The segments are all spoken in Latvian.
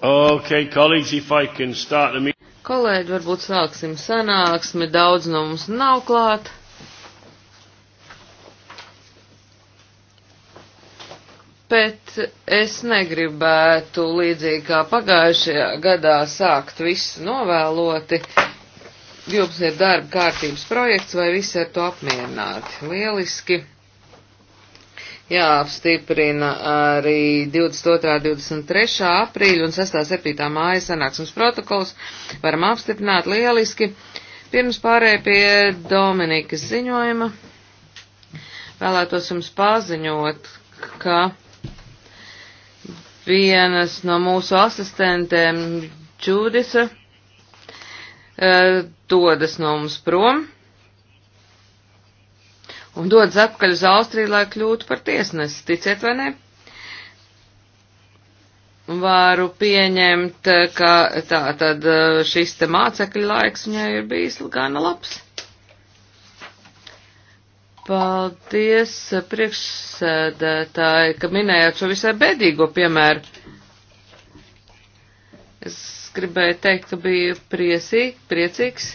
Okay, colleagues, if I can start the meeting. Kolēģi, varbūt sāksim sanāksmi, daudz no mums nav klāt. Bet es negribētu līdzīgi kā pagājušajā gadā sākt visu novēloti. Uh, jums ir darba kārtības projekts, vai visi ar to apmierināti? Lieliski! Jāapstiprina arī 22. 23. aprīļa un 6. 7. māja sanāksmes protokols. Varam apstiprināt lieliski. Pirms pārēj pie Dominikas ziņojuma. Vēlētos jums paziņot, ka vienas no mūsu asistentēm Čūdisa dodas no mums prom un dodas atpakaļ uz Austriju, lai kļūtu par tiesnesi, ticiet vai ne? Varu pieņemt, ka tā tad šis te mācekļu laiks viņai ir bijis gana labs. Paldies, priekšsēdētāji, ka minējāt šo visai bedīgo piemēru. Es gribēju teikt, ka biju priesī, priecīgs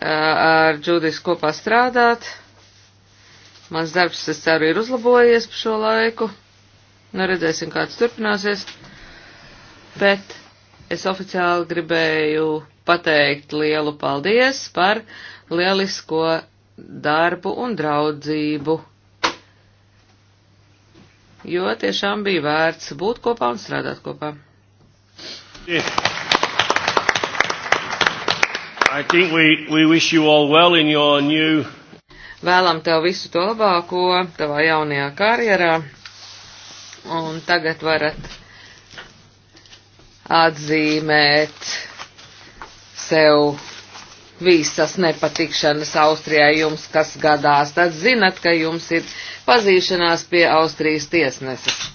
ar Džudis kopā strādāt. Mans darbs, es ceru, ir uzlabojies pa šo laiku. Nu, redzēsim, kā tas turpināsies. Bet es oficiāli gribēju pateikt lielu paldies par lielisko darbu un draudzību. Jo tiešām bija vērts būt kopā un strādāt kopā. Yeah. I think we, we wish you all well in your new. Vēlam tev visu to labāko tavā jaunajā karjerā. Un tagad varat atzīmēt sev visas nepatikšanas Austrijā jums, kas gadās. Tad zinat, ka jums ir pazīšanās pie Austrijas tiesneses.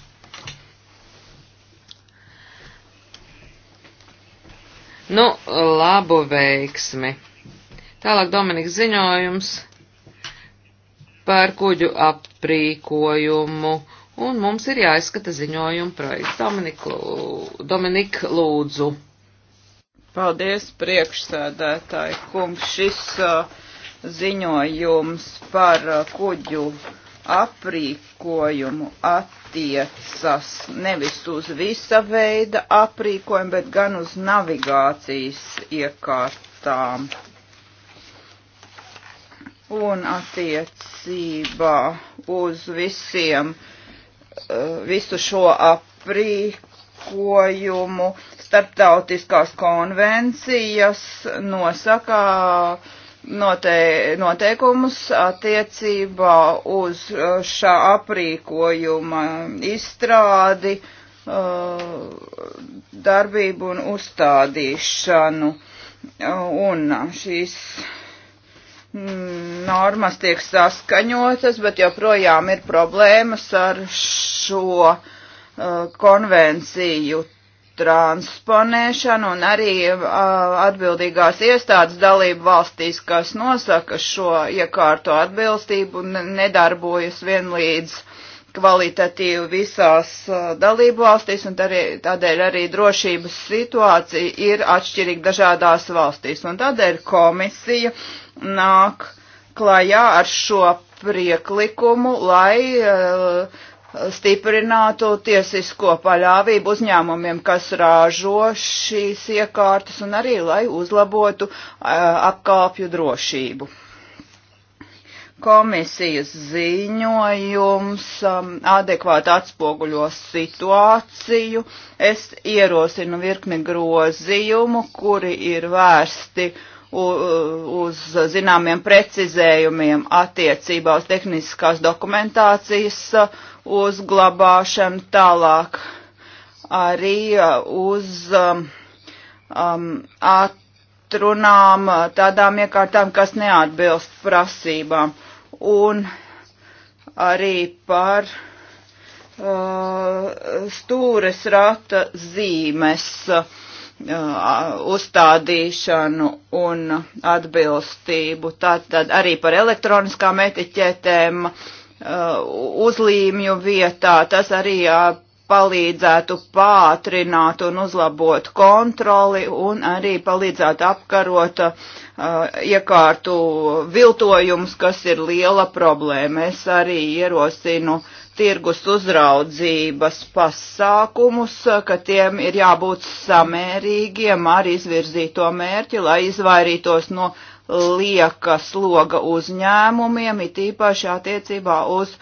Nu, labu veiksmi! Tālāk Dominiks ziņojums par kuģu aprīkojumu, un mums ir jāizskata ziņojuma projekts. Dominik, lūdzu. Dominik lūdzu. Paldies, priekšsēdētāji, kungs, šis uh, ziņojums par uh, kuģu aprīkojumu at attiecas nevis uz visa veida aprīkojumu, bet gan uz navigācijas iekārtām. Un attiecībā uz visiem, eh, visu šo aprīkojumu starptautiskās konvencijas nosaka note, noteikumus attiecībā uz uh, šā aprīkojuma izstrādi, uh, darbību un uzstādīšanu. Uh, un šīs mm, normas tiek saskaņotas, bet joprojām ir problēmas ar šo konvenciju transponēšanu un arī atbildīgās iestādes dalību valstīs, kas nosaka šo iekārto atbilstību, nedarbojas vienlīdz kvalitatīvi visās dalību valstīs, un arī, tādēļ arī drošības situācija ir atšķirīga dažādās valstīs. Un tādēļ komisija nāk klajā ar šo prieklikumu, lai uh, stiprinātu tiesisko paļāvību uzņēmumiem, kas rāžo šīs iekārtas un arī, lai uzlabotu apkāpju drošību. Komisijas ziņojums um, adekvāti atspoguļo situāciju. Es ierosinu virkni grozījumu, kuri ir vēsti uh, uz zināmiem precizējumiem attiecībā uz tehniskās dokumentācijas uzglabāšanu tālāk arī uh, uz um, um atrunām uh, tādām iekārtām, kas neatbilst prasībām, un arī par uh, stūres rata zīmes uh, uzstādīšanu un atbilstību, tātad arī par elektroniskām etiķetēm, uh, Uh, uzlīmju vietā. Tas arī uh, palīdzētu pātrināt un uzlabot kontroli un arī palīdzētu apkarot uh, iekārtu viltojums, kas ir liela problēma. Es arī ierosinu tirgus uzraudzības pasākumus, uh, ka tiem ir jābūt samērīgiem ar izvirzīto mērķi, lai izvairītos no lieka sloga uzņēmumiem, it īpaši attiecībā uz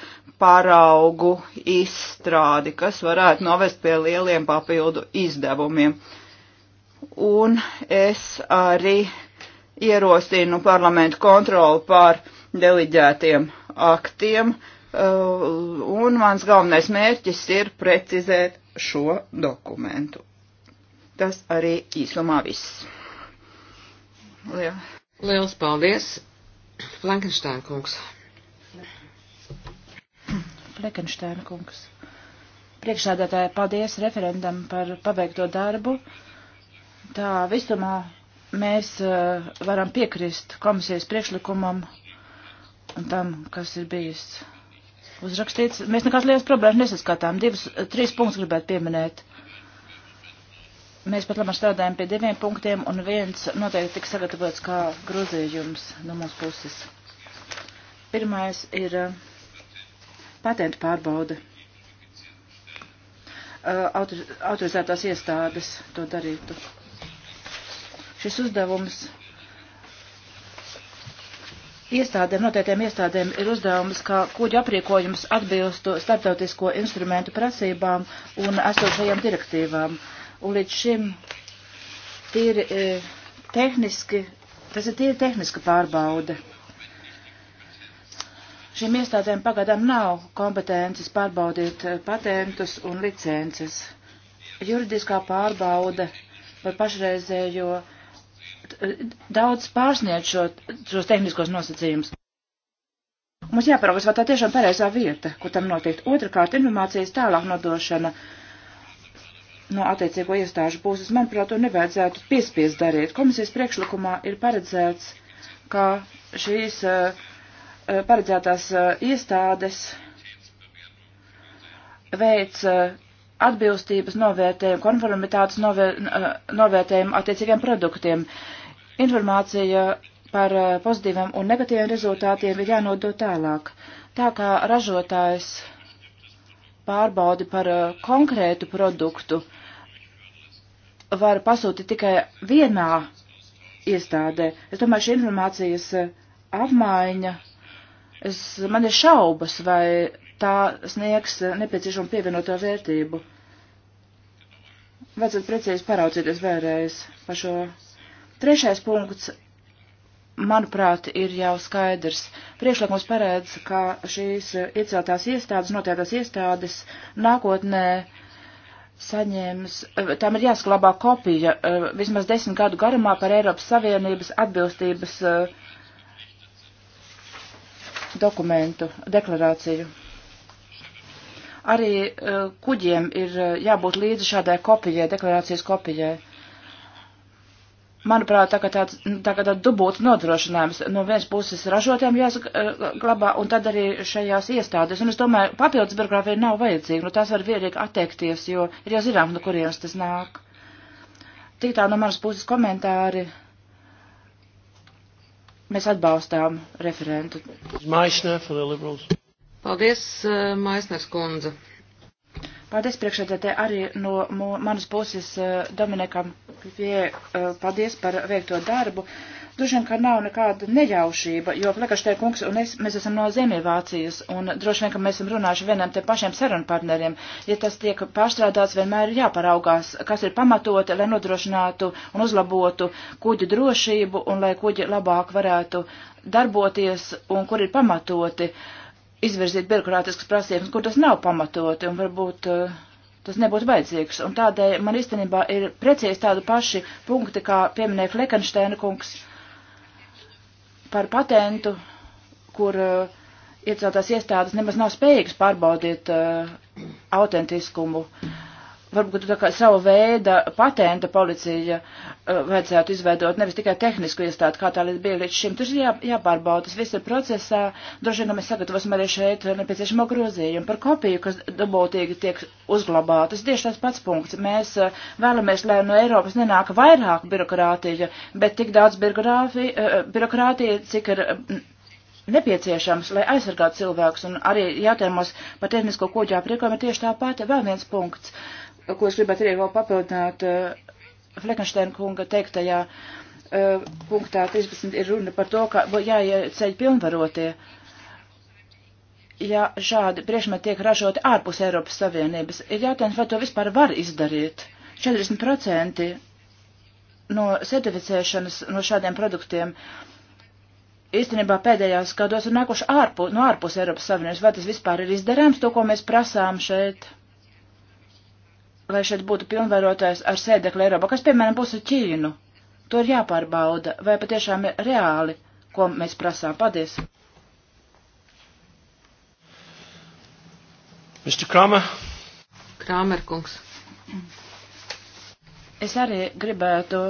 paraugu izstrādi, kas varētu novest pie lieliem papildu izdevumiem. Un es arī ierosinu parlamentu kontroli pār deliģētiem aktiem, uh, un mans galvenais mērķis ir precizēt šo dokumentu. Tas arī īsumā viss. Jā. Liels paldies, Frankensteina kungs. Frankensteina kungs. Priekšsēdētāji, paldies referendam par pabeigto darbu. Tā visumā mēs uh, varam piekrist komisijas priekšlikumam un tam, kas ir bijis uzrakstīts. Mēs nekādas liels problēmas nesaskatām. Divas, trīs punktus gribētu pieminēt. Mēs pat labāk strādājam pie diviem punktiem, un viens noteikti tiks sagatavots kā grozījums no mūsu puses. Pirmais ir eh, patentu pārbaude. Eh, autorizētās iestādes to darītu. Šis uzdevums iestādēm, noteiktiem iestādēm ir uzdevums, ka kuģa aprīkojums atbilstu starptautisko instrumentu prasībām un esošajām direktīvām. Uh, Un līdz šim tīri e, tehniski, tas ir tīri tehniska pārbaude. Šīm iestādēm pagadām nav kompetences pārbaudīt e, patentus un licences. Juridiskā pārbauda par pašreizējo e, daudz pārsniedz šo, šos tehniskos nosacījumus. Mums jāparaugas, vai tā tiešām pareizā vieta, kur tam notiek. Otrakārt, informācijas tālāk nodošana no attiecīgo iestāžu puses, manuprāt, to nevajadzētu piespiest darīt. Komisijas priekšlikumā ir paredzēts, ka šīs uh, paredzētās uh, iestādes veic uh, atbilstības novērtējumu, konformitātes novēr, novērtējumu attiecīgiem produktiem. Informācija par pozitīviem un negatīviem rezultātiem ir jānodot tālāk. Tā kā ražotājs pārbaudi par eh, konkrētu produktu var pasūtīt tikai vienā iestādē. Es domāju, šī informācijas eh, apmaiņa, es, man ir šaubas, vai tā sniegs eh, nepieciešamo pievienoto vērtību. Vajadzētu precīzi paraudzīties vēlreiz par šo. Trešais punkts manuprāt, ir jau skaidrs. Priekšlikums paredz, ka šīs ieceltās iestādes, noteiktās iestādes nākotnē saņēmis, eh, tam ir jāsklabā kopija eh, vismaz desmit gadu garumā par Eiropas Savienības atbilstības eh, dokumentu, deklarāciju. Arī kuģiem ir jābūt līdzi šādai kopijai, deklarācijas kopijai manuprāt, tā kā tāds, tā kā tāds dubūts nodrošinājums. No vienas puses ražotiem jāsaglabā, un tad arī šajās iestādēs. Un es domāju, papildus birokrāfija nav vajadzīga, nu tās var vienīgi attiekties, jo ir jau zinām, no kurienes tas nāk. Tik tā no manas puses komentāri. Mēs atbalstām referentu. Maisner for the liberals. Paldies, eh, Maisners kundze. Paldies priekšsēdētē arī no manas puses eh, Dominikam Pie, eh, paldies par veikto darbu. Droši vien, ka nav nekāda nejaušība, jo Flekaštē kungs un es, mēs esam no Zemievācijas, un droši vien, ka mēs esam runājuši vienam te pašiem sarunpartneriem. Ja tas tiek pārstrādāts, vienmēr ir jāparaugās, kas ir pamatoti, lai nodrošinātu un uzlabotu kuģu drošību, un lai kuģi labāk varētu darboties, un kur ir pamatoti. Uh, izvirzīt birokrātiskas prasības, kur tas nav pamatoti un varbūt uh, tas nebūtu vajadzīgs. Un tādēļ man īstenībā ir precīzi tādi paši punkti, kā pieminēja Flekensteina kungs par patentu, kur uh, eh, ieceltās iestādes nemaz nav spējīgas pārbaudīt uh, autentiskumu. Uh, varbūt tā kā savu veidu patenta policija uh, vajadzētu izveidot, nevis tikai tehnisku iestādi, kā tā līdz bija līdz šim. Tur ir jā, jāpārbauda, tas viss ir procesā. Droši vien, ka mēs sagatavosim arī šeit nepieciešamo grozījumu par kopiju, kas dabūtīgi tiek uzglabāta. Tas tieši tas pats punkts. Mēs uh, vēlamies, lai no Eiropas nenāk vairāk birokrātija, bet tik daudz uh, birokrātija, cik ir uh, nepieciešams, lai aizsargātu cilvēkus, un arī jautājumos par tehnisko koģu apriekojumu ir tieši tā pati vēl viens punkts. Uh, ko es gribētu arī vēl papildināt eh, Fleckensteina kunga teiktajā eh, punktā 13 ir runa par to, ka jāieceļ pilnvarotie. Ja šādi priekšmeti tiek ražoti ārpus Eiropas Savienības, ir jautājums, vai to vispār var izdarīt. 40% no certificēšanas no šādiem produktiem īstenībā pēdējās gados ir nākuši ārpu, no ārpus Eiropas Savienības. Vai tas vispār ir izdarāms, to, ko mēs prasām šeit? lai šeit būtu pilnvarotais ar sēdekli Eiropā, kas, piemēram, būs ar Ķīnu. To ir jāpārbauda, vai patiešām ir reāli, ko mēs prasām. Paldies! Mr. Kramer. Kramer kungs. Es arī gribētu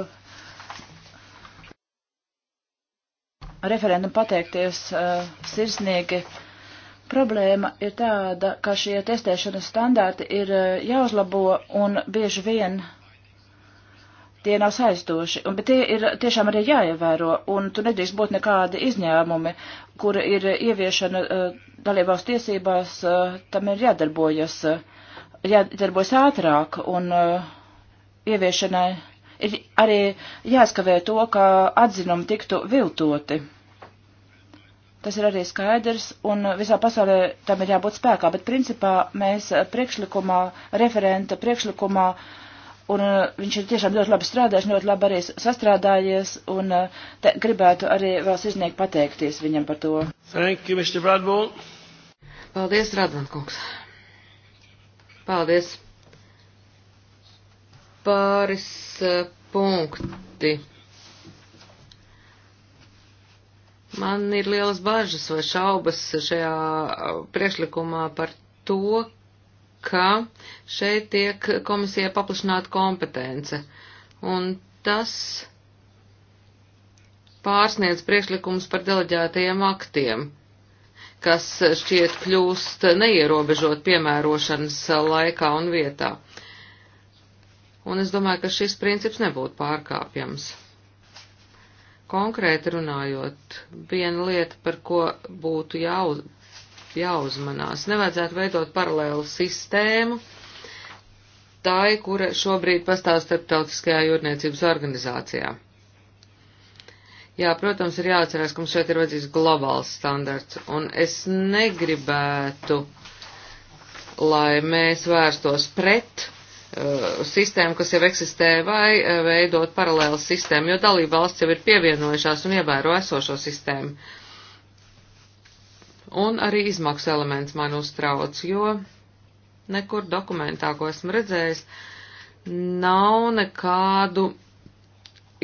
referendumu pateikties uh, sirsnīgi Problēma ir tāda, ka šie testēšanas standarti ir e, jāuzlabo un bieži vien tie nav saistoši, un, bet tie ir tiešām arī jāievēro, un tur nedrīkst būt nekādi izņēmumi, kur ir ieviešana uh, e, dalībās tiesībās, uh, tam ir jādarbojas, uh, jādarbojas ātrāk, un uh, ieviešanai ir arī jāskavē to, ka atzinumi tiktu viltoti. Tas ir arī skaidrs, un visā pasaulē tam ir jābūt spēkā, bet principā mēs priekšlikumā, referenta priekšlikumā, un uh, viņš ir tiešām ļoti labi strādājis, ļoti labi arī sastrādājies, un uh, te, gribētu arī vēl sirdnieki pateikties viņam par to. Thank you, Mr. Bradbull. Paldies, Radvan kungs. Paldies. Pāris uh, punkti Man ir lielas bažas vai šaubas šajā priekšlikumā par to, ka šeit tiek komisija paplašināta kompetence, un tas pārsniedz priekšlikums par deleģētajiem aktiem, kas šķiet kļūst neierobežot piemērošanas laikā un vietā. Un es domāju, ka šis princips nebūtu pārkāpjams konkrēti runājot, viena lieta, par ko būtu jāuz, jāuzmanās, nevajadzētu veidot paralēlu sistēmu tai, kura šobrīd pastāv starptautiskajā jūrniecības organizācijā. Jā, protams, ir jāatcerās, ka mums šeit ir vajadzīgs globāls standarts, un es negribētu, lai mēs vērstos pret Uh, sistēmu, kas jau eksistē, vai uh, veidot paralēlu sistēmu, jo dalība valsts jau ir pievienojušās un ievēro esošo sistēmu. Un arī izmaksu elements man uztrauc, jo nekur dokumentā, ko esmu redzējis, nav nekādu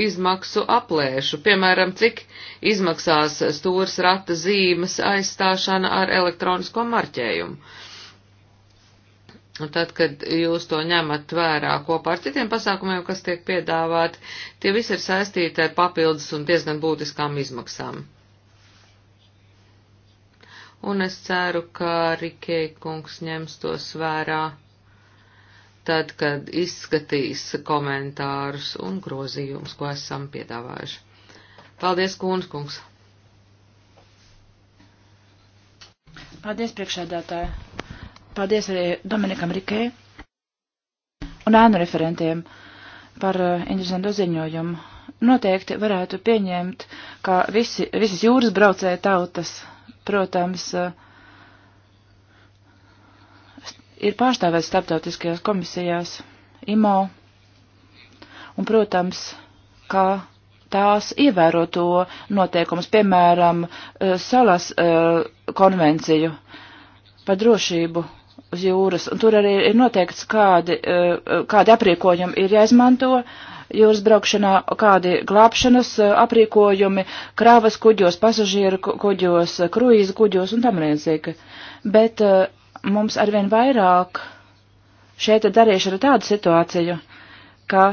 izmaksu aplēšu. Piemēram, cik izmaksās stūrs rata zīmes aizstāšana ar elektronisko marķējumu. Un tad, kad jūs to ņemat vērā kopā ar citiem pasākumiem, kas tiek piedāvāti, tie visi ir saistīti ar papildus un diezgan būtiskām izmaksām. Un es ceru, ka Rikei kungs ņems tos vērā tad, kad izskatīs komentārus un grozījumus, ko esam piedāvājuši. Paldies, Kūns kungs! Paldies, priekšēdētāji! Paldies arī Dominikam Rikē un ēnu referentiem par eh, interesantu ziņojumu. Noteikti varētu pieņemt, ka visi, visas jūras braucēja tautas, protams, eh, ir pārstāvēts starptautiskajās komisijās, IMO, un, protams, kā tās ievēro to noteikumus, piemēram, eh, salas konvenciju par drošību uz jūras, un tur arī ir noteikts, kādi, eh, kādi aprīkojumi ir jāizmanto jūras braukšanā, kādi glābšanas eh, aprīkojumi krāvas kuģos, pasažieru kuģos, eh, kruīzu kuģos un tam līdzīgi. Bet mums arvien vairāk šeit ir darījuši ar tādu situāciju, ka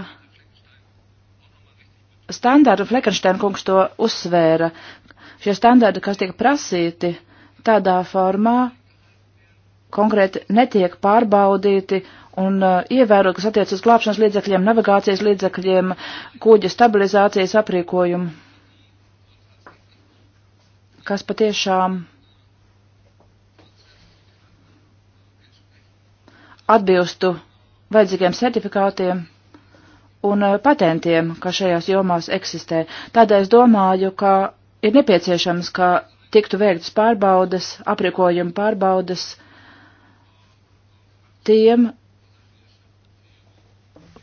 standārtu Fleckensteina kungs to uzsvēra. Šie standārti, kas tiek prasīti tādā formā, konkrēti netiek pārbaudīti un uh, ievērot, kas attiec uz glābšanas līdzekļiem, navigācijas līdzekļiem, kuģa stabilizācijas aprīkojumu, kas patiešām atbilstu vajadzīgiem certifikātiem un uh, patentiem, kas šajās jomās eksistē. Tādēļ es domāju, ka ir nepieciešams, ka tiktu veiktas pārbaudas, aprīkojuma pārbaudas, uh, tiem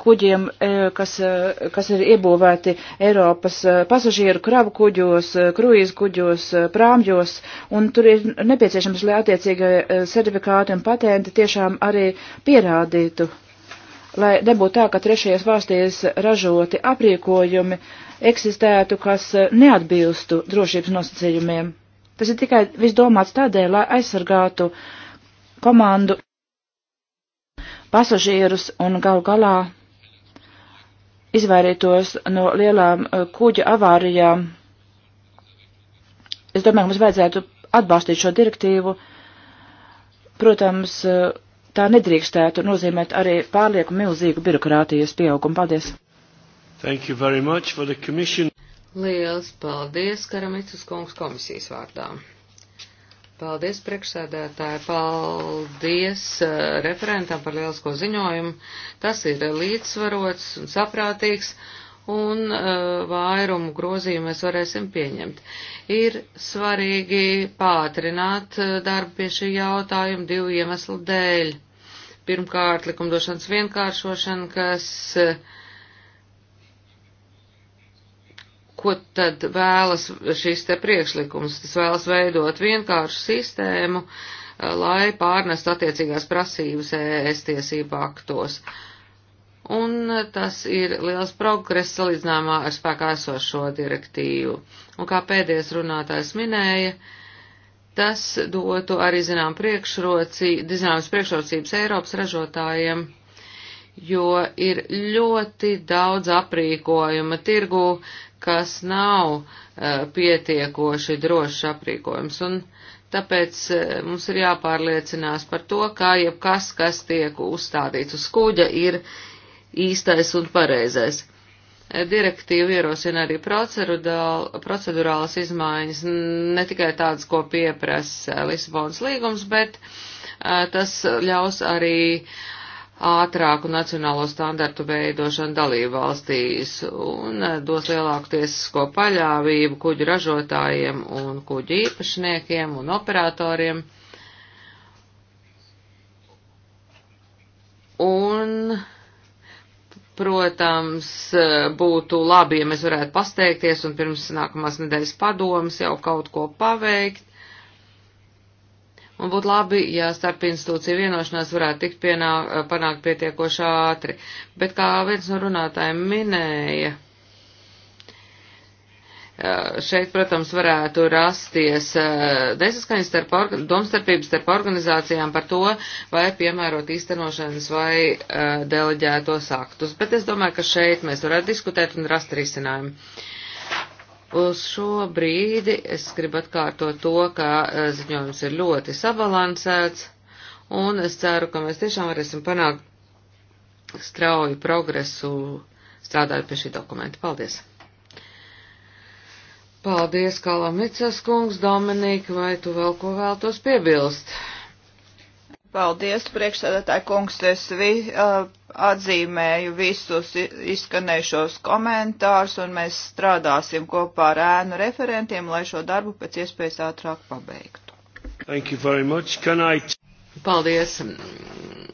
kuģiem, e, kas, e, kas ir iebūvēti Eiropas e, pasažieru kravu kuģos, kruīzu kuģos, prāmjos, un tur ir nepieciešams, lai attiecīgai certifikāti un patenti tiešām arī pierādītu, lai nebūtu tā, ka trešajās valstīs ražoti aprīkojumi eksistētu, kas neatbilstu drošības nosacījumiem. Tas ir tikai viss domāts tādēļ, lai aizsargātu komandu pasažierus un gal galā izvairītos no lielām eh, kuģa avārijām. Es domāju, mums vajadzētu atbalstīt šo direktīvu. Protams, eh, tā nedrīkstētu nozīmēt arī pārlieku milzīgu birokrātijas pieaugumu. Paldies! Thank you very much for the commission. Liels paldies, Karamicas kungs komisijas vārdā. Paldies priekšsēdētāji, paldies uh, referentam par lielisko ziņojumu. Tas ir līdzsvarots un saprātīgs, un uh, vairumu grozījumu mēs varēsim pieņemt. Ir svarīgi pātrināt uh, darbu pie šī jautājuma divu iemeslu dēļ. Pirmkārt, likumdošanas vienkāršošana, kas uh, ko tad vēlas šis te priekšlikums? Tas vēlas veidot vienkāršu sistēmu, eh, lai pārnest attiecīgās prasības ES tiesību aktos. Un eh, tas ir liels progress salīdzināmā ar spēkā esošo direktīvu. Un kā pēdējais runātājs minēja, tas dotu arī zinām priekšroci, zināmas priekšrocības Eiropas ražotājiem jo ir ļoti daudz aprīkojuma tirgu, kas nav uh, pietiekoši drošs aprīkojums. Un tāpēc uh, mums ir jāpārliecinās par to, kā jebkas, kas tiek uzstādīts uz kuģa, ir īstais un pareizais. E, direktīva ierosina arī procedurālas izmaiņas, ne tikai tādas, ko pieprasa Lisabonas līgums, bet uh, tas ļaus arī uh, ātrāku nacionālo standartu veidošanu dalību valstīs un eh, dos lielāku tiesisko paļāvību kuģu ražotājiem un kuģu īpašniekiem un operatoriem. Un, protams, būtu labi, ja mēs varētu pasteikties un pirms nākamās nedēļas padomas jau kaut ko paveikt un būtu labi, ja starp institūciju vienošanās varētu tikt pienāk, panākt pietiekoši ātri. Bet kā viens no runātājiem minēja, šeit, protams, varētu rasties nesaskaņas starp, domstarpības starp organizācijām par to, vai piemērot īstenošanas vai deleģētos aktus. Bet es domāju, ka šeit mēs varētu diskutēt un rast risinājumu. Uz šo brīdi es gribu atkārtot to, ka e, ziņojums ir ļoti sabalansēts, un es ceru, ka mēs tiešām varēsim panākt strauju progresu strādājot pie šī dokumenta. Paldies! Paldies, Kalamicas kungs, Dominika, vai tu vēl ko vēltos piebilst? Paldies, priekšsēdētāji kungs, es vi, uh, atzīmēju visus izskanējušos komentārus un mēs strādāsim kopā ar ēnu referentiem, lai šo darbu pēc iespējas ātrāk pabeigtu. Thank you very much. Can I... Paldies. 5.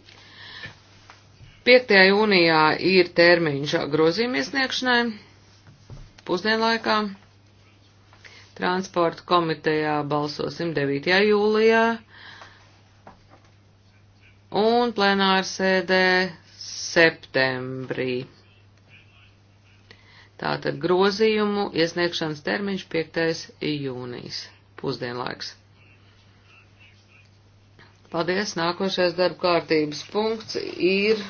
jūnijā ir termiņš grozījuma iesniegšanai pusdienlaikā. Transporta komitejā balsosim 9. jūlijā, un plenārsēdē septembrī. Tātad grozījumu iesniegšanas termiņš 5. jūnijas pusdienlaiks. Paldies, nākošais darba kārtības punkts ir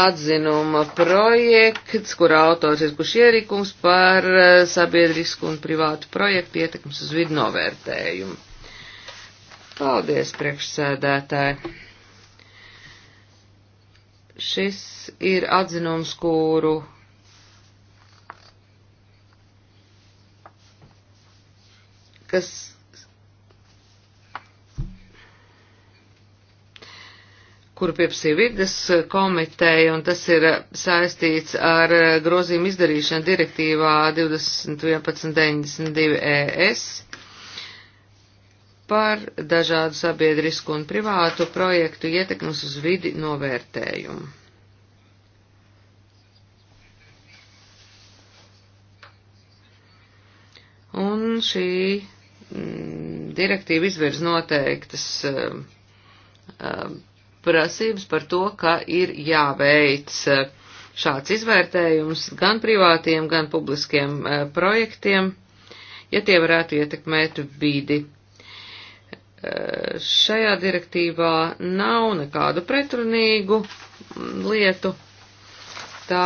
atzinuma projekts, kur autors ir kurš ierīkums par eh, sabiedrisku un privātu projektu ietekmes uz vidu novērtējumu. Paldies, priekšsēdētāji. Šis ir atzinums, kuru kas kuru pieprasīja vidas komiteja, un tas ir saistīts ar grozījumu izdarīšanu direktīvā 2011.92 ES par dažādu sabiedrisku un privātu projektu ietekmes uz vidi novērtējumu. Un šī mm, direktīva izvirz noteiktas eh, eh, prasības par to, ka ir jāveic eh, šāds izvērtējums gan privātiem, gan publiskiem projektiem, ja tie varētu ietekmēt vidi. Eh, šajā direktīvā nav nekādu pretrunīgu lietu. Tā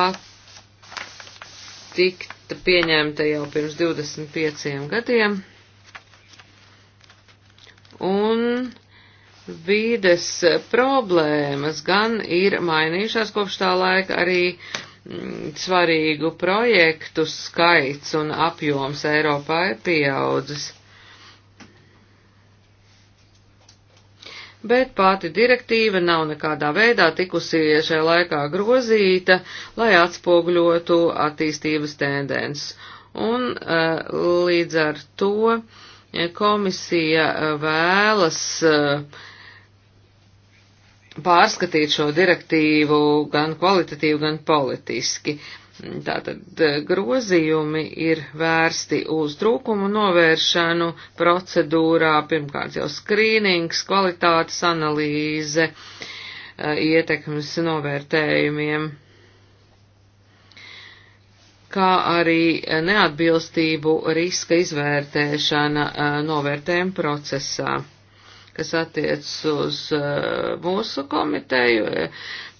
tikta pieņemta jau pirms 25 gadiem. Un vīdes problēmas gan ir mainījušās kopš tā laika arī mm, svarīgu projektu skaits un apjoms Eiropā ir pieaudzis. bet pati direktīva nav nekādā veidā tikusi šai laikā grozīta, lai atspoguļotu attīstības tendences. Un eh, līdz ar to eh, komisija eh, vēlas pārskatīt šo direktīvu gan kvalitatīvi, gan politiski. Uh, Tātad eh, grozījumi ir vērsti uz trūkumu novēršanu procedūrā, pirmkārt jau skrīnings, kvalitātes analīze, eh, ietekmes novērtējumiem, kā arī eh, neatbilstību riska izvērtēšana novērtējuma procesā kas attiec uz mūsu komiteju,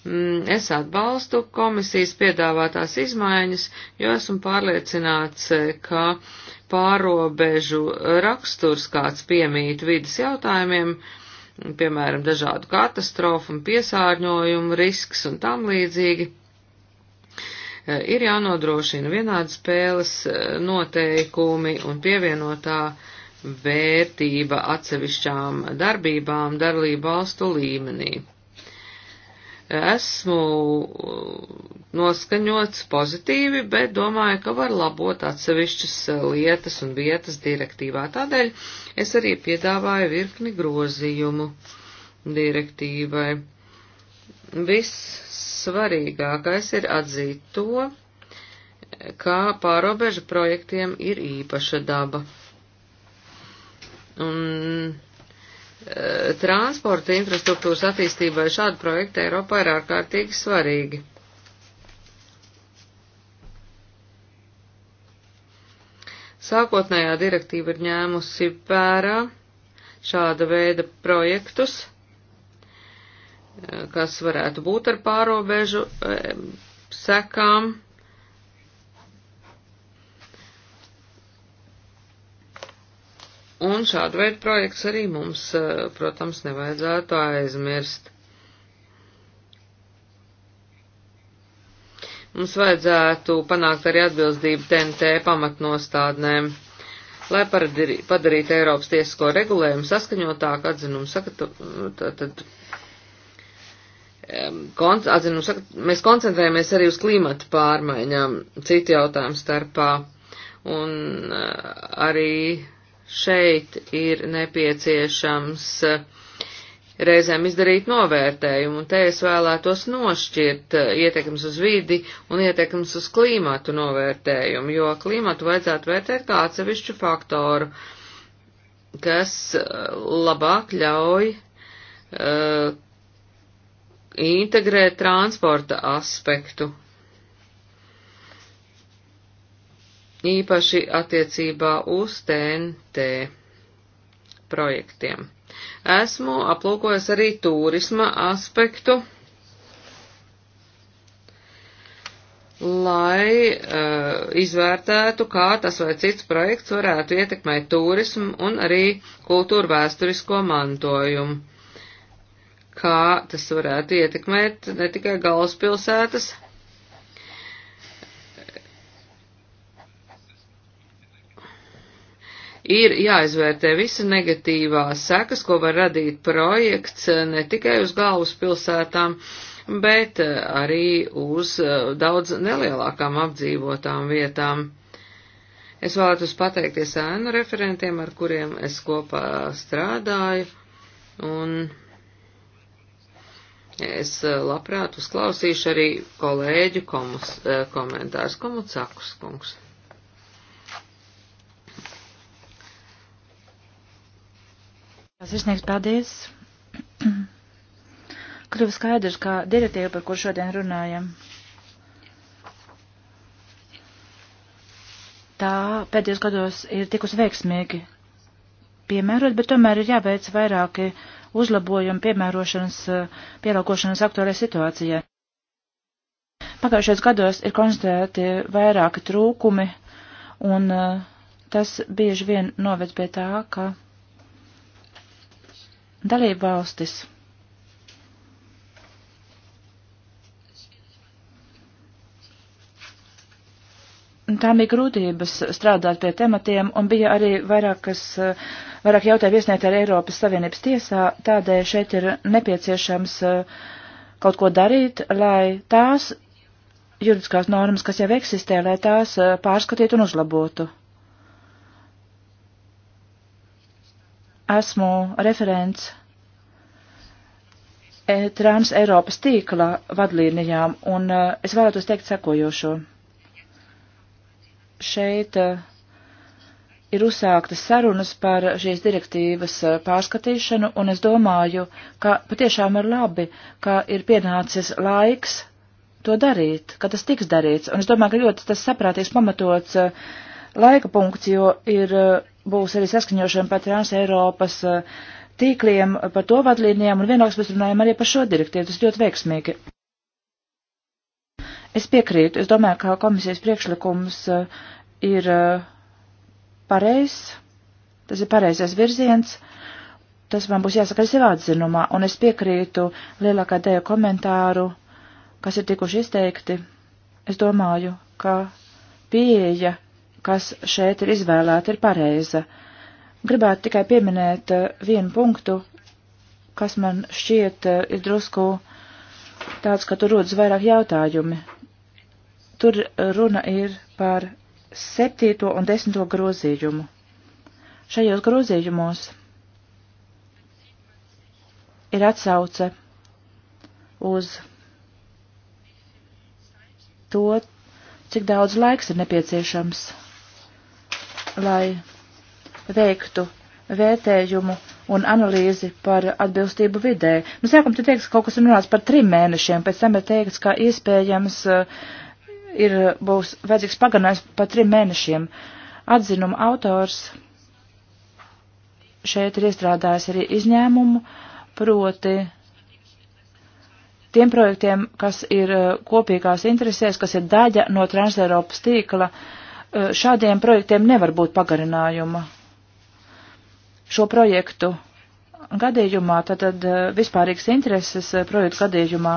Mm, es atbalstu komisijas piedāvātās izmaiņas, jo esmu pārliecināts, eh, ka pārobežu raksturs, kāds piemīt vidas jautājumiem, piemēram, dažādu katastrofu un piesārņojumu risks un tam līdzīgi, eh, ir jānodrošina vienādi spēles eh, noteikumi un pievienotā vērtība atsevišķām darbībām darlību valstu līmenī esmu uh, noskaņots pozitīvi, bet domāju, ka var labot atsevišķas uh, lietas un vietas direktīvā. Tādēļ es arī piedāvāju virkni grozījumu direktīvai. Vissvarīgākais ir atzīt to, kā pārobežu projektiem ir īpaša daba. Un Eh, transporta infrastruktūras attīstībai šādu projektu Eiropā ir ārkārtīgi svarīgi. Sākotnējā direktīva ir ņēmusi vērā šāda veida projektus, eh, kas varētu būt ar pārobežu eh, sekām. Un šādu veidu projekts arī mums, eh, protams, nevajadzētu aizmirst. Mums vajadzētu panākt arī atbilstību TNT pamatnostādnēm, lai padarītu Eiropas tiesisko regulējumu saskaņotāku atzinumu sagatavotu. Tad, kon, atzinu, saka, mēs koncentrējamies arī uz klimata pārmaiņām, citu jautājumu starpā, un eh, arī šeit ir nepieciešams eh, reizēm izdarīt novērtējumu, un te es vēlētos nošķirt eh, ietekmes uz vidi un ietekmes uz klimatu novērtējumu, jo klimatu vajadzētu vērtēt kā atsevišķu faktoru, kas eh, labāk ļauj uh, integrēt transporta aspektu īpaši attiecībā uz TNT projektiem. Esmu aplūkojis arī turisma aspektu, lai uh, izvērtētu, kā tas vai cits projekts varētu ietekmēt turismu un arī kultūru vēsturisko mantojumu, kā tas varētu ietekmēt ne tikai galvaspilsētas, ir jāizvērtē visi negatīvās sekas, ko var radīt projekts eh, ne tikai uz galvaspilsētām, bet eh, arī uz eh, daudz nelielākām apdzīvotām vietām. Es vēlētos pateikties ēnu referentiem, ar kuriem es kopā strādāju, un es labprāt uzklausīšu arī kolēģu komus, komentārus. Komucakus kungs. Sirsnieks, paldies! Kļuva skaidrs, ka direktīva, par kur šodien runājam, tā pēdējos gados ir tikus veiksmīgi piemērot, bet tomēr ir jāveic vairāki uzlabojumi piemērošanas, pielāgošanas aktuālajai situācijai. Pagājušajos gados ir konstatēti vairāki trūkumi, un tas bieži vien noved pie tā, ka dalību valstis. Tām bija grūtības strādāt pie tematiem, un bija arī vairākas, vairāk jautājumu iesniegt ar Eiropas Savienības tiesā, tādēļ šeit ir nepieciešams eh, kaut ko darīt, lai tās juridiskās normas, kas jau eksistē, lai tās eh, pārskatītu un uzlabotu. esmu referents e Trāms Eiropas tīkla vadlīnijām, un uh, es vēlētos teikt sekojošo. Šeit uh, ir uzsāktas sarunas par šīs direktīvas uh, pārskatīšanu, un es domāju, ka patiešām ir labi, ka ir pienācis laiks to darīt, ka tas tiks darīts, un es domāju, ka ļoti tas saprātīgs pamatots uh, laika punkts, jo ir. Uh, būs arī saskaņošana par trans Eiropas eh, tīkliem, par to vadlīnijām, un vienlaikus mēs runājam arī par šo direktīvu. Tas ļoti veiksmīgi. Es piekrītu. Es domāju, ka komisijas priekšlikums eh, ir eh, pareizs. Tas ir pareizais virziens. Tas man būs jāsaka arī savā atzinumā, un es piekrītu lielākā dēļa komentāru, kas ir tikuši izteikti. Es domāju, ka pieeja kas šeit ir izvēlēta, ir pareiza. Gribētu tikai pieminēt eh, vienu punktu, kas man šķiet eh, ir drusku tāds, ka tur rodas vairāk jautājumi. Tur eh, runa ir par septīto un desmito grozījumu. Šajos grozījumos ir atsauce uz to, cik daudz laiks ir nepieciešams lai veiktu vērtējumu un analīzi par atbilstību vidē. Nu, sākumā te teiks, ka kaut kas ir runāts par trim mēnešiem, pēc tam ir teikts, ka iespējams eh, ir, būs vajadzīgs pagarinājums par trim mēnešiem. Atzinuma autors šeit ir iestrādājis arī izņēmumu, proti tiem projektiem, kas ir eh, kopīgās interesēs, kas ir daļa no Transeiropas tīkla. Uh, šādiem projektiem nevar būt pagarinājuma. Šo projektu gadījumā, tātad vispārīgas intereses projektu gadījumā,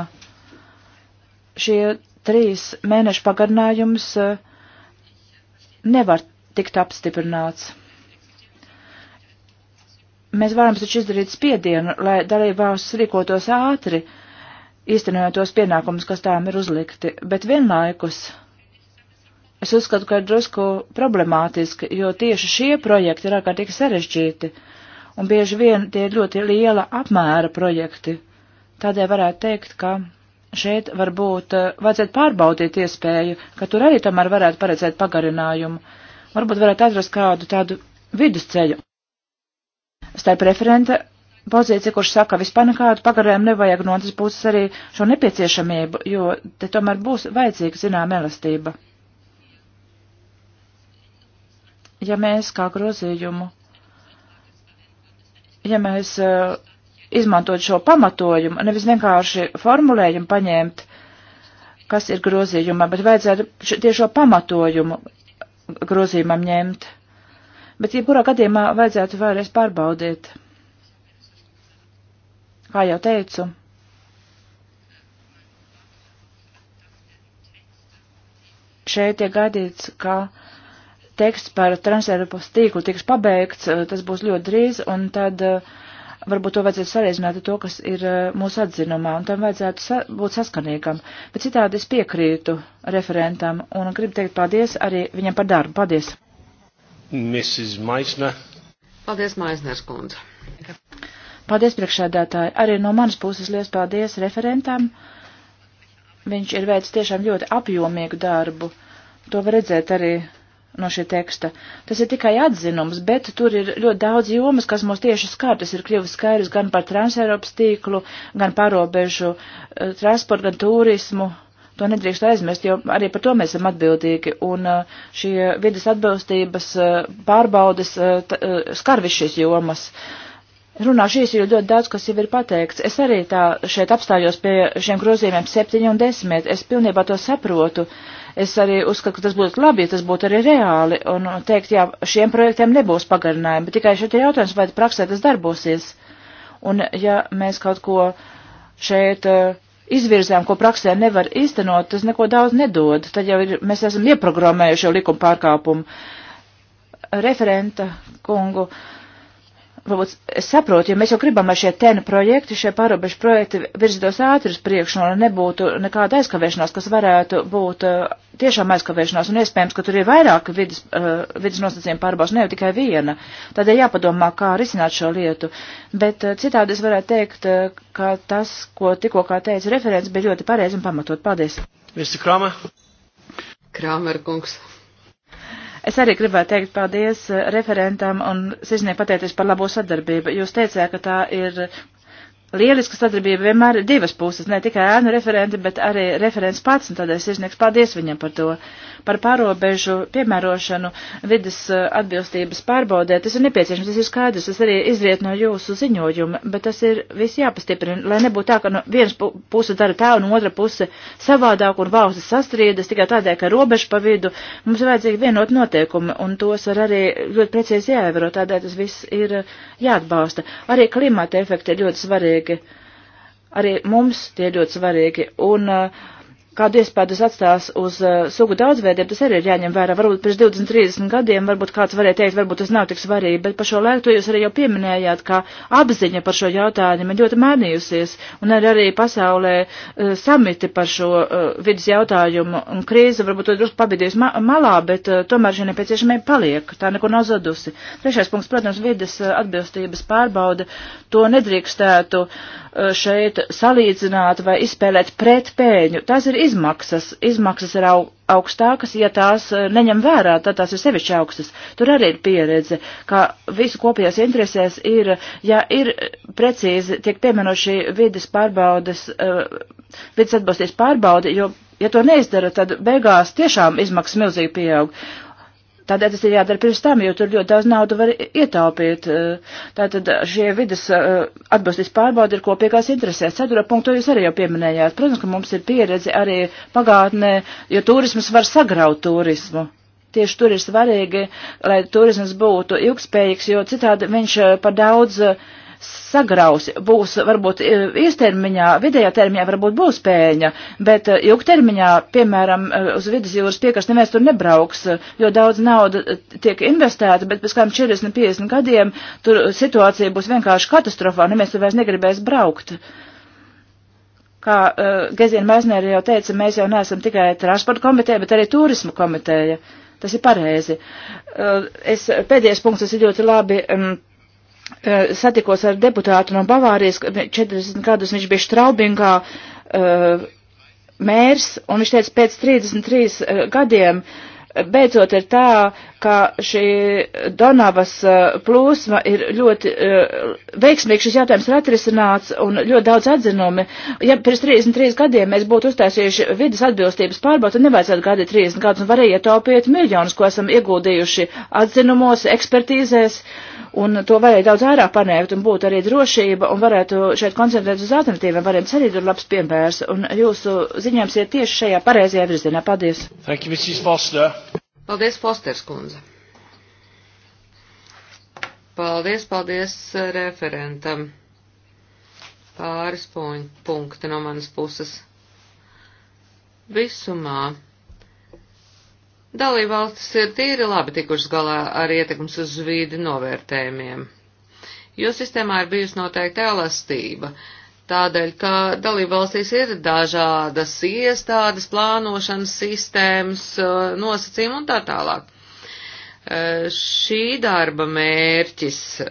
šie trīs mēnešu pagarinājums nevar tikt apstiprināts. Mēs varam taču izdarīt spiedienu, lai dalībvalstis rīkotos ātri, īstenojot tos pienākumus, kas tām ir uzlikti, bet vienlaikus es uzskatu, ka ir drusku problemātiski, jo tieši šie projekti ir ārkārtīgi sarežģīti, un bieži vien tie ir ļoti liela apmēra projekti. Tādēļ varētu teikt, ka šeit varbūt eh, vajadzētu pārbaudīt iespēju, ka tur arī tomēr varētu paredzēt pagarinājumu. Varbūt varētu atrast kādu tādu vidusceļu. Starp referenta pozīcija, kurš saka, vispār nekādu pagarinājumu nevajag no otras puses arī šo nepieciešamību, jo te tomēr būs vajadzīga zinām elastība. ja mēs kā grozījumu, ja mēs uh, izmantot šo pamatojumu, nevis vienkārši formulējumu paņemt, kas ir grozījumā, bet vajadzētu tiešo pamatojumu grozījumam ņemt. Bet, ja kurā gadījumā vajadzētu vēlreiz pārbaudīt, kā jau teicu, šeit tiek gaidīts, ka uh, teksts par transeiropas tīklu tiks pabeigts, eh, tas būs ļoti drīz, un tad eh, varbūt to vajadzētu sareizināt ar to, kas ir eh, mūsu atzinumā, un tam vajadzētu sa būt saskanīgam. Bet citādi es piekrītu referentam, un gribu teikt paldies arī viņam par darbu. Paldies! Mrs. Maisner. Paldies, Maisners kundze. Paldies, priekšēdētāji. Arī no manas puses liels paldies referentam. Viņš ir veids tiešām ļoti apjomīgu darbu. To var redzēt arī no šī teksta. Tas ir tikai atzinums, bet tur ir ļoti daudz jomas, kas mūs tieši skar. Tas ir kļuvis skaidrs gan par transeiropas tīklu, gan pārobežu uh, transportu, gan turismu. To nedrīkst aizmirst, jo arī par to mēs esam atbildīgi. Un uh, šie vidas atbilstības uh, pārbaudes skar visu šīs jomas. Runā šīs ir ļoti daudz, kas jau ir pateikts. Es arī tā šeit apstājos pie šiem grozījumiem 7 un 10. Es pilnībā to saprotu. Uh, Es arī uzskatu, ka tas būtu labi, ja tas būtu arī reāli un teikt, jā, šiem projektiem nebūs pagarinājumi, bet tikai šeit ir jautājums, vai praksē tas darbosies. Un ja mēs kaut ko šeit uh, izvirzām, ko praksē nevar īstenot, tas neko daudz nedod. Tad jau ir, mēs esam ieprogrammējuši jau likuma pārkāpumu referenta kungu. Uh, varbūt es saprotu, ja mēs jau gribam, lai šie tēna projekti, šie pārobežu projekti virzītos ātri uz priekšu un nebūtu nekāda aizkavēšanās, kas varētu būt eh, tiešām aizkavēšanās un iespējams, ka tur ir vairāk vidas, eh, vidas nosacījuma pārbaus, ne jau tikai viena. Tādēļ jāpadomā, kā risināt šo lietu. Bet eh, citādi es varētu teikt, ka tas, ko tikko kā teica referents, bija ļoti pareizi un pamatot. Paldies. Mr. Kramer. Kramer kungs. Es arī gribētu teikt paldies eh, referentam un sirsnīgi pateikties par labo sadarbību. Jūs teicāt, ka tā ir lieliska sadarbība vienmēr ir divas puses, ne tikai ēnu referenti, bet arī referents pats, un tādēļ sirsnieks paldies viņam par to par pārobežu piemērošanu vidas eh, atbilstības pārbaudē, tas ir nepieciešams, tas ir skaidrs, tas arī izriet no jūsu ziņojuma, bet tas ir viss jāpastiprina, lai nebūtu tā, ka no viens puse dara tā un otra puse savādāk un valstis sastriedas tikai tādēļ, ka robeža pa vidu. Mums ir vajadzīgi vienot noteikumi un tos var arī ļoti precīzi jāievēro, tādēļ tas viss ir eh, jāatbalsta. Arī klimata efekti ir ļoti svarīgi. Arī mums tie ir ļoti svarīgi. Un, uh, kādu iespēju tas atstās uz uh, sugu daudzveidību, tas arī ir jāņem vērā. Varbūt pirms 20, 30 gadiem, varbūt kāds varēja teikt, varbūt tas nav tik svarīgi, bet par šo laiku to jūs arī jau pieminējāt, ka apziņa par šo jautājumu ir ļoti mainījusies, un arī, arī pasaulē uh, samiti par šo uh, eh, vidus jautājumu un krīze varbūt to drusku pabidījusi ma malā, bet uh, tomēr šī nepieciešamība paliek, tā neko nav zadusi. Trešais punkts, protams, vidas uh, atbilstības pārbauda, to nedrīkstētu. Uh, Uh, šeit salīdzināt vai izspēlēt pretpēļņu. Tās ir izmaksas. Izmaksas ir augstākas, ja tās uh, neņem vērā, tad tās ir sevišķi augstas. Tur arī ir pieredze, ka visu kopējās interesēs ir, ja ir precīzi tiek piemenoši vidas pārbaudes, uh, vidas atbalstīs pārbaudi, jo, ja to neizdara, tad beigās tiešām izmaksas milzīgi pieaug. Tādēļ tas ir jādara pirms tam, jo tur ļoti daudz naudu var ietaupīt. Tātad šie vidas eh, atbalstīs pārbaudi ir kopīgās interesēs. Ceturto punktu jūs arī jau pieminējāt. Protams, ka mums ir pieredze arī pagātnē, jo turismas var sagraut turismu. Tieši tur ir svarīgi, lai turisms būtu ilgspējīgs, jo citādi viņš eh, par daudz uh, sagraus, būs varbūt e, īstermiņā, vidējā termiņā varbūt būs pēļņa, bet e, ilgtermiņā, piemēram, e, uz vidus jūras piekrastu neviens tur nebrauks, jo daudz nauda tiek investēta, bet pēc kādiem 40, 50 gadiem tur situācija būs vienkārši katastrofā, neviens tur vairs negribēs braukt. Kā uh, Gezina Maisnēra jau teica, mēs jau neesam tikai transporta komiteja, bet arī turismu komiteja. Tas ir pareizi. Uh, es, pēdējais punkts, tas ir ļoti labi. Um, Eh, satikos ar deputātu no Bavārijas, 40 gadus viņš bija Straubingā uh, mērs, un viņš teica, pēc 33 eh, gadiem beidzot ir tā, ka šī Donavas plūsma ir ļoti uh, veiksmīgi šis jautājums ir atrisināts un ļoti daudz atzinumi. Ja pirms 33 gadiem mēs būtu uztaisījuši vidas atbilstības pārbaudu, tad nevajadzētu gadīt 30 gadus un varēja ietaupīt miljonus, ko esam ieguldījuši atzinumos, ekspertīzēs. Uh, un to varēja daudz vairāk panēkt un būtu arī drošība un varētu šeit koncentrēt uz alternatīviem variantiem. Arī tur labs piemērs un jūsu ziņojums ir tieši šajā pareizajā virzienā. Paldies! Thank you, Mrs. Foster. Paldies, Fosters kundze! Paldies, paldies eh, referentam! Pāris punkti no manas puses. Visumā Dalībvalstis ir tīri labi tikušas galā ar ietekmes uz vīdi novērtējumiem, jo sistēmā ir bijusi noteikta elastība, tādēļ, ka dalībvalstīs ir dažādas iestādes, plānošanas sistēmas, nosacījumi un tā tālāk. E, šī darba mērķis e,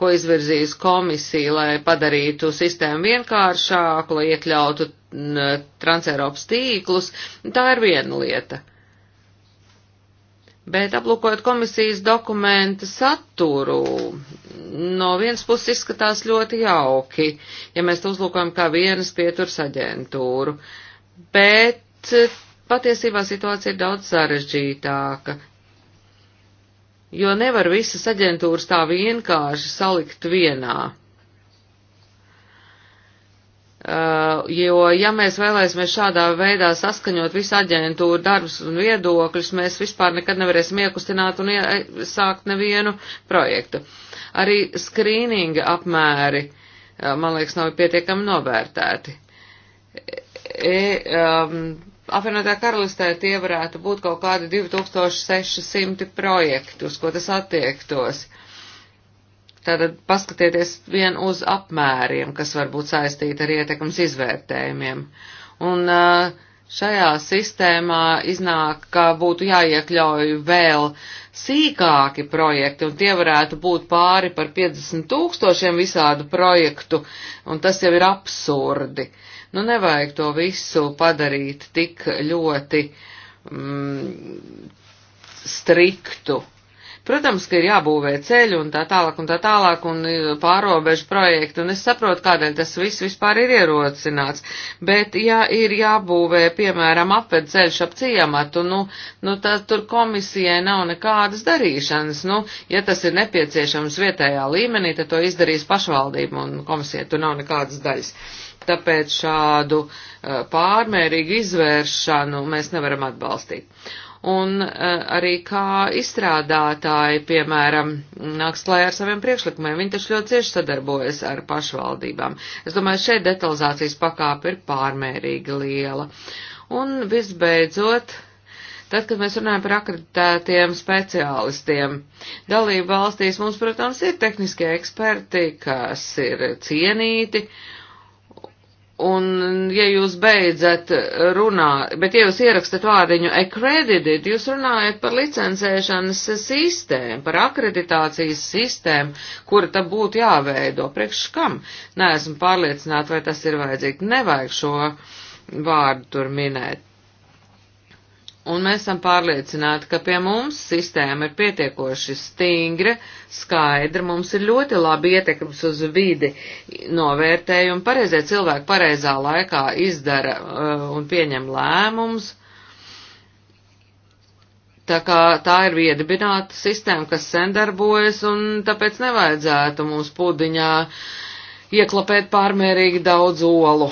ko izvirzīs komisija, lai padarītu sistēmu vienkāršāku, lai iekļautu transeiropas tīklus, tā ir viena lieta. Bet aplūkojot komisijas dokumenta saturu, no vienas puses izskatās ļoti jauki, ja mēs to uzlūkojam kā vienas pieturas aģentūru, bet eh, patiesībā situācija ir daudz sarežģītāka, jo nevar visas aģentūras tā vienkārši salikt vienā. Uh, jo, ja mēs vēlēsimies šādā veidā saskaņot visu aģentūru darbus un viedokļus, mēs vispār nekad nevarēsim iekustināt un sākt nevienu projektu. Arī skrīninga apmēri, uh, man liekas, nav pietiekami novērtēti. E, um, apvienotā karalistē tie varētu būt kaut kādi 2600 projekti, uz ko tas attiektos. Uh, Tātad paskatieties vien uz apmēriem, kas var būt saistīti ar ietekmes izvērtējumiem. Un šajā sistēmā iznāk, ka būtu jāiekļauj vēl sīkāki projekti, un tie varētu būt pāri par 50 tūkstošiem visādu projektu, un tas jau ir absurdi. Nu, nevajag to visu padarīt tik ļoti mm, striktu. Protams, ka ir jābūvē ceļi un tā tālāk un tā tālāk un e, pārobežu projekti, un es saprotu, kādēļ tas viss vispār ir ierocināts. Bet, ja ir jābūvē, piemēram, apved ceļš ap ciematu, nu, nu tad tur komisijai nav nekādas darīšanas. Nu, ja tas ir nepieciešams vietējā līmenī, tad to izdarīs pašvaldība un komisija tur nav nekādas daļas. Tāpēc šādu uh, pārmērīgu izvēršanu mēs nevaram atbalstīt. Uh, un eh, arī kā izstrādātāji, piemēram, nāks klājā ar saviem priekšlikumiem. Viņi taču ļoti cieši sadarbojas ar pašvaldībām. Es domāju, šeit detalizācijas pakāpe ir pārmērīgi liela. Un visbeidzot, tad, kad mēs runājam par akreditētiem speciālistiem, dalību valstīs mums, protams, ir tehniskie eksperti, kas ir cienīti Un, ja jūs beidzat runāt, bet ja jūs ierakstat vārdiņu accredited, jūs runājat par licencēšanas sistēmu, par akreditācijas sistēmu, kura tam būtu jāveido. Priekš kam? Nē, esmu pārliecināta, vai tas ir vajadzīgi. Nevajag šo vārdu tur minēt. Un mēs esam pārliecināti, ka pie mums sistēma ir pietiekoši stingra, skaidra, mums ir ļoti labi ietekmes uz vidi novērtējumi, pareizie cilvēki pareizā laikā izdara uh, un pieņem lēmumus. Tā kā tā ir iedibināta sistēma, kas sen darbojas, un tāpēc nevajadzētu mums pudiņā ieklapēt pārmērīgi daudz olu.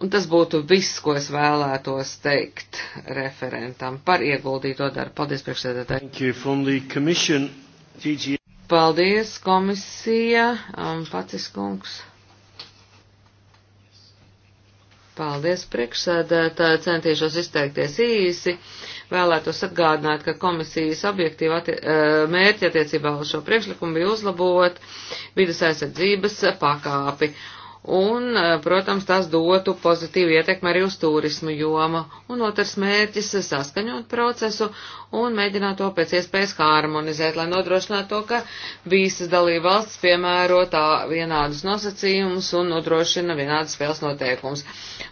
Un tas būtu viss, ko es vēlētos teikt referentam par ieguldīto darbu. Paldies, priekšsēdētāji. Paldies, komisija. Um, pacis kungs. Paldies, priekšsēdētāji. Centīšos izteikties īsi. Vēlētos atgādināt, ka komisijas objektīva atti uh, mērķi attiecībā uz šo priekšlikumu bija uzlabot vidas aizsardzības pakāpi un, e, protams, tas dotu pozitīvu ietekmi arī uz turismu jomu. Un otrs mērķis - saskaņot procesu un mēģināt to pēc iespējas harmonizēt, lai nodrošinātu to, ka visas dalība valsts piemēro tā vienādus nosacījumus un nodrošina vienādas spēles noteikumus.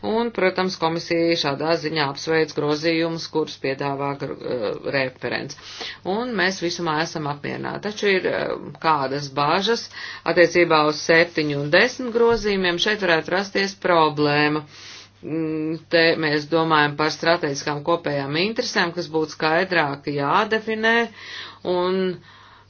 Un, protams, komisija šādā ziņā apsveic grozījumus, kurus piedāvā uh, referents. Un mēs visumā esam apmierināti. Taču ir uh, kādas bāžas attiecībā uz septiņu un desmit grozījumu grozījumiem šeit varētu rasties problēma. Mm, te mēs domājam par strateģiskām kopējām interesēm, kas būtu skaidrāk jādefinē, un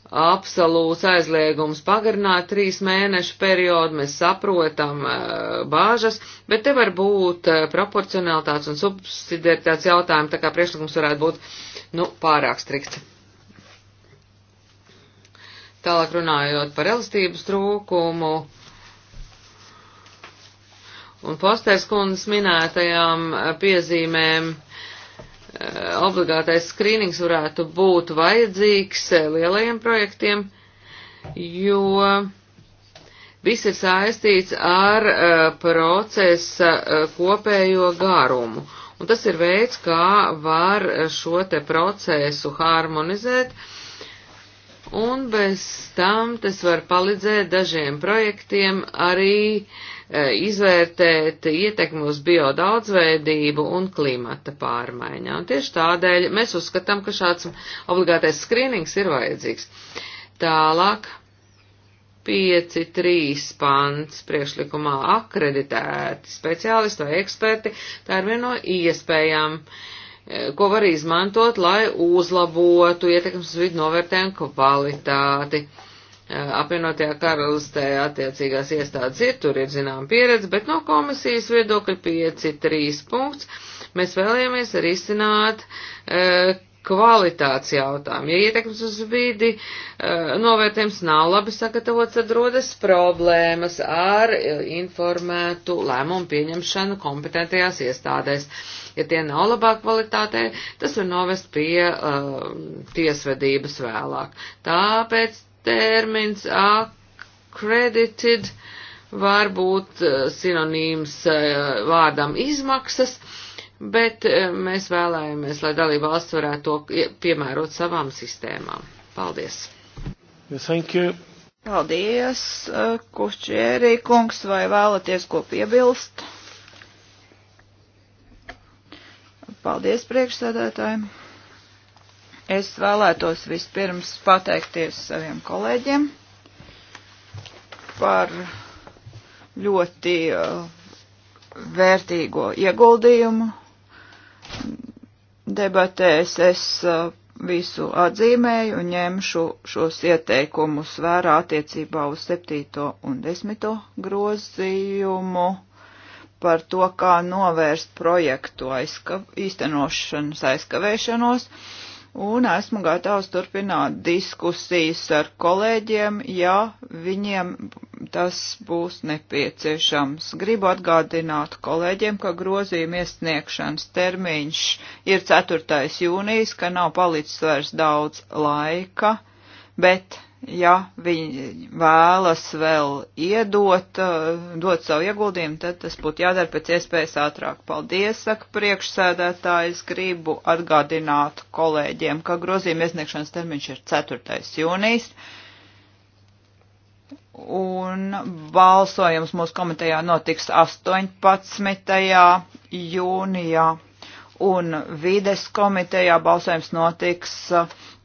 absolūts aizliegums pagarināt trīs mēnešu periodu, mēs saprotam eh, bāžas, bet te var būt eh, proporcionalitāts un subsidiaritāts jautājumi, tā kā priekšlikums varētu būt, nu, pārāk strikts. Tālāk runājot par elastības trūkumu, un postēs kundas minētajām eh, piezīmēm eh, obligātais skrīnings varētu būt vajadzīgs eh, lielajiem projektiem, jo viss ir saistīts ar procesa kopējo garumu. Un tas ir veids, kā var šo te procesu harmonizēt, un bez tam tas var palīdzēt dažiem projektiem arī uh, E, izvērtēt ietekmi uz biodaudzveidību un klimata pārmaiņām. Tieši tādēļ mēs uzskatām, ka šāds obligātais skrīnings ir vajadzīgs. Tālāk 5.3. pants priekšlikumā akreditēti speciālisti vai eksperti, tā ir viena no iespējām, e, ko var izmantot, lai uzlabotu ietekmes vidu novērtējumu kvalitāti apvienotajā karalistē attiecīgās iestādes ir, tur ir zinām pieredze, bet no komisijas viedokļa 5.3 punkts mēs vēlējāmies arī izcināt e, kvalitātes jautājumu. Ja ietekmes uz vidi e, novērtējums nav labi sagatavots, tad rodas problēmas ar informētu lēmumu pieņemšanu kompetentajās iestādēs. Ja tie nav labā kvalitātē, tas var novest pie uh, e, tiesvedības vēlāk. Tāpēc termins accredited var būt eh, sinonīms eh, vārdam izmaksas, bet eh, mēs vēlējamies, lai dalība valsts varētu to piemērot savām sistēmām. Paldies! Thank you. Paldies, Kušķērī kungs, vai vēlaties ko piebilst? Paldies priekšsēdētājiem! Es vēlētos vispirms pateikties saviem kolēģiem par ļoti uh, vērtīgo ieguldījumu. Debatēs es uh, visu atzīmēju un ņemšu šos ieteikumus vērā attiecībā uz 7. un 10. grozījumu par to, kā novērst projektu aizka, īstenošanas aizkavēšanos. aizkavēšanos un esmu gatavs turpināt diskusijas ar kolēģiem, ja viņiem tas būs nepieciešams. Gribu atgādināt kolēģiem, ka grozījuma iesniegšanas termiņš ir 4. jūnijas, ka nav palicis vairs daudz laika, bet ja viņi vēlas vēl iedot, eh, dot savu ieguldījumu, tad tas būtu jādara pēc iespējas ātrāk. Paldies, saka priekšsēdētājs, gribu atgādināt kolēģiem, ka grozījuma iesniegšanas termiņš ir 4. jūnijas. Un balsojums mūsu komitejā notiks 18. jūnijā un vides komitejā balsojums notiks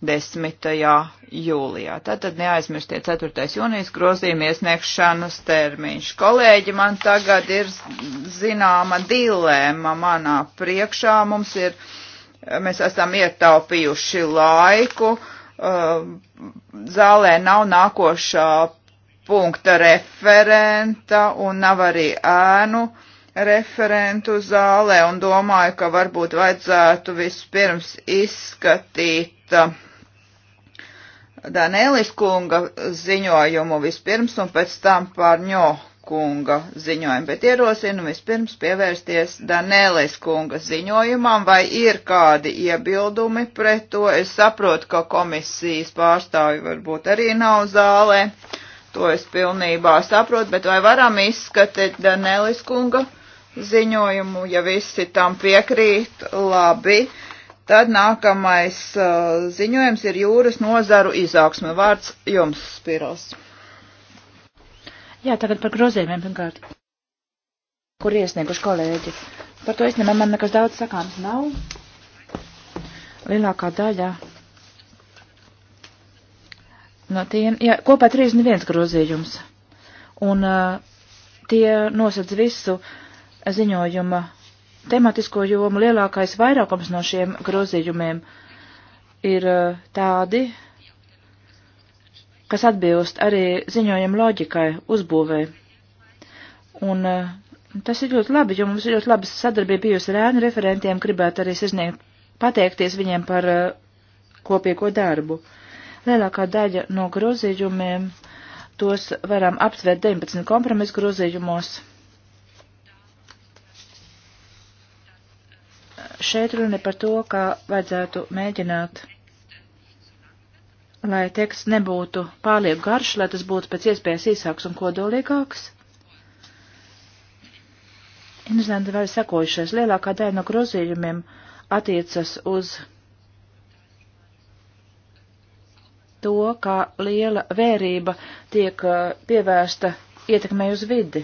10. Uh, jūlijā. Tātad neaizmirstiet 4. jūnijas grozījuma iesniegšanas termiņš. Kolēģi, man tagad ir zināma dilēma manā priekšā. Mums ir, mēs esam ietaupījuši laiku. Uh, zālē nav nākošā punkta referenta un nav arī ēnu referentu zālē un domāju, ka varbūt vajadzētu vispirms izskatīt uh, Danēlis kunga ziņojumu vispirms un pēc tam pārņo kunga ziņojumu, bet ierosinu vispirms pievērsties Danēlis kunga ziņojumam, vai ir kādi iebildumi pret to. Es saprotu, ka komisijas pārstāvi varbūt arī nav zālē, to es pilnībā saprotu, bet vai varam izskatīt Danēlis kunga ziņojumu? ziņojumu, ja visi tam piekrīt, labi. Tad nākamais uh, ziņojums ir jūras nozaru izaugsme. Vārds jums, Spiros. Jā, tagad par grozījumiem pirmkārt, kur iesnieguši kolēģi. Par to īstenībā man nekas daudz sakāms nav. Lielākā daļa no tiem, jā, kopā 31 grozījums. Un uh, tie nosedz visu uh, ziņojuma tematisko jomu lielākais vairākums no šiem grozījumiem ir uh, tādi, kas atbilst arī ziņojuma loģikai, uzbūvē. Un uh, tas ir ļoti labi, jo mums ir ļoti laba sadarbība bijusi ar ēnu referentiem, gribētu arī sasniegt pateikties viņiem par uh, kopīgo darbu. Lielākā daļa no grozījumiem tos varam aptvert 19 kompromisu grozījumos šeit runa par to, kā vajadzētu mēģināt, lai teksts nebūtu pārlieku garš, lai tas būtu pēc iespējas īsāks un kodolīgāks. Interesanti vēl sekojušais. Lielākā daļa no grozījumiem attiecas uz to, kā liela vērība tiek uh, pievērsta ietekmei uz vidi.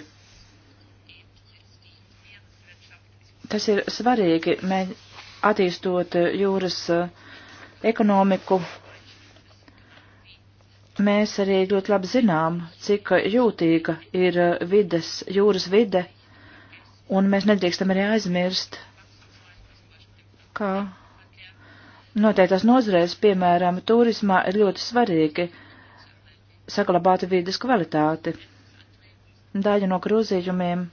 Tas ir svarīgi, mē, attīstot eh, jūras eh, ekonomiku. Mēs arī ļoti labi zinām, cik eh, jūtīga ir vides, jūras vide, un mēs nedrīkstam arī aizmirst, ka noteiktās nozarēs, piemēram, turismā ir ļoti svarīgi saglabāt vides kvalitāti. Daļa no grozījumiem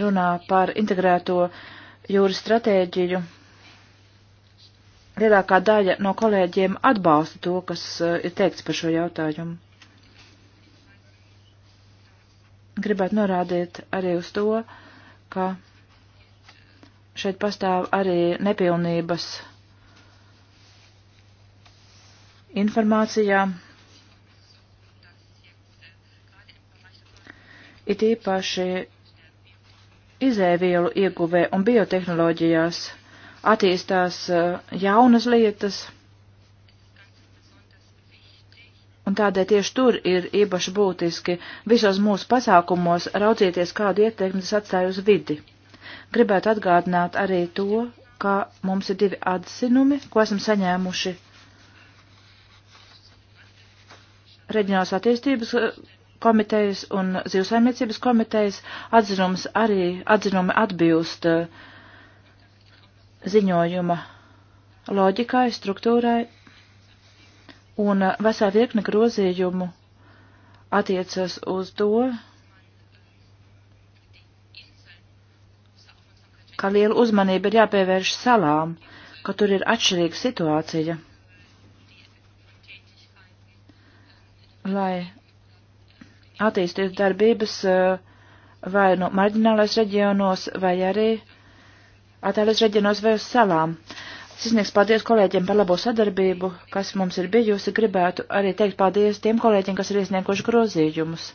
runā par integrēto jūras stratēģiju. Lielākā daļa no kolēģiem atbalsta to, kas eh, ir teikts par šo jautājumu. Gribētu norādīt arī uz to, ka šeit pastāv arī nepilnības informācijā. It īpaši izēvielu ieguvē un biotehnoloģijās attīstās eh, jaunas lietas, un tādēļ tieši tur ir īpaši būtiski visos mūsu pasākumos raudzīties, kādu ieteikumu tas atstāja uz vidi. Gribētu atgādināt arī to, ka mums ir divi atzinumi, ko esam saņēmuši reģionālās attīstības eh, komitejas un zivsaimniecības komitejas atzinums arī atzinumi atbilst eh, ziņojuma loģikai, struktūrai un vesā virkne grozījumu attiecas uz to, ka liela uzmanība ir jāpievērš salām, ka tur ir atšķirīga situācija. Lai attīstīt darbības eh, vai nu no marģinālais reģionos, vai arī attālis reģionos vai uz salām. Sisnieks paldies kolēģiem par labo sadarbību, kas mums ir bijusi. Gribētu arī teikt paldies tiem kolēģiem, kas ir iesnieguši grozījumus.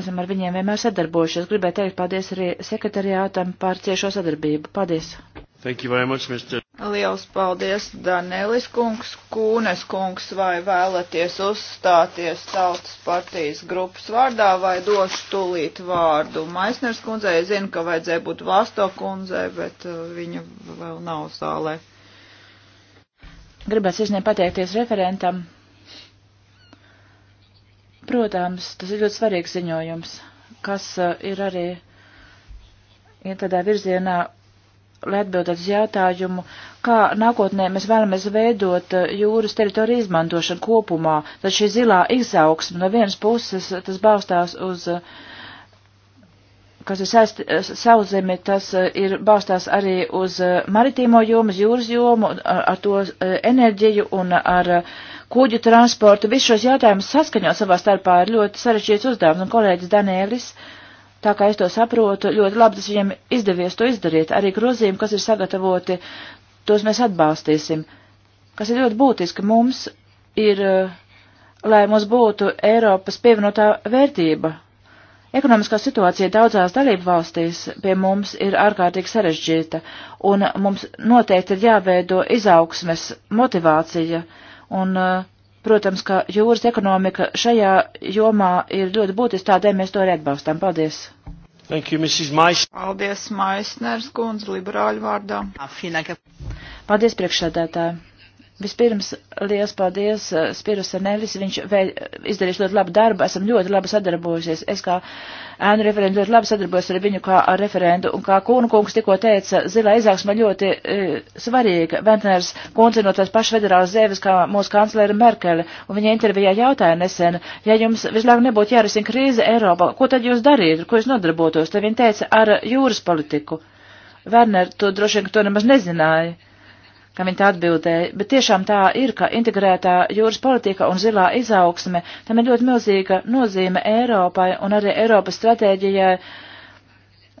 Esam ar viņiem vienmēr sadarbojušies. Gribētu teikt paldies arī sekretariātam par ciešo sadarbību. Paldies! Thank you very much, Mr. Liels paldies, Danelis kungs, Kūnes kungs, vai vēlaties uzstāties tautas partijas grupas vārdā, vai došu tūlīt vārdu Maisners kundzei, zinu, ka vajadzēja būt Vāsto kundzei, bet uh, viņa vēl nav zālē. Gribētu sirsnīgi pateikties referentam. Protams, tas ir ļoti svarīgs ziņojums, kas uh, ir arī iet ja tādā virzienā, lai atbildētu uz jautājumu, kā nākotnē mēs vēlamies veidot eh, jūras teritoriju izmantošanu kopumā, tad šī zilā izaugsme no vienas puses tas balstās uz, eh, kas ir saist, eh, sauszemi, tas ir balstās arī uz maritīmo jomu, jūras jomu, ar, ar to enerģiju un ar kuģu transportu. Visus šos jautājumus saskaņot savā starpā ir ļoti sarežģīts uzdevums, un kolēģis Danēlis. Uh, Tā kā es to saprotu, ļoti labi tas viņiem izdevies to izdarīt. Arī grozījumi, kas ir sagatavoti, tos mēs atbalstīsim. Kas ir ļoti būtiski mums, ir, eh, lai mums būtu Eiropas pievienotā vērtība. Ekonomiskā situācija daudzās dalību valstīs pie mums ir ārkārtīgi sarežģīta, un mums noteikti ir jāveido izaugsmes motivācija, un uh, Protams, ka jūras ekonomika šajā jomā ir ļoti būtiska, tādēļ mēs to arī atbalstām. Paldies! Thank you, Mrs. Mais. Paldies, Maisners kundze, liberāļu vārdā. Paldies, priekšsēdētāji! Vispirms liels paldies eh, Spirusa Nevis, viņš vēl izdarījis ļoti labu darbu, esam ļoti labi sadarbojusies. Es kā ēnu referentu ļoti labi sadarbojos ar viņu kā ar referentu, un kā Kūnu kungs tikko teica, zilā izaugsma ļoti e, svarīga. Ventners kundze no tās pašas federālas zēves kā mūsu kanclere Merkele, un viņa intervijā jautāja nesen, ja jums vislāk nebūtu jārisina krīze Eiropā, ko tad jūs darītu, ko jūs nodarbotos? Te viņa teica ar jūras politiku. Werner, tu droši vien, ka to nemaz nezināji ka viņi tā atbildēja, bet tiešām tā ir, ka integrētā jūras politika un zilā izaugsme tam ir ļoti milzīga nozīme Eiropai un arī Eiropas stratēģijai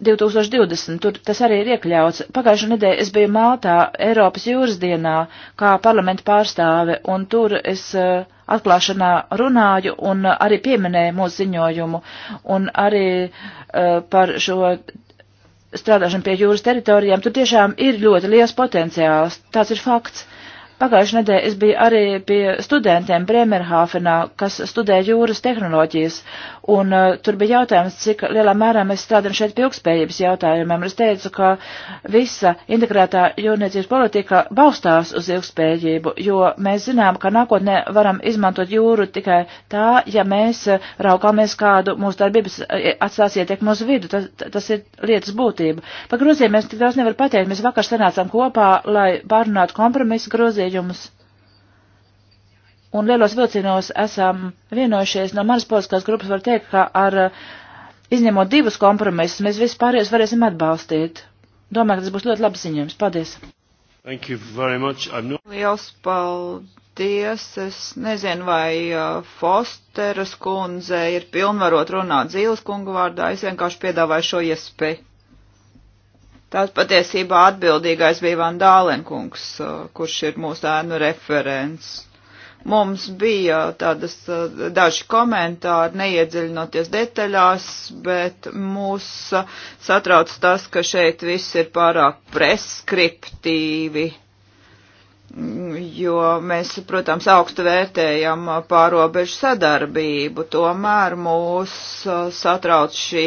2020. Tur tas arī ir iekļauts. Pagājušajā nedēļā es biju Maltā Eiropas jūras dienā kā parlamenta pārstāve, un tur es eh, atklāšanā runāju un eh, arī pieminēju mūsu ziņojumu un arī uh, par šo strādāšanu pie jūras teritorijām, tur tiešām ir ļoti liels potenciāls. Tāds ir fakts. Pagājušajā nedēļā es biju arī pie studentiem Bremerhāfenā, kas studē jūras tehnoloģijas, Un uh, tur bija jautājums, cik lielā mērā mēs strādājam šeit pie ilgspējības jautājumiem. Es teicu, ka visa integrētā jūrniecības politika balstās uz ilgspējību, jo mēs zinām, ka nākotnē varam izmantot jūru tikai tā, ja mēs uh, raugāmies kādu mūsu darbības uh, atstās ietekmu uz vidu. Tas, tas ir lietas būtība. Par grozījumiem es tik daudz nevaru pateikt. Mēs vakar sanācām kopā, lai pārunātu kompromisu grozījumus un lielos vilcienos esam vienojušies. No manas politiskās grupas var teikt, ka ar eh, izņemot divus kompromisus, mēs visi pārējos varēsim atbalstīt. Domāju, ka tas būs ļoti labs ziņojums. Paldies! Thank you very much. I'm not... Liels paldies! Es nezinu, vai eh, Fosteras kundze ir pilnvarot runāt dzīves kungu vārdā. Es vienkārši piedāvāju šo iespēju. Tās patiesībā atbildīgais bija Vandālenkungs, eh, kurš ir mūsu ēnu referents. Mums bija tādas daži komentāri, neiedziļinoties detaļās, bet mūs satrauc tas, ka šeit viss ir pārāk preskriptīvi, jo mēs, protams, augstu vērtējam pārobežu sadarbību, tomēr mūs satrauc šī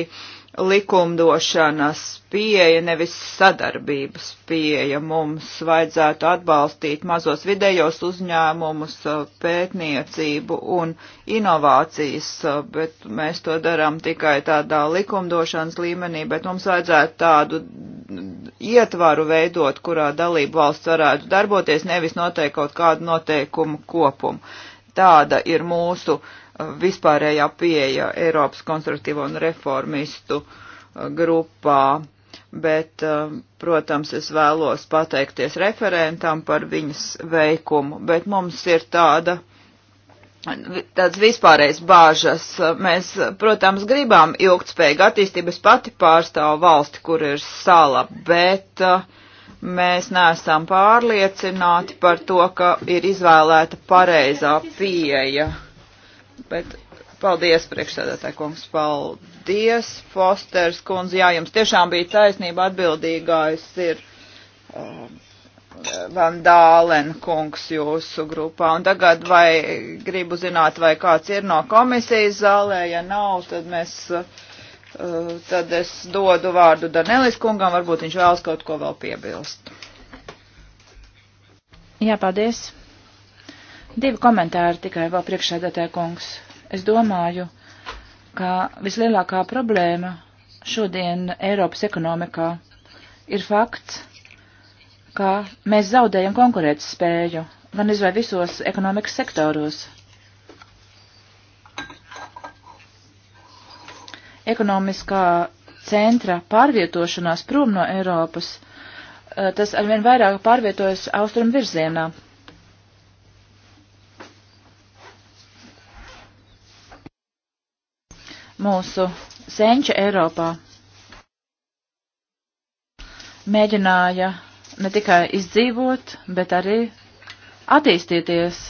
likumdošanas pieeja, nevis sadarbības pieeja. Mums vajadzētu atbalstīt mazos vidējos uzņēmumus, uh, pētniecību un inovācijas, uh, bet mēs to darām tikai tādā likumdošanas līmenī, bet mums vajadzētu tādu ietvaru veidot, kurā dalību valsts varētu darboties, nevis noteikt kaut kādu noteikumu kopumu. Tāda ir mūsu uh, vispārējā pieeja Eiropas konstruktīvo un reformistu uh, grupā, bet, uh, protams, es vēlos pateikties referentam par viņas veikumu, bet mums ir tāda tāds vispārējais bāžas. Mēs, protams, gribam ilgtspējīgu attīstību. Es pati pārstāvu valsti, kur ir sala, bet uh, mēs neesam pārliecināti par to, ka ir izvēlēta pareizā pieeja. Bet paldies, priekšsēdētāji kungs, paldies, Fosters kundze, jā, jums tiešām bija taisnība atbildīgais ir. Um, Vandālen kungs jūsu grupā. Un tagad vai gribu zināt, vai kāds ir no komisijas zālē, ja nav, tad mēs, uh, tad es dodu vārdu Danelis kungam, varbūt viņš vēlas kaut ko vēl piebilst. Jā, paldies. Divi komentāri tikai vēl priekšsēdētāja kungs. Es domāju, ka vislielākā problēma šodien Eiropas ekonomikā ir fakts, ka mēs zaudējam konkurētspēju gan izvai visos ekonomikas sektoros. Ekonomiskā centra pārvietošanās prom no Eiropas, eh, tas arvien vairāk pārvietojas austrumu virzienā. mūsu senči Eiropā mēģināja ne tikai izdzīvot, bet arī attīstīties.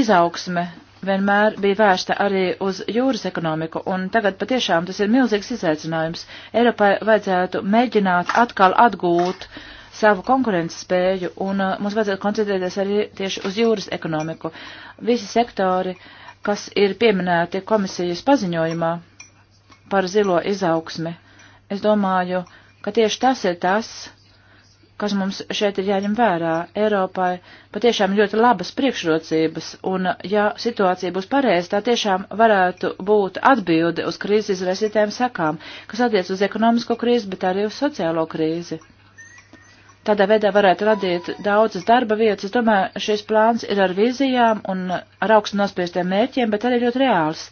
Izaugsme vienmēr bija vērsta arī uz jūras ekonomiku, un tagad patiešām tas ir milzīgs izaicinājums. Eiropai vajadzētu mēģināt atkal atgūt savu konkurences spēju, un uh, mums vajadzētu koncentrēties arī tieši uz jūras ekonomiku. Visi sektori, kas ir pieminēti komisijas paziņojumā, par zilo izaugsmi. Es domāju, ka tieši tas ir tas, kas mums šeit ir jāņem vērā. Eiropai patiešām ļoti labas priekšrocības, un ja situācija būs pareiza, tā tiešām varētu būt atbilde uz krīzes izraisītēm sekām, kas attiec uz ekonomisko krīzi, bet arī uz sociālo krīzi. Tādā veidā varētu radīt daudzas darba vietas. Es domāju, šis plāns ir ar vīzijām un ar augstu nospiestiem mērķiem, bet arī ļoti reāls.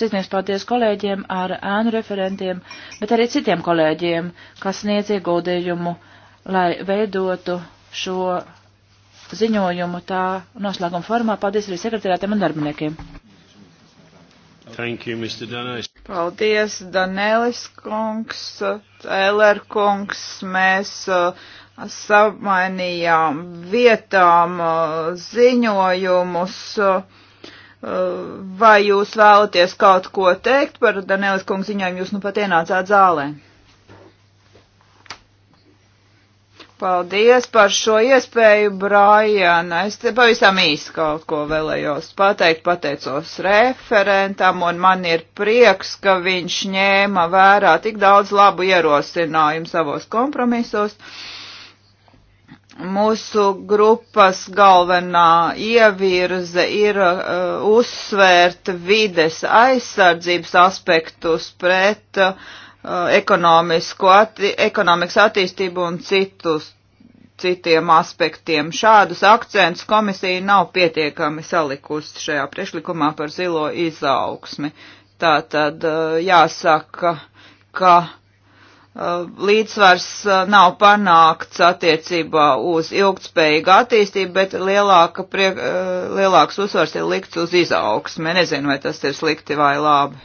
Sirsnīgs paldies kolēģiem ar ēnu referentiem, bet arī citiem kolēģiem, kas sniedz ieguldījumu, lai veidotu šo ziņojumu tā noslēguma formā. Paldies arī sekretariātiem un darbiniekiem. Thank you, Mr. Danais. Paldies, Danēlis kungs, Tēler kungs, mēs uh, samainījām vietām uh, ziņojumus. Uh, Vai jūs vēlaties kaut ko teikt par Danielas kungu ziņojumu? Jūs nu pat ienācāt zālē. Paldies par šo iespēju, Brājana. Es te pavisam īsi kaut ko vēlējos pateikt, pateicos referentam, un man ir prieks, ka viņš ņēma vērā tik daudz labu ierosinājumu savos kompromisos. Uh, Mūsu grupas galvenā ievirze ir uh, uzsvērt vides aizsardzības aspektus pret uh, atti ekonomikas attīstību un citus, citiem aspektiem. Šādus akcentus komisija nav pietiekami salikusi šajā priekšlikumā par zilo izaugsmi. Tātad uh, jāsaka, ka Uh, līdzsvars uh, nav panākts attiecībā uz ilgtspējīgu attīstību, bet lielāka prie, uh, lielāks uzsvars ir likts uz izaugsmi. Nezinu, vai tas ir slikti vai labi.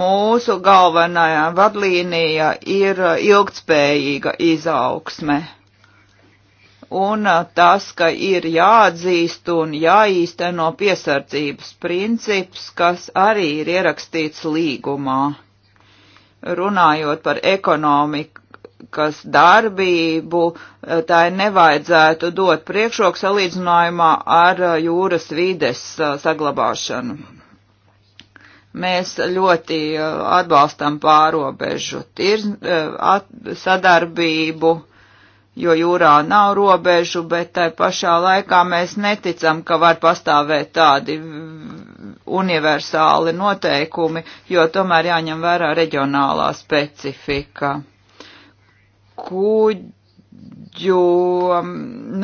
Mūsu galvenajā vadlīnija ir ilgtspējīga izaugsme. Un tas, ka ir jāatzīst un jāīsteno piesardzības princips, kas arī ir ierakstīts līgumā runājot par ekonomikas darbību, eh, tā nevajadzētu dot priekšroku salīdzinājumā ar eh, jūras vides eh, saglabāšanu. Mēs ļoti atbalstam pārobežu tirz, at, sadarbību, jo jūrā nav robežu, bet tai pašā laikā mēs neticam, ka var pastāvēt tādi universāli noteikumi, jo tomēr jāņem vērā reģionālā specifika. Kuģu um,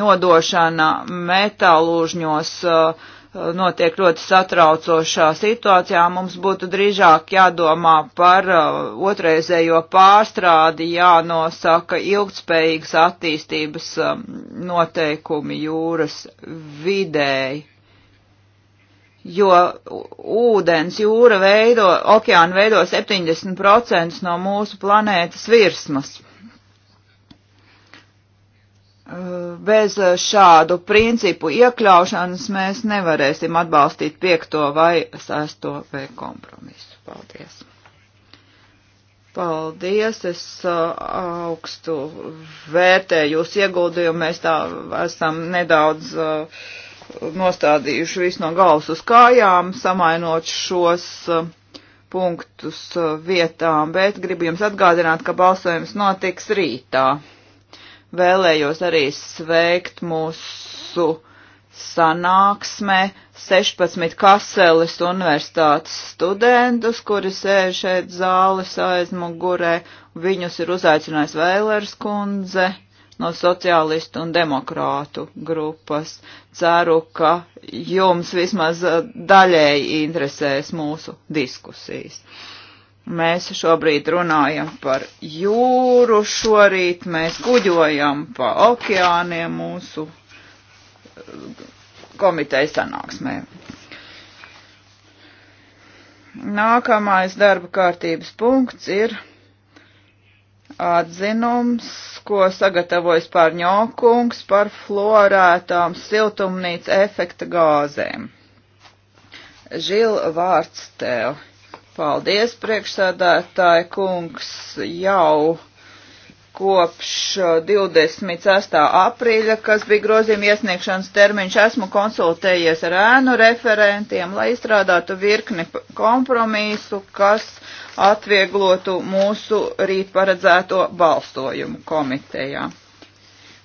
nodošana metālūžņos uh, notiek ļoti satraucošā situācijā. Mums būtu drīzāk jādomā par uh, otrreizējo pārstrādi, jānosaka ilgtspējīgas attīstības um, noteikumi jūras vidēji jo ūdens jūra veido, okeāna veido 70% no mūsu planētas virsmas. Eh, bez šādu principu iekļaušanas mēs nevarēsim atbalstīt piekto vai sesto vai kompromisu. Paldies! Paldies, es eh, augstu vērtēju jūs ieguldījumu, mēs tā esam nedaudz uh, nostādījuši visu no galvas uz kājām, samainot šos uh, punktus uh, vietām, bet gribu jums atgādināt, ka balsojums notiks rītā. Vēlējos arī sveikt mūsu sanāksmē 16 Kaseles universitātes studentus, kuri sēž šeit zāles aizmugurē. Viņus ir uzaicinājis Vēlers kundze no sociālistu un demokrātu grupas. Ceru, ka jums vismaz eh, daļēji interesēs mūsu diskusijas. Mēs šobrīd runājam par jūru, šorīt mēs kuģojam pa okeāniem mūsu eh, komitejas sanāksmē. Nākamais darba kārtības punkts ir atzinums, ko sagatavojas pārņokungs par florētām siltumnīca efekta gāzēm. Žil vārds tev. Paldies, priekšsēdētāji kungs, jau kopš 28. Uh, aprīļa, kas bija grozījuma iesniegšanas termiņš, esmu konsultējies ar ēnu referentiem, lai izstrādātu virkni kompromisu, kas atvieglotu mūsu rīt paredzēto balsojumu komitejā.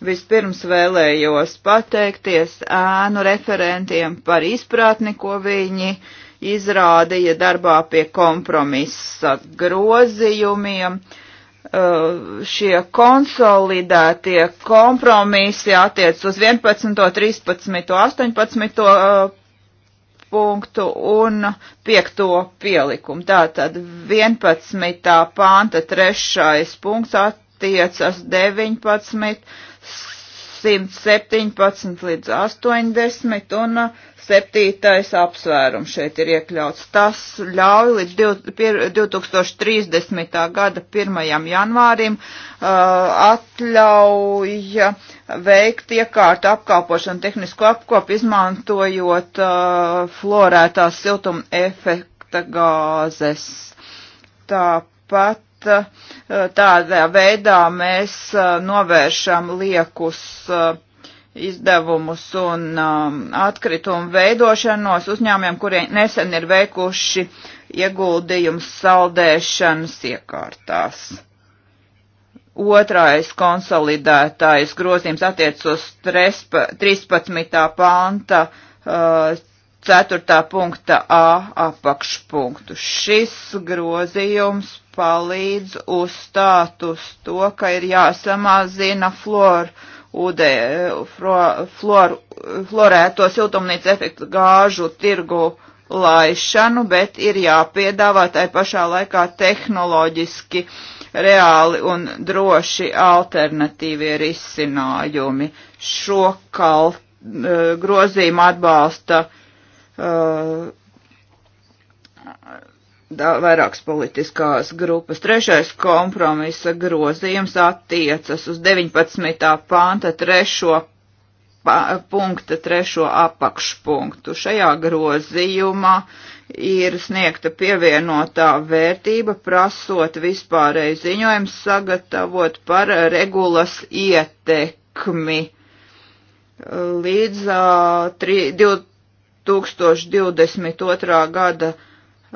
Vispirms vēlējos pateikties ēnu referentiem par izpratni, ko viņi izrādīja darbā pie kompromisa grozījumiem Uh, šie konsolidētie kompromisi attiec uz 11, 13, 18 punktu un 5 pielikumu. Tātad 11. panta 3. punkts attiecas 19, 117 līdz 80 un Septītais apsvērums šeit ir iekļauts. Tas ļauj līdz 2030. gada 1. janvārim uh, atļauj veikt iekārtu apkalpošanu tehnisko apkopu, izmantojot uh, florētās siltuma efekta gāzes. Tāpat uh, tādā veidā mēs uh, novēršam liekus uh, izdevumus un um, atkritumu veidošanos uzņēmumiem, kuri nesen ir veikuši ieguldījums saldēšanas iekārtās. Otrais konsolidētājs grozījums attiec uz 13. panta uh, 4. punkta A apakšpunktu. Šis grozījums palīdz uzstāt uz to, ka ir jāsamazina floru UD, flor, florēto siltumnīca efektu gāžu tirgu laišanu, bet ir jāpiedāvā tai pašā laikā tehnoloģiski reāli un droši alternatīvie risinājumi. Šo kal, eh, grozījumu atbalsta uh, vairākas politiskās grupas. Trešais kompromisa grozījums attiecas uz 19. panta trešo pa, punkta trešo apakšpunktu. Šajā grozījumā ir sniegta pievienotā vērtība prasot vispārēju ziņojumu sagatavot par regulas ietekmi līdz uh, 2022. gada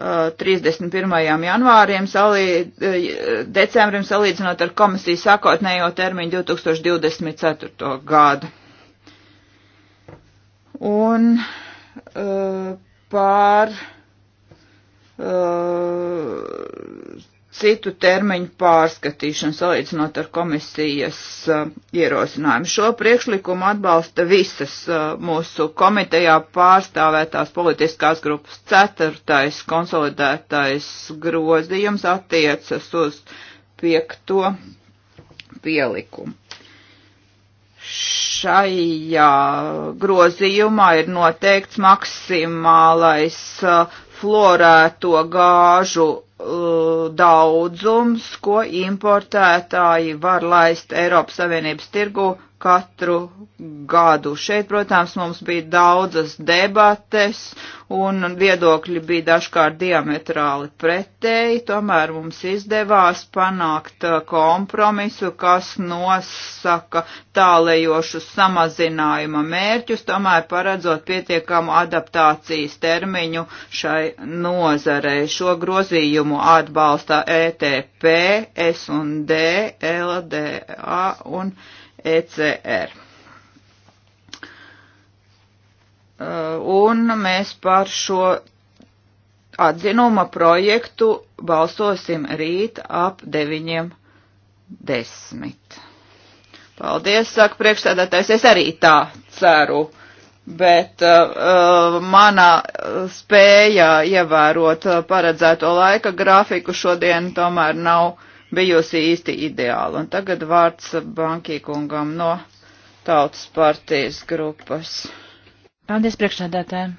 31. janvāriem, salī, eh, decembrim salīdzinot ar komisijas sākotnējo termiņu 2024. gadu. Un uh, eh, pār uh, eh, citu termiņu pārskatīšanu salīdzinot ar komisijas uh, ierosinājumu. Šo priekšlikumu atbalsta visas uh, mūsu komitejā pārstāvētās politiskās grupas ceturtais konsolidētais grozījums attiecas uz piekto pielikumu. Šajā grozījumā ir noteikts maksimālais uh, florēto gāžu Uh, daudzums, ko importētāji var laist Eiropas Savienības tirgu katru gadu. Šeit, protams, mums bija daudzas debates un viedokļi bija dažkārt diametrāli pretēji, tomēr mums izdevās panākt uh, kompromisu, kas nosaka tālējošus samazinājuma mērķus, tomēr paredzot pietiekamu adaptācijas termiņu šai nozarei. Šo grozījumu atbalsta ETP, S&D, LDA un LDA ECR. Uh, un mēs par šo atzinuma projektu balsosim rīt ap 9.10. Paldies, saka priekšsēdētājs, es arī tā ceru bet uh, mana spēja ievērot uh, paredzēto laika grafiku šodien tomēr nav bijusi īsti ideāla. Un tagad vārds bankīkungam no Tautas partijas grupas. Paldies priekšsēdētājiem.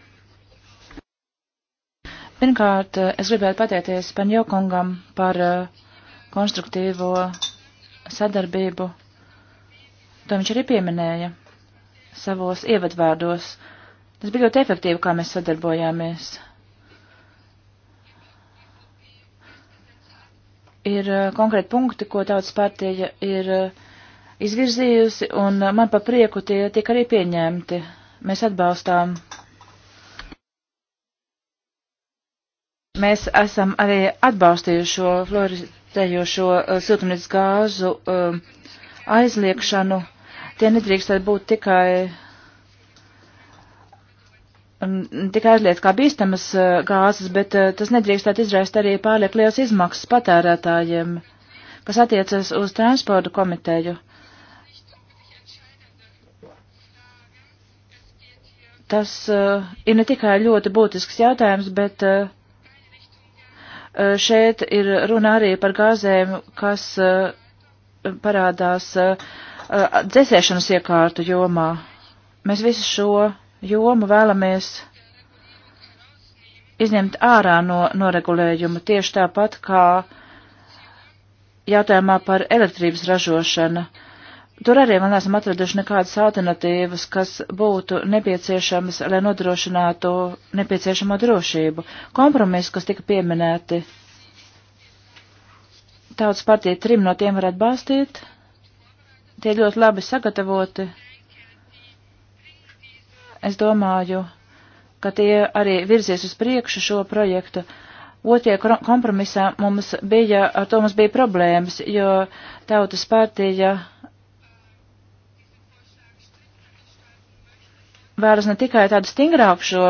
Pirmkārt, es gribētu pateikties Paņokungam par eh, konstruktīvo sadarbību. To viņš arī pieminēja savos ievadvārdos. Tas bija ļoti efektīvi, kā mēs sadarbojāmies. ir eh, konkrēti punkti, ko tautas partija ir eh, izvirzījusi, un eh, man pa prieku tie tiek arī pieņemti. Mēs atbalstām. Mēs esam arī atbalstījuši šo floristējošo siltumnīcas gāzu aizliekšanu. Tie nedrīkst būt tikai tikai aizliedz kā bīstamas eh, gāzes, bet eh, tas nedrīkstētu izraist arī pārliek liels izmaksas patērētājiem, kas attiecas uz transportu komiteju. Tas uh, ir ne tikai ļoti būtisks jautājums, bet uh, šeit ir runa arī par gāzēm, kas uh, parādās uh, dzēsēšanas iekārtu jomā. Mēs visu šo jomu vēlamies izņemt ārā no noregulējuma tieši tāpat kā jautājumā par elektrības ražošanu. Tur arī man esam atraduši nekādas alternatīvas, kas būtu nepieciešamas, lai nodrošinātu nepieciešamo drošību. Kompromisu, kas tika pieminēti, tautas partija trim no tiem varētu bāstīt. Tie ļoti labi sagatavoti. Es domāju, ka tie arī virzies uz priekšu šo projektu. Otie kompromisā mums bija, ar to mums bija problēmas, jo tautas partija vēlas ne tikai tādu stingrāku šo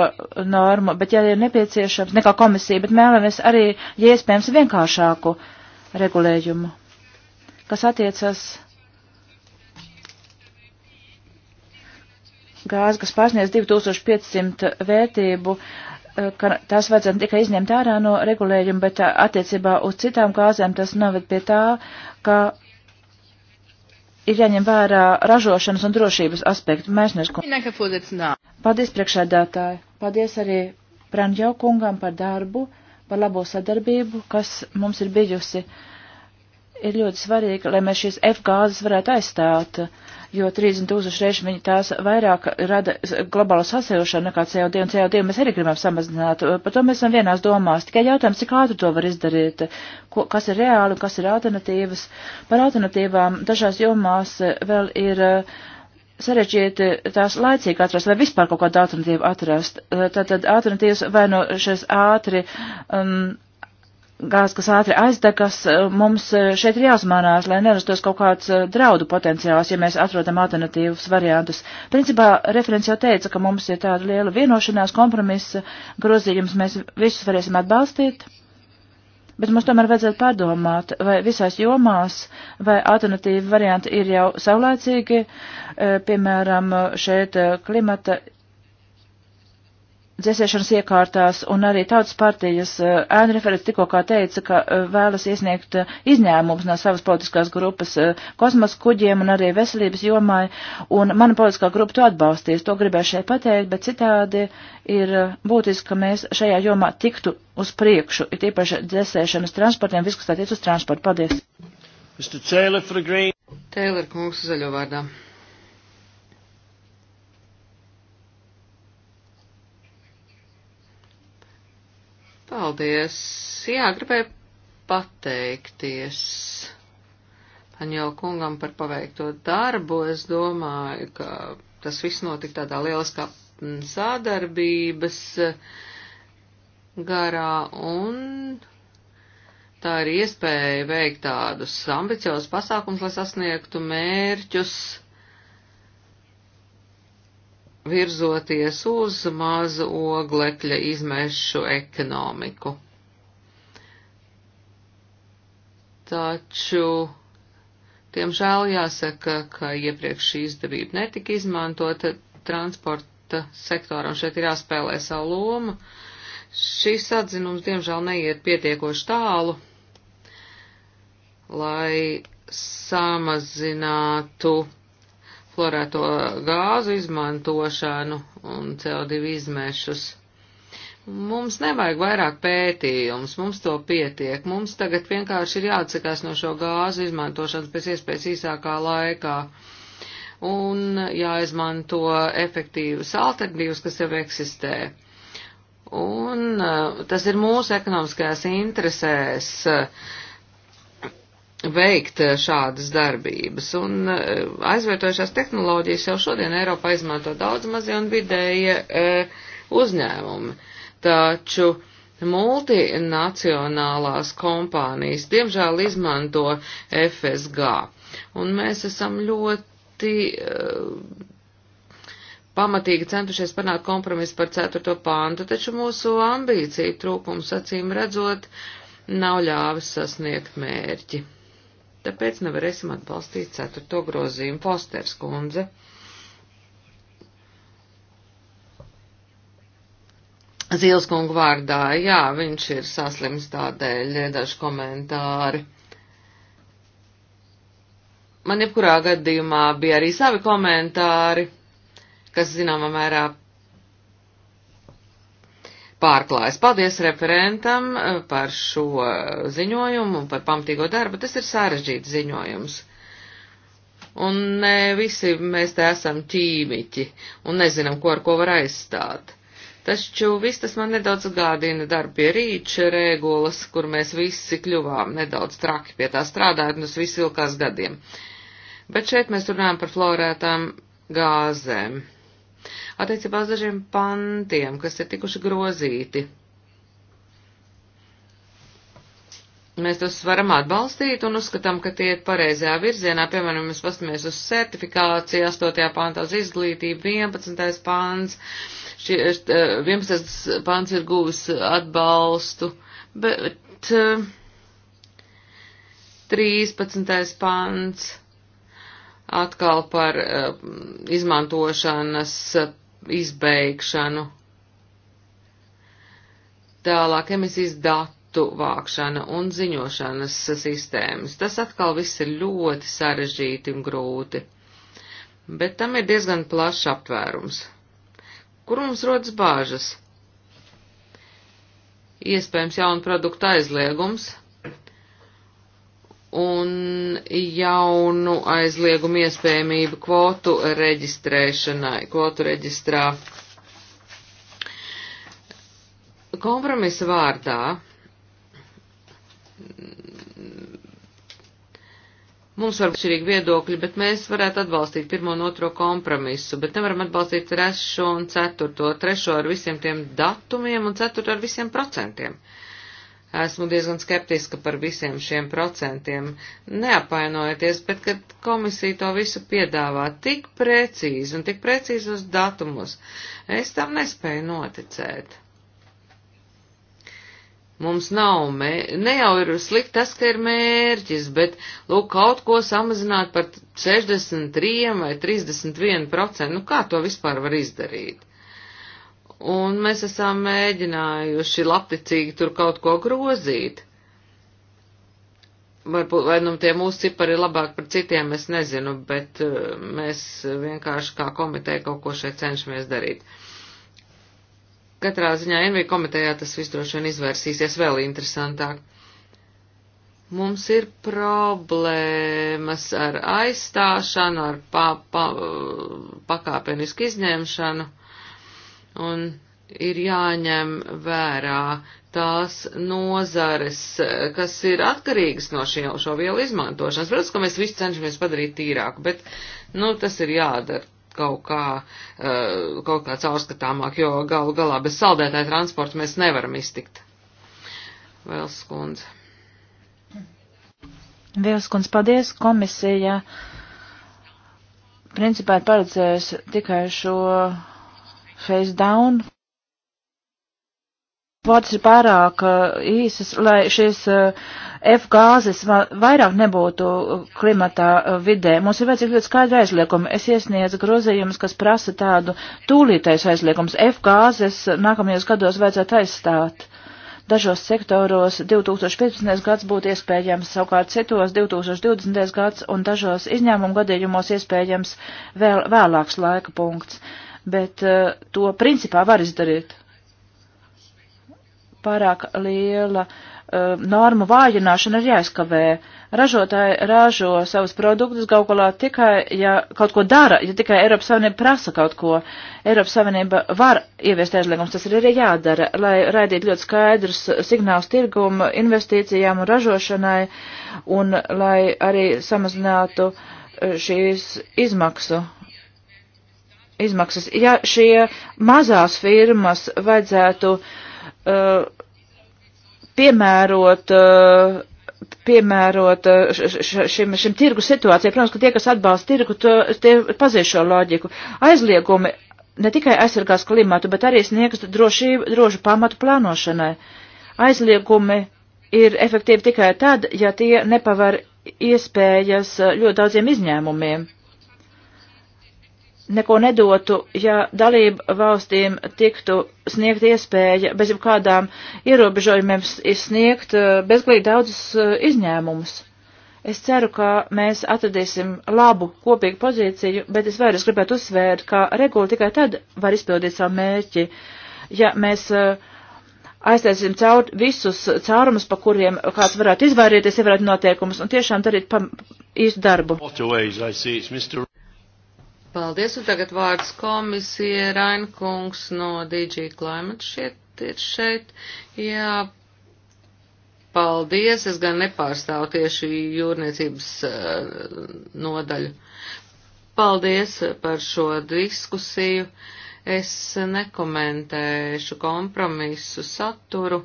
normu, bet, ja ir nepieciešams, nekā komisija, bet mēlamies arī, ja iespējams, vienkāršāku regulējumu, kas attiecas gāzi, kas pārsniedz 2500 vērtību, eh, ka tās vajadzētu tikai izņemt ārā no regulējuma, bet eh, attiecībā uz citām gāzēm tas noved pie tā, ka ir jāņem vērā ražošanas un drošības aspektu. Mēs neskundām. Paldies priekšādātāji. Paldies arī Pranģau kungam par darbu, par labo sadarbību, kas mums ir bijusi. Ir ļoti svarīgi, lai mēs šīs F gāzes varētu aizstāt. Uh, jo 30 tūkstoši reizes viņi tās vairāk rada globālo sasilšanu nekā CO2, un CO2 mēs arī gribam samazināt. Par to mēs esam vienās domās. Tikai jautājums, cik ātri to var izdarīt, ko, kas ir reāli un kas ir alternatīvas. Par alternatīvām dažās jomās e, vēl ir e, sarežģīti tās laicīgi atrast, vai vispār kaut kādu alternatīvu atrast. E, tātad alternatīvas vai no šīs ātri. Um, gāzes, kas ātri aizdegas, eh, mums eh, šeit ir jāuzmanās, lai nerastos kaut kāds eh, draudu potenciāls, ja mēs atrodam alternatīvas variantus. Principā referents jau teica, ka mums ir tāda liela vienošanās, kompromisa grozījums, mēs visus varēsim atbalstīt, bet mums tomēr vajadzētu pārdomāt, vai visās jomās, vai alternatīva varianti ir jau saulēcīgi, piemēram, šeit klimata dzēsēšanas iekārtās, un arī tautas partijas eh, ēnu referents tikko kā teica, ka eh, vēlas iesniegt eh, izņēmumus no savas politiskās grupas kosmos kuģiem un arī veselības jomai, un mana politiskā grupa to atbalstīs, to gribēju šeit pateikt, bet citādi ir būtiski, ka mēs šajā jomā tiktu uz priekšu, ir īpaši dzēsēšanas transportiem, viss, kas attiec uz transportu. Paldies! Taylor, Taylor kungs zaļo vārdā. Paldies! Jā, gribēju pateikties Paņēla kungam par paveikto darbu. Es domāju, ka tas viss notika tādā lieliskā sādarbības garā un tā ir iespēja veikt tādus ambiciozus pasākums, lai sasniegtu mērķus virzoties uz mazu oglekļa izmešu ekonomiku. Taču, tiemžēl jāsaka, ka iepriekš šī izdevība netika izmantota transporta sektoram, šeit ir jāspēlē savu lomu. Šis atzinums, diemžēl, neiet pietiekoši tālu, lai samazinātu florēto gāzu izmantošanu un CO2 izmešus. Mums nevajag vairāk pētījums, mums to pietiek. Mums tagad vienkārši ir jāatsakās no šo gāzu izmantošanas pēc iespējas īsākā laikā un jāizmanto efektīvas alternatīvas, kas jau eksistē. Un uh, tas ir mūsu ekonomiskajās interesēs. Uh, veikt eh, šādas darbības. Un eh, aizvietojušās tehnoloģijas jau šodien Eiropā izmanto daudz mazie un vidēji eh, uzņēmumi. Taču multinacionālās kompānijas diemžēl izmanto FSG. Un mēs esam ļoti pamatīgi centušies panākt kompromisu par 4. pāntu, taču mūsu ambīcija trūkums acīm redzot nav ļāvis sasniegt mērķi tāpēc nevarēsim atbalstīt ceturto grozījumu Fosters kundze. Zils kungu vārdā, jā, viņš ir saslims tādēļ daži komentāri. Man jebkurā gadījumā bija arī savi komentāri, kas zināmā mērā pārklājas. Paldies referentam eh, par šo ziņojumu un par pamatīgo darbu. Tas ir sarežģīts ziņojums. Un ne visi mēs te esam ķīmiķi un nezinām, ko ar ko var aizstāt. Taču viss tas man nedaudz gādina darbu pie rīča regulas, kur mēs visi kļuvām nedaudz traki pie tā strādājot, un tas viss ilgās gadiem. Bet šeit mēs runājam par florētām gāzēm. Attiecībā uz dažiem pantiem, kas ir tikuši grozīti. Mēs tos varam atbalstīt un uzskatām, ka tie ir pareizajā virzienā. Piemēram, mēs pastamies uz certifikāciju, 8. pāntā uz izglītību, 11. pāns. Šie, 11. Eh, pāns ir guvis atbalstu, bet 13. Eh, pāns atkal par eh, izmantošanas eh, izbeigšanu. Tālāk emisijas datu vākšana un ziņošanas eh, sistēmas. Tas atkal viss ir ļoti sarežģīti un grūti, bet tam ir diezgan plašs aptvērums. Kur mums rodas bāžas? Iespējams jaunu produktu aizliegums, un jaunu aizliegumu iespējamību kvotu reģistrēšanai, kvotu reģistrā. Kompromisa vārdā mums var būt šķirīgi viedokļi, bet mēs varētu atbalstīt pirmo un otro kompromisu, bet nevaram atbalstīt trešo un ceturto, trešo ar visiem tiem datumiem un ceturto ar visiem procentiem. Uh, esmu diezgan skeptiska par visiem šiem procentiem. Neapvainojieties, bet kad komisija to visu piedāvā tik precīzi un tik precīzi uz datumus, es tam nespēju noticēt. Mums nav, mē, ne jau ir slikti tas, ka ir mērķis, bet, lūk, kaut ko samazināt par 63 vai 31 procentu, nu kā to vispār var izdarīt? un mēs esam mēģinājuši lapticīgi tur kaut ko grozīt. Varbūt, vai nu tie mūsu cipari ir labāk par citiem, es nezinu, bet eh, mēs vienkārši kā komiteja kaut ko šeit cenšamies darīt. Katrā ziņā NV komitejā tas viss droši vien izvērsīsies vēl interesantāk. Mums ir problēmas ar aizstāšanu, ar pa, pa, pakāpenisku izņemšanu un ir jāņem vērā tās nozares, kas ir atkarīgas no šī, šo vielu izmantošanas. Protams, ka mēs visi cenšamies padarīt tīrāku, bet, nu, tas ir jādara kaut kā, eh, kaut kā caurskatāmāk, jo galu galā bez saldētāja transporta mēs nevaram iztikt. Vēls kundze. Vēls kundze, paldies. Komisija principā ir paredzējusi tikai šo face down. Vots ir pārāk uh, īsas, lai šīs uh, F gāzes vairāk nebūtu uh, klimatā vidē. Mums ir vajadzīgi ļoti skaidri aizliegumi. Es iesniedzu grozījumus, kas prasa tādu tūlītais aizliegums. F gāzes nākamajos gados vajadzētu aizstāt dažos sektoros 2015. gads būtu iespējams, savukārt citos 2020. gads un dažos izņēmumu gadījumos iespējams vēl vēlāks laika punkts bet uh, to principā var izdarīt. Pārāk liela uh, norma vājināšana ir jāizkavē. Ražotāji ražo savus produktus kaut kolā tikai, ja kaut ko dara, ja tikai Eiropas Savienība prasa kaut ko. Eiropas Savienība var ieviest aizliegums, tas ir arī jādara, lai raidītu ļoti skaidrus signālus tirgumu, investīcijām un ražošanai, un lai arī samazinātu eh, šīs izmaksu izmaksas. Ja šie mazās firmas vajadzētu uh, piemērot, uh, piemērot uh, š, šim, šim tirgu situācijai, protams, ka tie, kas atbalsta tirgu, to, tie pazīst šo loģiku. Aizliegumi ne tikai aizsargās klimatu, bet arī sniegs drošību, drošu pamatu plānošanai. Aizliegumi ir efektīvi tikai tad, ja tie nepavar iespējas uh, ļoti daudziem izņēmumiem neko nedotu, ja dalību valstīm tiktu sniegt iespēja bez jebkādām ierobežojumiem sniegt eh, bezglīgi daudzas eh, izņēmumus. Es ceru, ka mēs atradīsim labu kopīgu pozīciju, bet es vairs gribētu uzsvērt, ka regula tikai tad var izpildīt savu mērķi, ja mēs eh, aiztaisīsim caur visus caurumus, pa kuriem kāds varētu izvairīties, ievērot noteikumus un tiešām darīt pam, īstu darbu. Paldies, un tagad vārds komisija Rainkungs no DG Climate šeit ir šeit. Jā, paldies, es gan nepārstāvu tieši jūrniecības uh, nodaļu. Paldies eh, par šo diskusiju. Es nekomentēšu kompromisu saturu,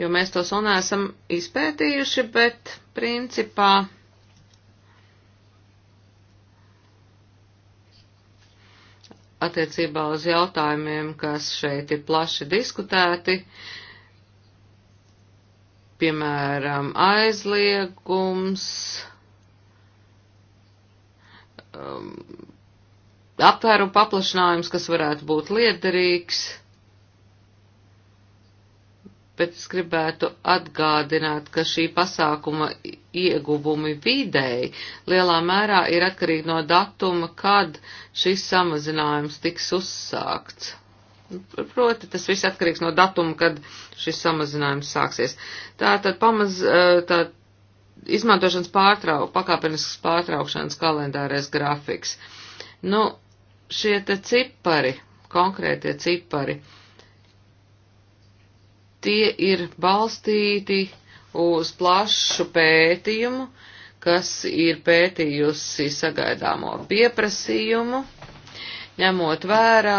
jo mēs tos un esam izpētījuši, bet principā attiecībā uz jautājumiem, kas šeit ir plaši diskutēti, piemēram, aizliegums, um, aptvērumu paplašinājums, kas varētu būt liederīgs bet es gribētu atgādināt, ka šī pasākuma ieguvumi vidēji lielā mērā ir atkarīgi no datuma, kad šis samazinājums tiks uzsākts. Proti, tas viss atkarīgs no datuma, kad šis samazinājums sāksies. Tātad pamaz, tā izmantošanas pārtrau, pakāpenisks pārtraukšanas kalendārais grafiks. Nu, šie te cipari, konkrētie cipari. Uh, tie ir balstīti uz plašu pētījumu, kas ir pētījusi sagaidāmo pieprasījumu, ņemot vērā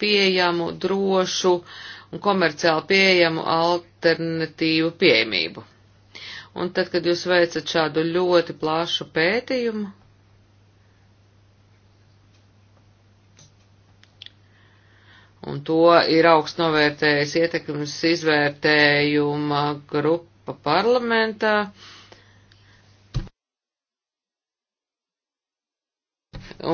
pieejamu, drošu un komerciāli pieejamu alternatīvu pieejamību. Un tad, kad jūs veicat šādu ļoti plašu pētījumu, un to ir augst novērtējis ietekmes izvērtējuma grupa parlamentā.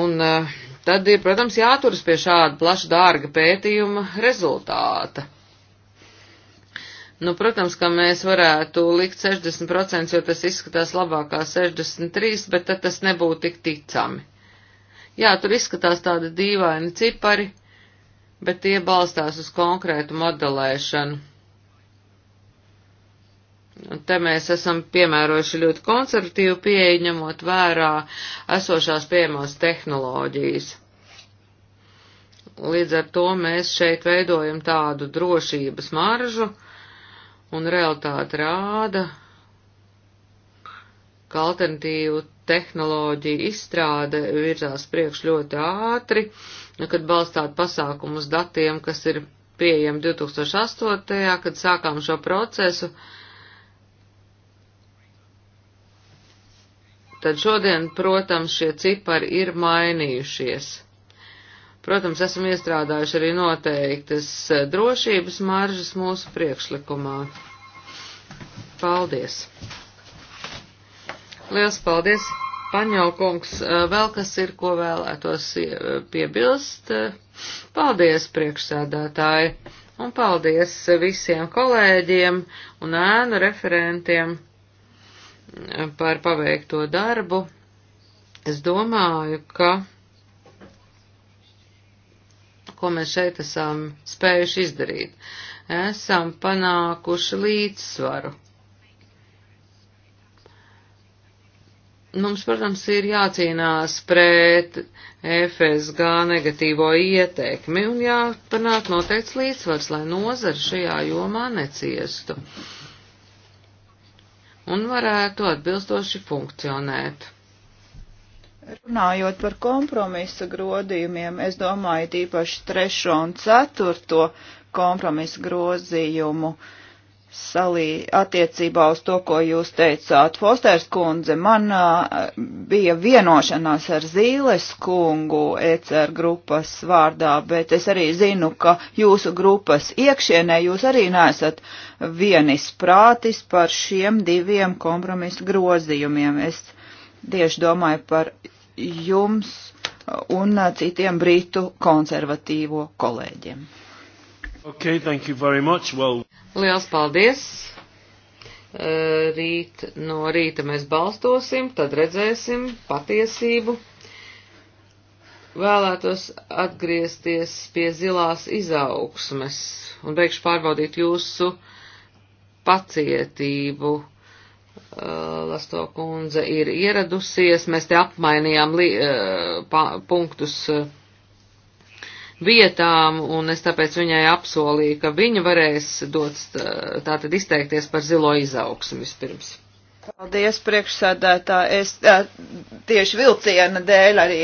Un eh, tad ir, protams, jāturas pie šāda plaša dārga pētījuma rezultāta. Nu, protams, ka mēs varētu likt 60%, jo tas izskatās labākā 63%, bet tad tas nebūtu tik ticami. Jā, tur izskatās tādi dīvaini cipari bet tie balstās uz konkrētu modelēšanu. Un te mēs esam piemērojuši ļoti konservatīvu pieeju, ņemot vērā esošās pieejamās tehnoloģijas. Līdz ar to mēs šeit veidojam tādu drošības maržu, un realitāte rāda, ka alternatīvu tehnoloģiju izstrāde virzās priekš ļoti ātri, uh, Nu, kad balstāt pasākumu uz datiem, kas ir pieejami 2008. kad sākām šo procesu, tad šodien, protams, šie cipari ir mainījušies. Protams, esam iestrādājuši arī noteiktas eh, drošības maržas mūsu priekšlikumā. Paldies! Liels paldies! Paņaukungs, eh, vēl kas ir, ko vēlētos eh, piebilst? Eh, paldies, priekšsēdētāji, un paldies visiem kolēģiem un ēnu referentiem par paveikto darbu. Es domāju, ka, ko mēs šeit esam spējuši izdarīt, esam panākuši līdzsvaru Mums, protams, ir jācīnās pret FSG negatīvo ietekmi un jāpanāk noteikts līdzsvars, lai nozara šajā jomā neciestu un varētu atbilstoši funkcionēt. Runājot par kompromisa grodījumiem, es domāju, tīpaši trešo un ceturto kompromisa grozījumu. Uh, salī attiecībā uz to, ko jūs teicāt. Fosters kundze, man bija vienošanās ar Zīles kungu ECR grupas vārdā, bet es arī zinu, ka jūsu grupas iekšienē jūs arī nesat vienis prātis par šiem diviem kompromisu grozījumiem. Es tieši domāju par jums un citiem brītu konservatīvo kolēģiem. Okay, thank you very much. Well... Liels paldies! Eh, rīt no rīta mēs balstosim, tad redzēsim patiesību. Vēlētos atgriezties pie zilās izaugsmes un beigšu pārbaudīt jūsu pacietību. Eh, Lasto kundze ir ieradusies, mēs te apmainījām li, eh, pa, punktus vietām, un es tāpēc viņai apsolīju, ka viņa varēs dot tātad izteikties par zilo izaugsmu vispirms. Paldies, priekšsēdētā. Es tā, tieši vilciena dēļ arī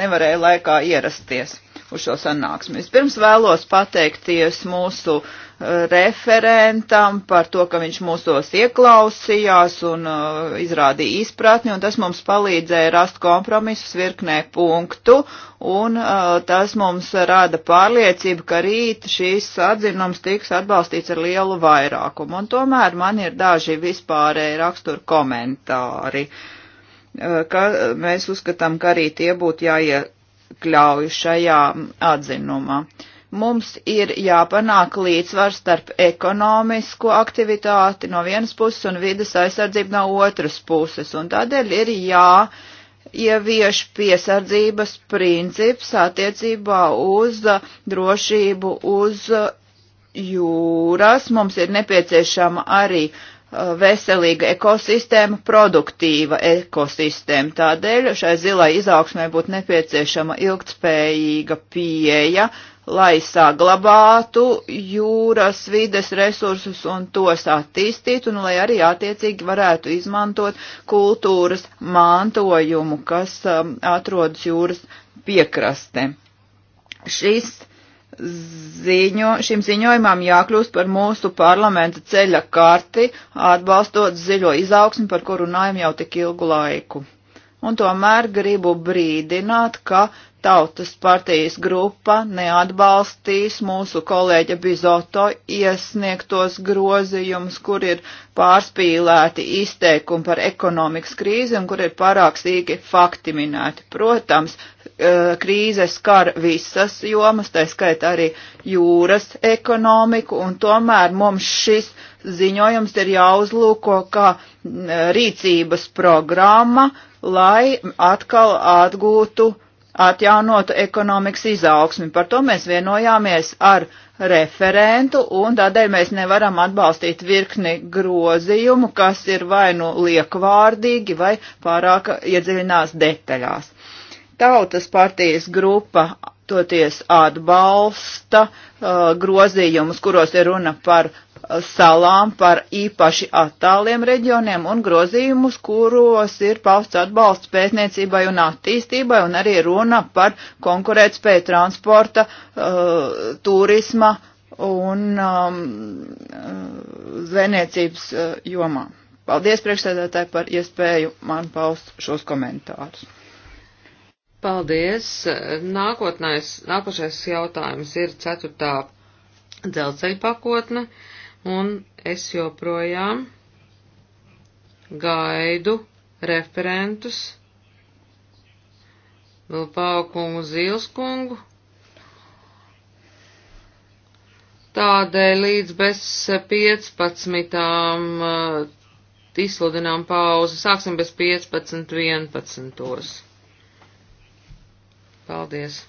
nevarēju laikā ierasties uz šo sanāksmi. Vispirms vēlos pateikties mūsu uh, referentam par to, ka viņš mūsos ieklausījās un uh, izrādīja izpratni, un tas mums palīdzēja rast kompromisus virknē punktu, un uh, tas mums rada pārliecību, ka rīt šīs atzinums tiks atbalstīts ar lielu vairākumu, un tomēr man ir daži vispārēji rakstura komentāri. Uh, ka mēs uzskatām, ka arī tie būtu jāie, iekļauju šajā atzinumā. Mums ir jāpanāk līdzsvars starp ekonomisko aktivitāti no vienas puses un vidas aizsardzību no otras puses, un tādēļ ir jā ievieš piesardzības princips attiecībā uz drošību uz jūras. Mums ir nepieciešama arī uh, Uh, veselīga ekosistēma, produktīva ekosistēma. Tādēļ šai zilai izaugsmai būtu nepieciešama ilgtspējīga pieeja, lai saglabātu jūras vides resursus un tos attīstītu, un lai arī attiecīgi varētu izmantot kultūras mantojumu, kas um, atrodas jūras piekraste. Šis ziņo, šim ziņojumam jākļūst par mūsu parlamenta ceļa karti, atbalstot ziļo izaugsmi, par kuru runājam jau tik ilgu laiku. Un tomēr gribu brīdināt, ka Tautas partijas grupa neatbalstīs mūsu kolēģa Bizoto iesniegtos grozījumus, kur ir pārspīlēti izteikumi par ekonomikas krīzi un kur ir pārāk sīki fakti minēti. Protams, eh, krīze skar visas jomas, tā skaitā arī jūras ekonomiku, un tomēr mums šis ziņojums ir jāuzlūko kā mm, rīcības programma, lai atkal atgūtu atjaunotu ekonomikas izaugsmi. Par to mēs vienojāmies ar referentu, un tādēļ mēs nevaram atbalstīt virkni grozījumu, kas ir vai nu liekvārdīgi, vai pārāk iedziļinās detaļās. Tautas partijas grupa toties atbalsta uh, grozījumus, kuros ir runa par salām, par īpaši attāliem reģioniem un grozījumus, kuros ir pausts atbalsts pētniecībai un attīstībai, un arī runa par konkurētspēju transporta, uh, turisma un um, uh, zvejniecības uh, jomā. Paldies priekšsēdētāji par iespēju man paust šos komentārus. Paldies. Nākotnēs, nākošais jautājums ir ceturtā dzelceļa pakotne. Uh, un es joprojām gaidu referentus Vilpaukungu Zīlskungu. Tādēļ līdz bez 15. Eh, izsludinām pauzi. Sāksim bez 15.11. Paldies!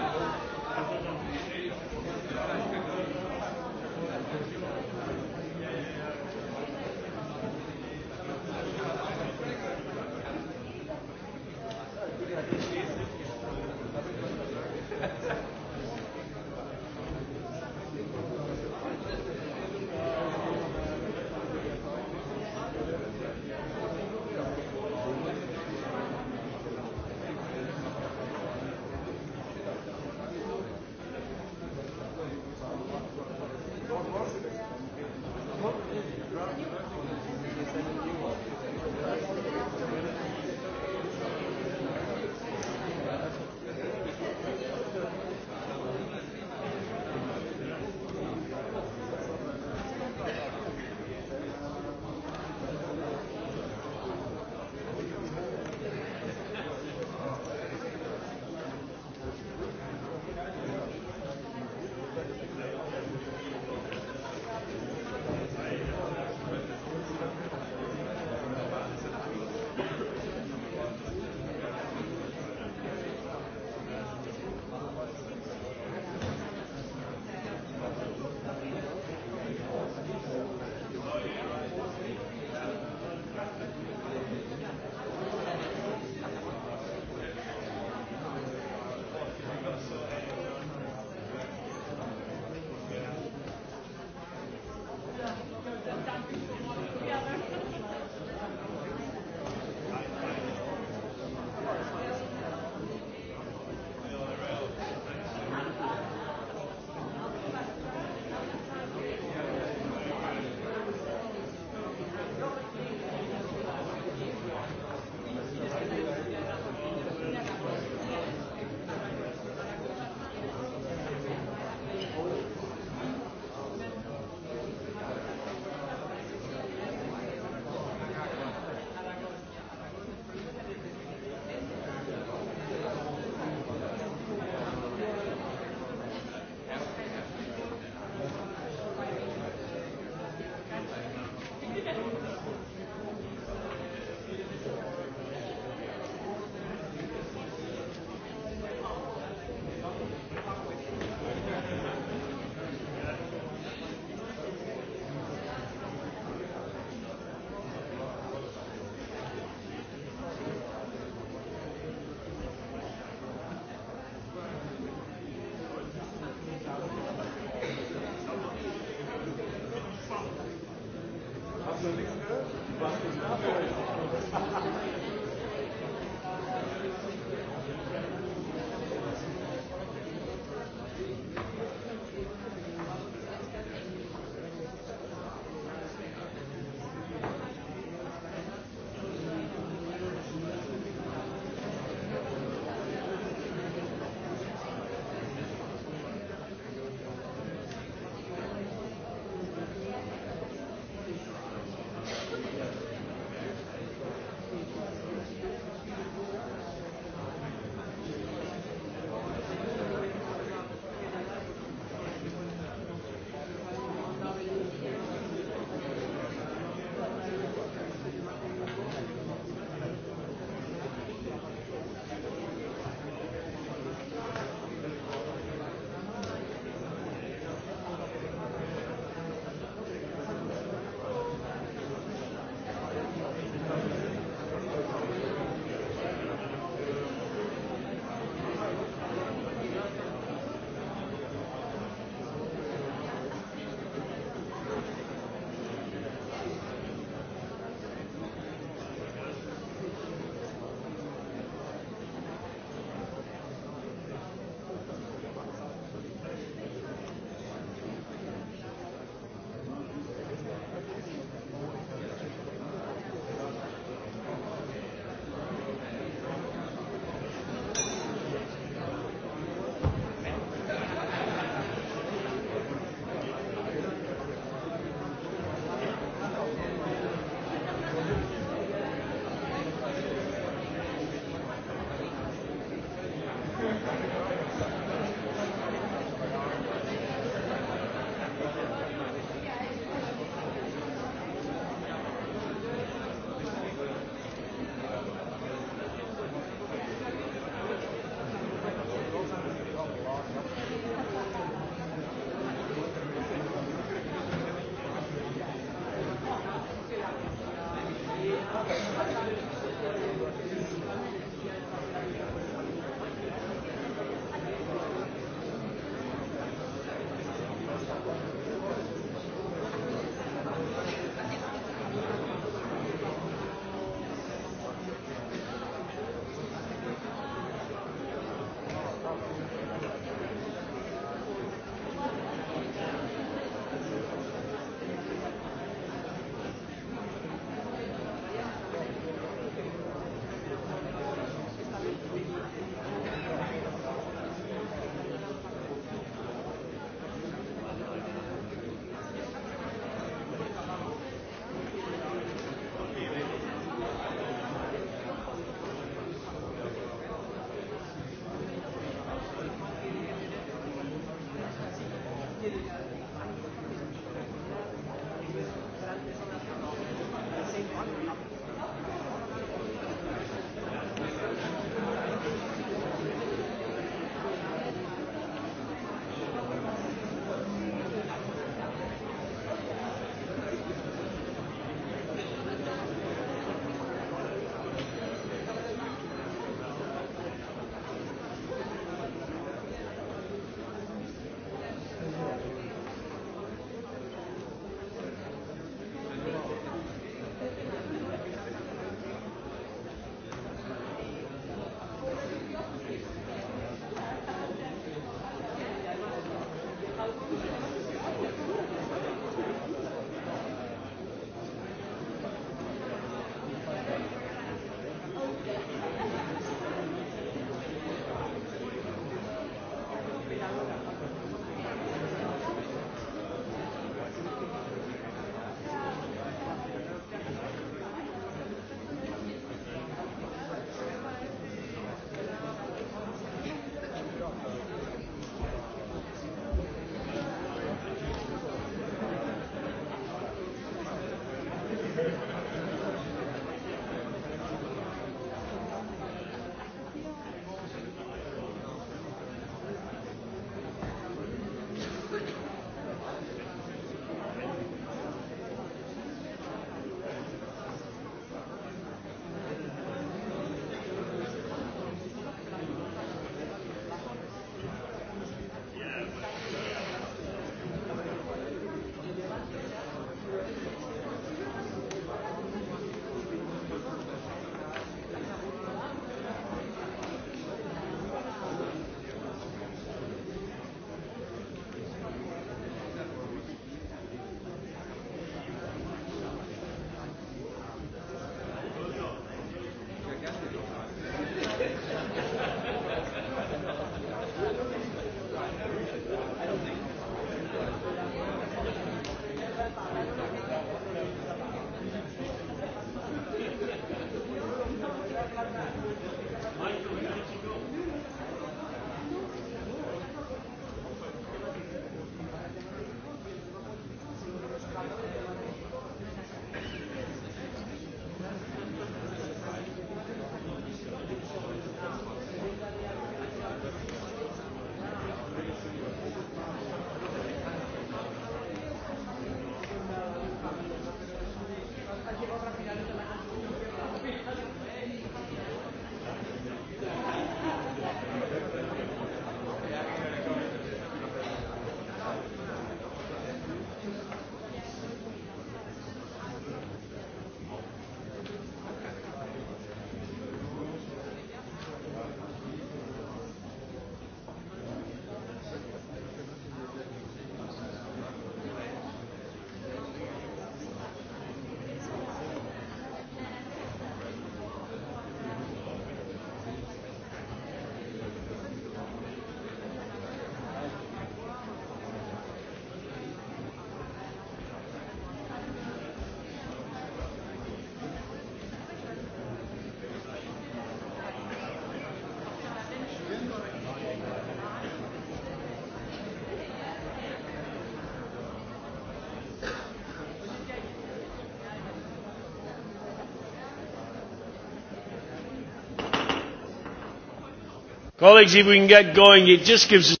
Kolēģi, if we can get going, it just gives us...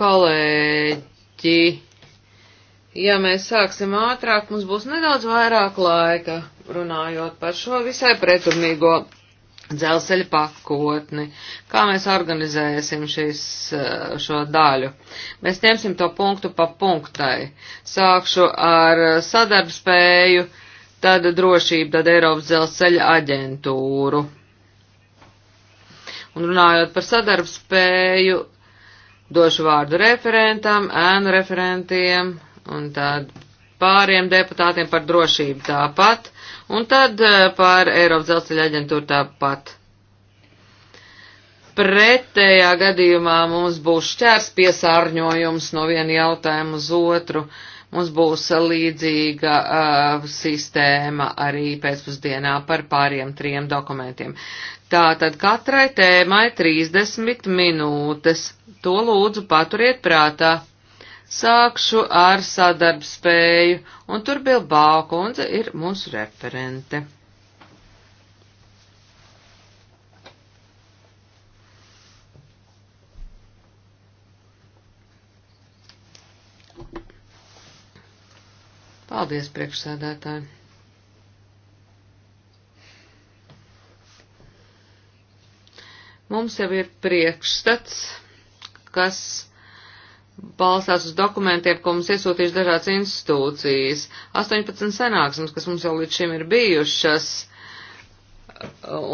Kolēģi, ja mēs sāksim ātrāk, mums būs nedaudz vairāk laika runājot par šo visai pretrunīgo dzelzceļa pakotni, kā mēs organizēsim šis, eh, šo daļu. Mēs ņemsim to punktu pa punktai. Sākšu ar sadarbspēju, tad drošību, tad Eiropas dzelzceļa aģentūru. Un runājot par sadarbspēju, došu vārdu referentam, ēnu referentiem un tad pāriem deputātiem par drošību tāpat, un tad eh, par Eiropas dzelzceļa aģentūru tāpat. Pretējā gadījumā mums būs šķērs piesārņojums no viena jautājuma uz otru. Mums būs līdzīga uh, sistēma arī pēcpusdienā par pāriem trim dokumentiem. Tātad katrai tēmai 30 minūtes. To lūdzu paturiet prātā. Sākšu ar sadarbspēju, un tur Bilbao kundze ir mūsu referente. Paldies, priekšsēdētāji! Mums jau ir priekšstats, kas balstās uz dokumentiem, ko mums iesūtījuši dažādas institūcijas. 18 sanāksmes, kas mums jau līdz šim ir bijušas,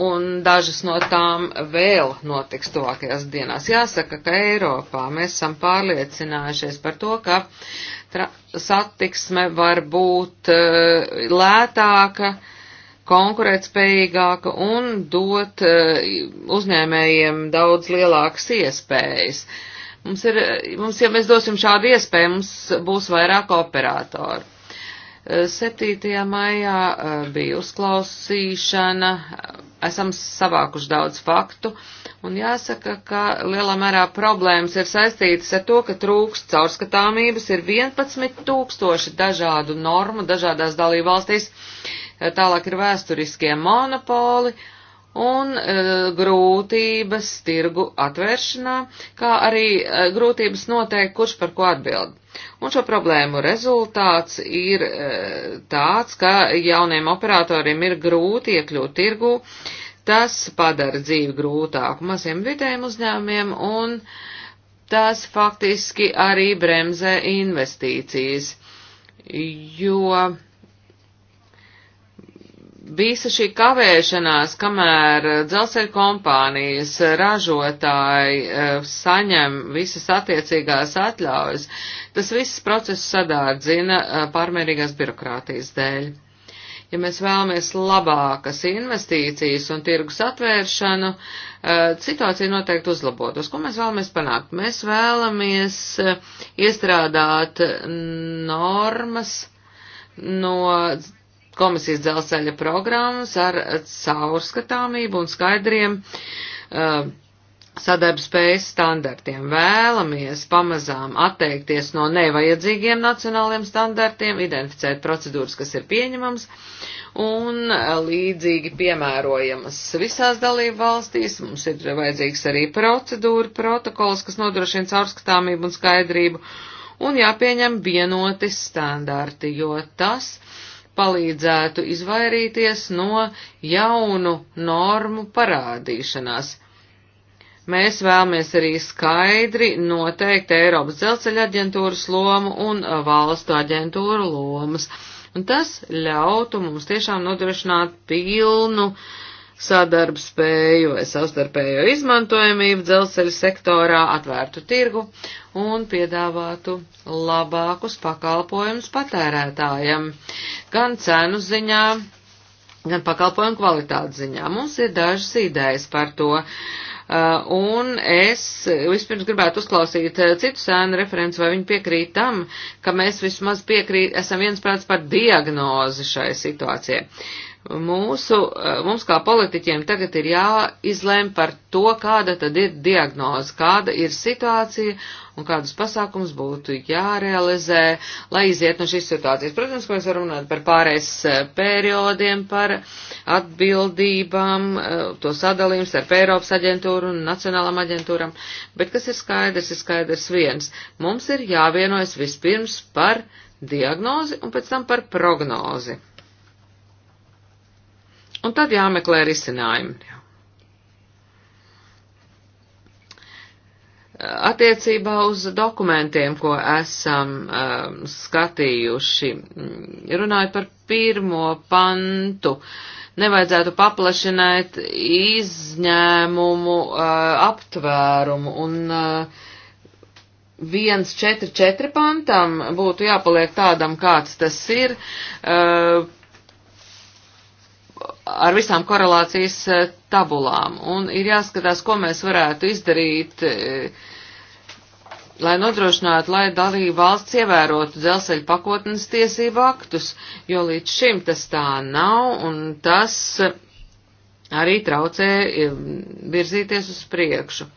un dažas no tām vēl notiks tuvākajās dienās. Jāsaka, ka Eiropā mēs esam pārliecinājušies par to, ka satiksme var būt uh, lētāka, uh, konkurētspējīgāka un dot eh, uzņēmējiem daudz lielākas iespējas. Mums ir, mums, ja mēs dosim šādu iespēju, mums būs vairāk operātoru. 7. Eh, maijā eh, bija uzklausīšana, esam savākuši daudz faktu, un jāsaka, ka lielā mērā problēmas ir saistītas ar to, ka trūkst caurskatāmības, ir 11 tūkstoši dažādu normu dažādās dalībvalstīs. valstīs Tālāk ir vēsturiskie monopoli un e, grūtības tirgu atvēršanā, kā arī e, grūtības noteikt, kurš par ko atbild. Un šo problēmu rezultāts ir e, tāds, ka jauniem operatoriem ir grūti iekļūt tirgu, tas padara dzīvi grūtāku maziem vidējiem uzņēmumiem un tas faktiski arī bremzē investīcijas, jo Visa šī kavēšanās, kamēr eh, dzelzceļa kompānijas ražotāji eh, saņem visas attiecīgās atļaujas, tas viss process sadārdzina eh, pārmērīgās birokrātijas dēļ. Ja mēs vēlamies labākas investīcijas un tirgus atvēršanu, situācija noteikti uzlabotos. Ko mēs vēlamies panākt? Mēs vēlamies iestrādāt normas no komisijas dzelzceļa programmas ar caurskatāmību un skaidriem uh, sadarbspējas standartiem. Vēlamies pamazām atteikties no nevajadzīgiem nacionāliem standartiem, identificēt procedūras, kas ir pieņemamas un uh, līdzīgi piemērojamas visās dalību valstīs. Mums ir vajadzīgs arī procedūra, protokols, kas nodrošina caurskatāmību un skaidrību un jāpieņem vienoti standarti, jo tas palīdzētu izvairīties no jaunu normu parādīšanās. Mēs vēlamies arī skaidri noteikt Eiropas dzelceļa aģentūras lomu un uh, valstu aģentūru lomas, un tas ļautu mums tiešām nodrošināt pilnu sadarbspēju vai savstarpējo izmantojamību dzelceļa sektorā, atvērtu tirgu un piedāvātu labākus pakalpojumus patērētājiem, gan cenu ziņā, gan pakalpojumu kvalitātes ziņā. Mums ir dažas idejas par to. Uh, un es vispirms gribētu uzklausīt uh, citu sēnu referents, vai viņi piekrīt tam, ka mēs vismaz piekrīt, esam viensprāts par diagnozi šai situācijai. Mūsu, uh, mums kā politiķiem tagad ir jāizlēm par to, kāda tad ir diagnoze, kāda ir situācija un kādus pasākums būtu jārealizē, lai iziet no šīs situācijas. Protams, ka mēs varam runāt par pārējais eh, periodiem, par atbildībām, eh, to sadalījums ar Eiropas aģentūru un nacionālām aģentūram, bet kas ir skaidrs, ir skaidrs viens. Mums ir jāvienojas vispirms par diagnozi un pēc tam par prognozi. Un tad jāmeklē risinājumi. Attiecībā uz dokumentiem, ko esam um, skatījuši, mm, runājot par pirmo pantu, nevajadzētu paplašināt izņēmumu uh, aptvērumu un uh, 1.4.4 pantam būtu jāpaliek tādam, kāds tas ir, uh, ar visām korelācijas eh, tabulām. Un ir jāskatās, ko mēs varētu izdarīt, eh, lai nodrošinātu, lai dalība valsts ievērotu dzelzceļa pakotnes tiesību aktus, jo līdz šim tas tā nav, un tas arī traucē eh, virzīties uz priekšu.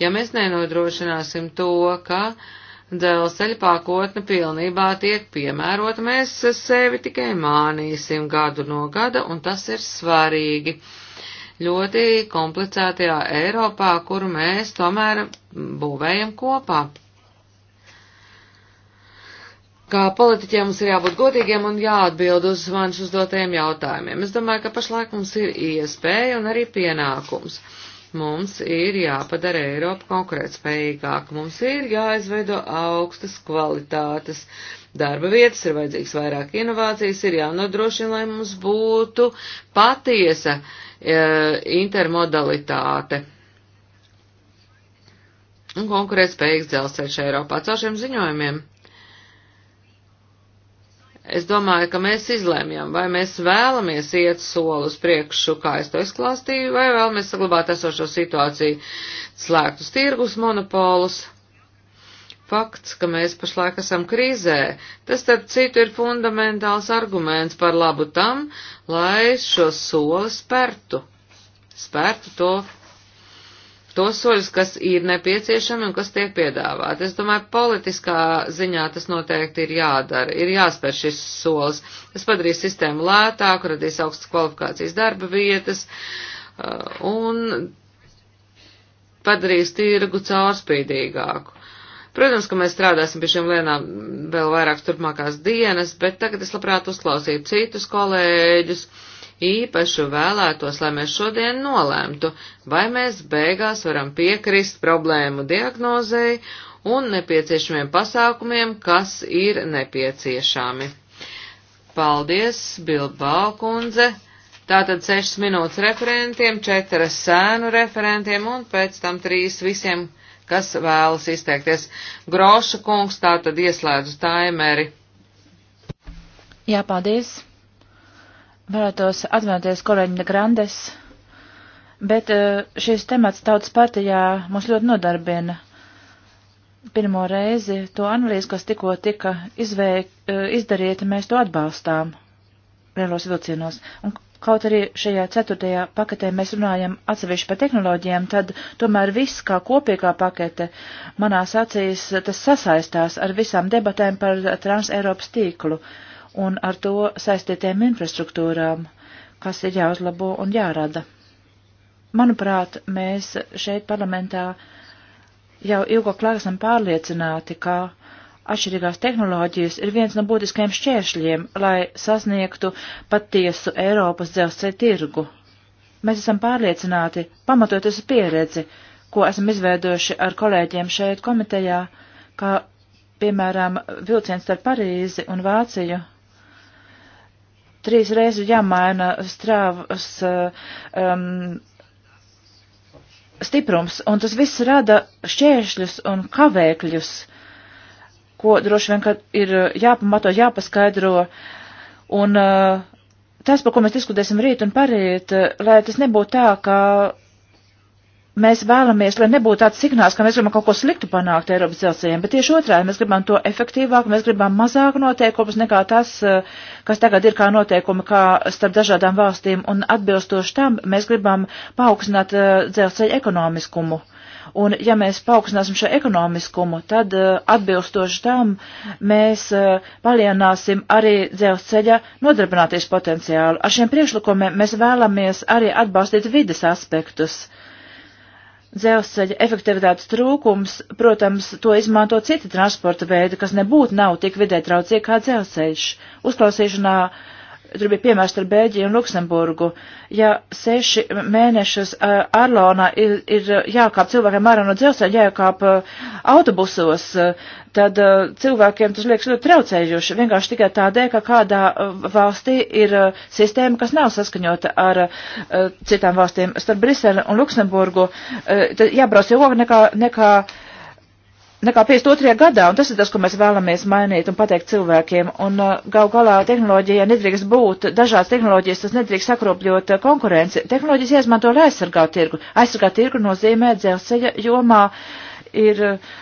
Ja mēs nenodrošināsim to, ka uh, dzelzceļa pakotne pilnībā tiek piemērota, mēs sevi tikai mānīsim gadu no gada, un tas ir svarīgi. Ļoti komplicētajā Eiropā, kuru mēs tomēr būvējam kopā. Kā politiķiem mums ir jābūt godīgiem un jāatbild uz manis uzdotajiem jautājumiem. Es domāju, ka pašlaik mums ir iespēja un arī pienākums. Uh, Mums ir jāpadara Eiropa konkurētspējīgāka, mums ir jāizveido augstas kvalitātes darba vietas, ir vajadzīgs vairāk inovācijas, ir jānodrošina, lai mums būtu patiesa e, intermodalitāte. Un konkurētspējīgs dzelzceļš Eiropā caur šiem ziņojumiem Es domāju, ka mēs izlēmjam, vai mēs vēlamies iet soli uz priekšu, kā es to izklāstīju, vai vēlamies saglabāt esošo situāciju slēgtus tirgus monopolus. Fakts, ka mēs pašlaik esam krīzē, tas, starp citu, ir fundamentāls arguments par labu tam, lai šo soli spērtu, spērtu to tos soļus, kas ir nepieciešami un kas tiek piedāvāti. Es domāju, politiskā ziņā tas noteikti ir jādara, ir jāspēr šis solis. Tas padarīs sistēmu lētāku, radīs augstas kvalifikācijas darba vietas uh, un padarīs tirgu caurspīdīgāku. Protams, ka mēs strādāsim pie šiem lēnām vēl vairākas turpmākās dienas, bet tagad es labprāt uzklausītu citus kolēģus. Uh, īpaši vēlētos, lai mēs šodien nolēmtu, vai mēs beigās varam piekrist problēmu diagnozēji un nepieciešamiem pasākumiem, kas ir nepieciešami. Paldies, Bilbao kundze! Tātad 6 minūtes referentiem, 4 sēnu referentiem un pēc tam 3 visiem, kas vēlas izteikties. Groša kungs tātad ieslēdz taimeri. Jā, paldies. Vēlētos atvainoties kolēģi Grandes, bet eh, šis temats tautas partijā mums ļoti nodarbina. Pirmo reizi to analīzi, kas tikko tika izveik, eh, izdarīta, mēs to atbalstām lielos vilcienos. Un kaut arī šajā ceturtajā paketē mēs runājam atsevišķi par tehnoloģijām, tad tomēr viss kā kopīgā pakete manās acīs tas sasaistās ar visām debatēm par Trans-Eiropas tīklu. Uh, un ar to saistītiem infrastruktūrām, kas ir jāuzlabo un jārada. Manuprāt, mēs šeit parlamentā jau ilgo klāstu esam pārliecināti, ka atšķirīgās tehnoloģijas ir viens no būtiskajiem šķēršļiem, lai sasniegtu patiesu Eiropas dzelzceļa tirgu. Mēs esam pārliecināti, pamatoties uz pieredzi, ko esam izveidojuši ar kolēģiem šeit komitejā, ka, piemēram, vilciens starp Parīzi un Vāciju trīs reizes jāmaina strāvas eh, um, stiprums, un tas viss rada šķēršļus un kavēkļus, ko droši vien ir eh, jāpamato, jāpaskaidro, un uh, tas, par ko mēs diskutēsim rīt un parīt, lai tas nebūtu tā, ka mēs vēlamies, lai nebūtu tāds signāls, ka mēs gribam kaut ko sliktu panākt Eiropas dzelzceļiem, bet tieši otrādi mēs gribam to efektīvāk, mēs gribam mazāk noteikumus nekā tas, eh, kas tagad ir kā noteikumi kā starp dažādām valstīm, un atbilstoši tam mēs gribam paaugstināt eh, dzelzceļa ekonomiskumu. Un ja mēs paaugstināsim šo ekonomiskumu, tad eh, atbilstoši tam mēs palielināsim arī dzelzceļa nodarbināties potenciālu. Ar šiem priekšlikumiem mēs vēlamies arī atbalstīt vides aspektus. Uh, dzelzceļa efektivitātes trūkums, protams, to izmanto citi transporta veidi, kas nebūtu nav tik vidē traucīgi kā dzelzceļš. Uzklausīšanā uh, tur bija piemērs ar Bēļģiju un Luksemburgu. Ja seši mēnešus uh, Arlona ir, ir jākāp cilvēkiem ārā no dzelzceļa, jākāp uh, eh, autobusos, uh, tad uh, cilvēkiem tas liekas ļoti traucējuši. Vienkārši tikai tādēļ, ka kādā uh, valstī ir uh, sistēma, kas nav saskaņota ar uh, citām valstīm. Starp Briseli un Luksemburgu uh, jābrauc ilgāk nekā. nekā uh, nekā 52. gadā, un tas ir tas, ko mēs vēlamies mainīt un pateikt cilvēkiem. Un uh, gal galā tehnoloģijā nedrīkst būt dažādas tehnoloģijas, tas nedrīkst sakropļot uh, konkurenci. Tehnoloģijas jāizmanto, lai aizsargātu tirgu. Aizsargāt tirgu nozīmē dzelzceļa jomā ir uh,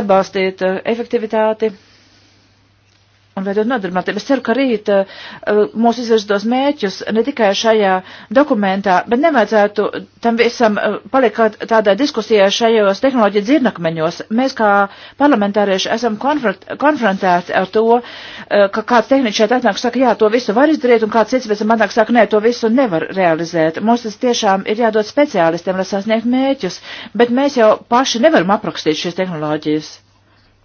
atbalstīt efektivitāti un veidot nodarbinātību. Es ceru, ka rīt uh, eh, eh, mūsu izvirzītos mēķus ne tikai šajā dokumentā, bet nevajadzētu tam visam uh, palikt tādā diskusijā šajos tehnoloģiju dzirnakmeņos. Mēs kā parlamentārieši esam konfrontēti ar to, uh, ka kāds tehniķis šeit atnāk saka, jā, to visu var izdarīt, un kāds cits pēc tam atnāk saka, nē, to visu nevar realizēt. Mums tas tiešām ir jādod speciālistiem, lai sasniegtu mēķus, bet mēs jau paši nevaram aprakstīt šīs tehnoloģijas.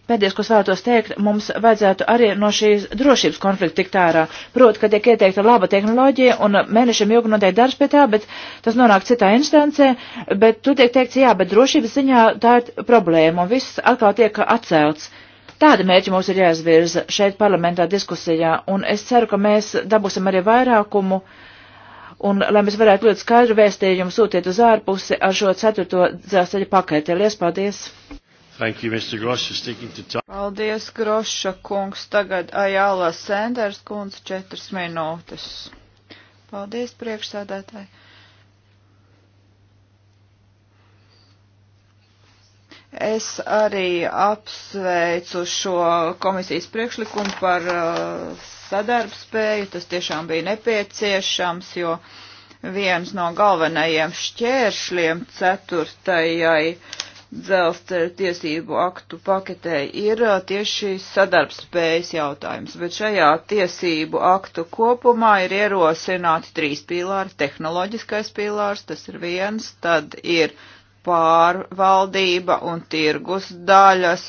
Pēdējais, ko es vēlētos teikt, mums vajadzētu arī no šīs drošības konflikta tikt ārā. Proti, ka tiek ieteikta laba tehnoloģija un mēnešiem ilgi notiek darbs pie tā, bet tas nonāk citā instancē, bet tu tiek teikts, jā, bet drošības ziņā tā ir problēma un viss atkal tiek atcelts. Tāda mērķa mums ir jāizvirza šeit parlamentā diskusijā, un es ceru, ka mēs dabūsim arī vairākumu un lai mēs varētu ļoti skaidru vēstījumu sūtīt uz ārpusi ar šo ceturto dzelzceļa paketi. Lies, paldies! Thank you, Mr. Grosh, for sticking to time. Paldies, Groša kungs. Tagad Ajālā Senders kungs, četras minūtes. Paldies, priekšsādātāji. Es arī apsveicu šo komisijas priekšlikumu par uh, sadarbspēju. Tas tiešām bija nepieciešams, jo viens no galvenajiem šķēršļiem ceturtajai uh, dzelzceļa tiesību aktu paketē ir uh, tieši sadarbspējas jautājums, bet šajā tiesību aktu kopumā ir ierosināti trīs pīlāri - tehnoloģiskais pīlārs, tas ir viens, tad ir pārvaldība un tirgus daļas,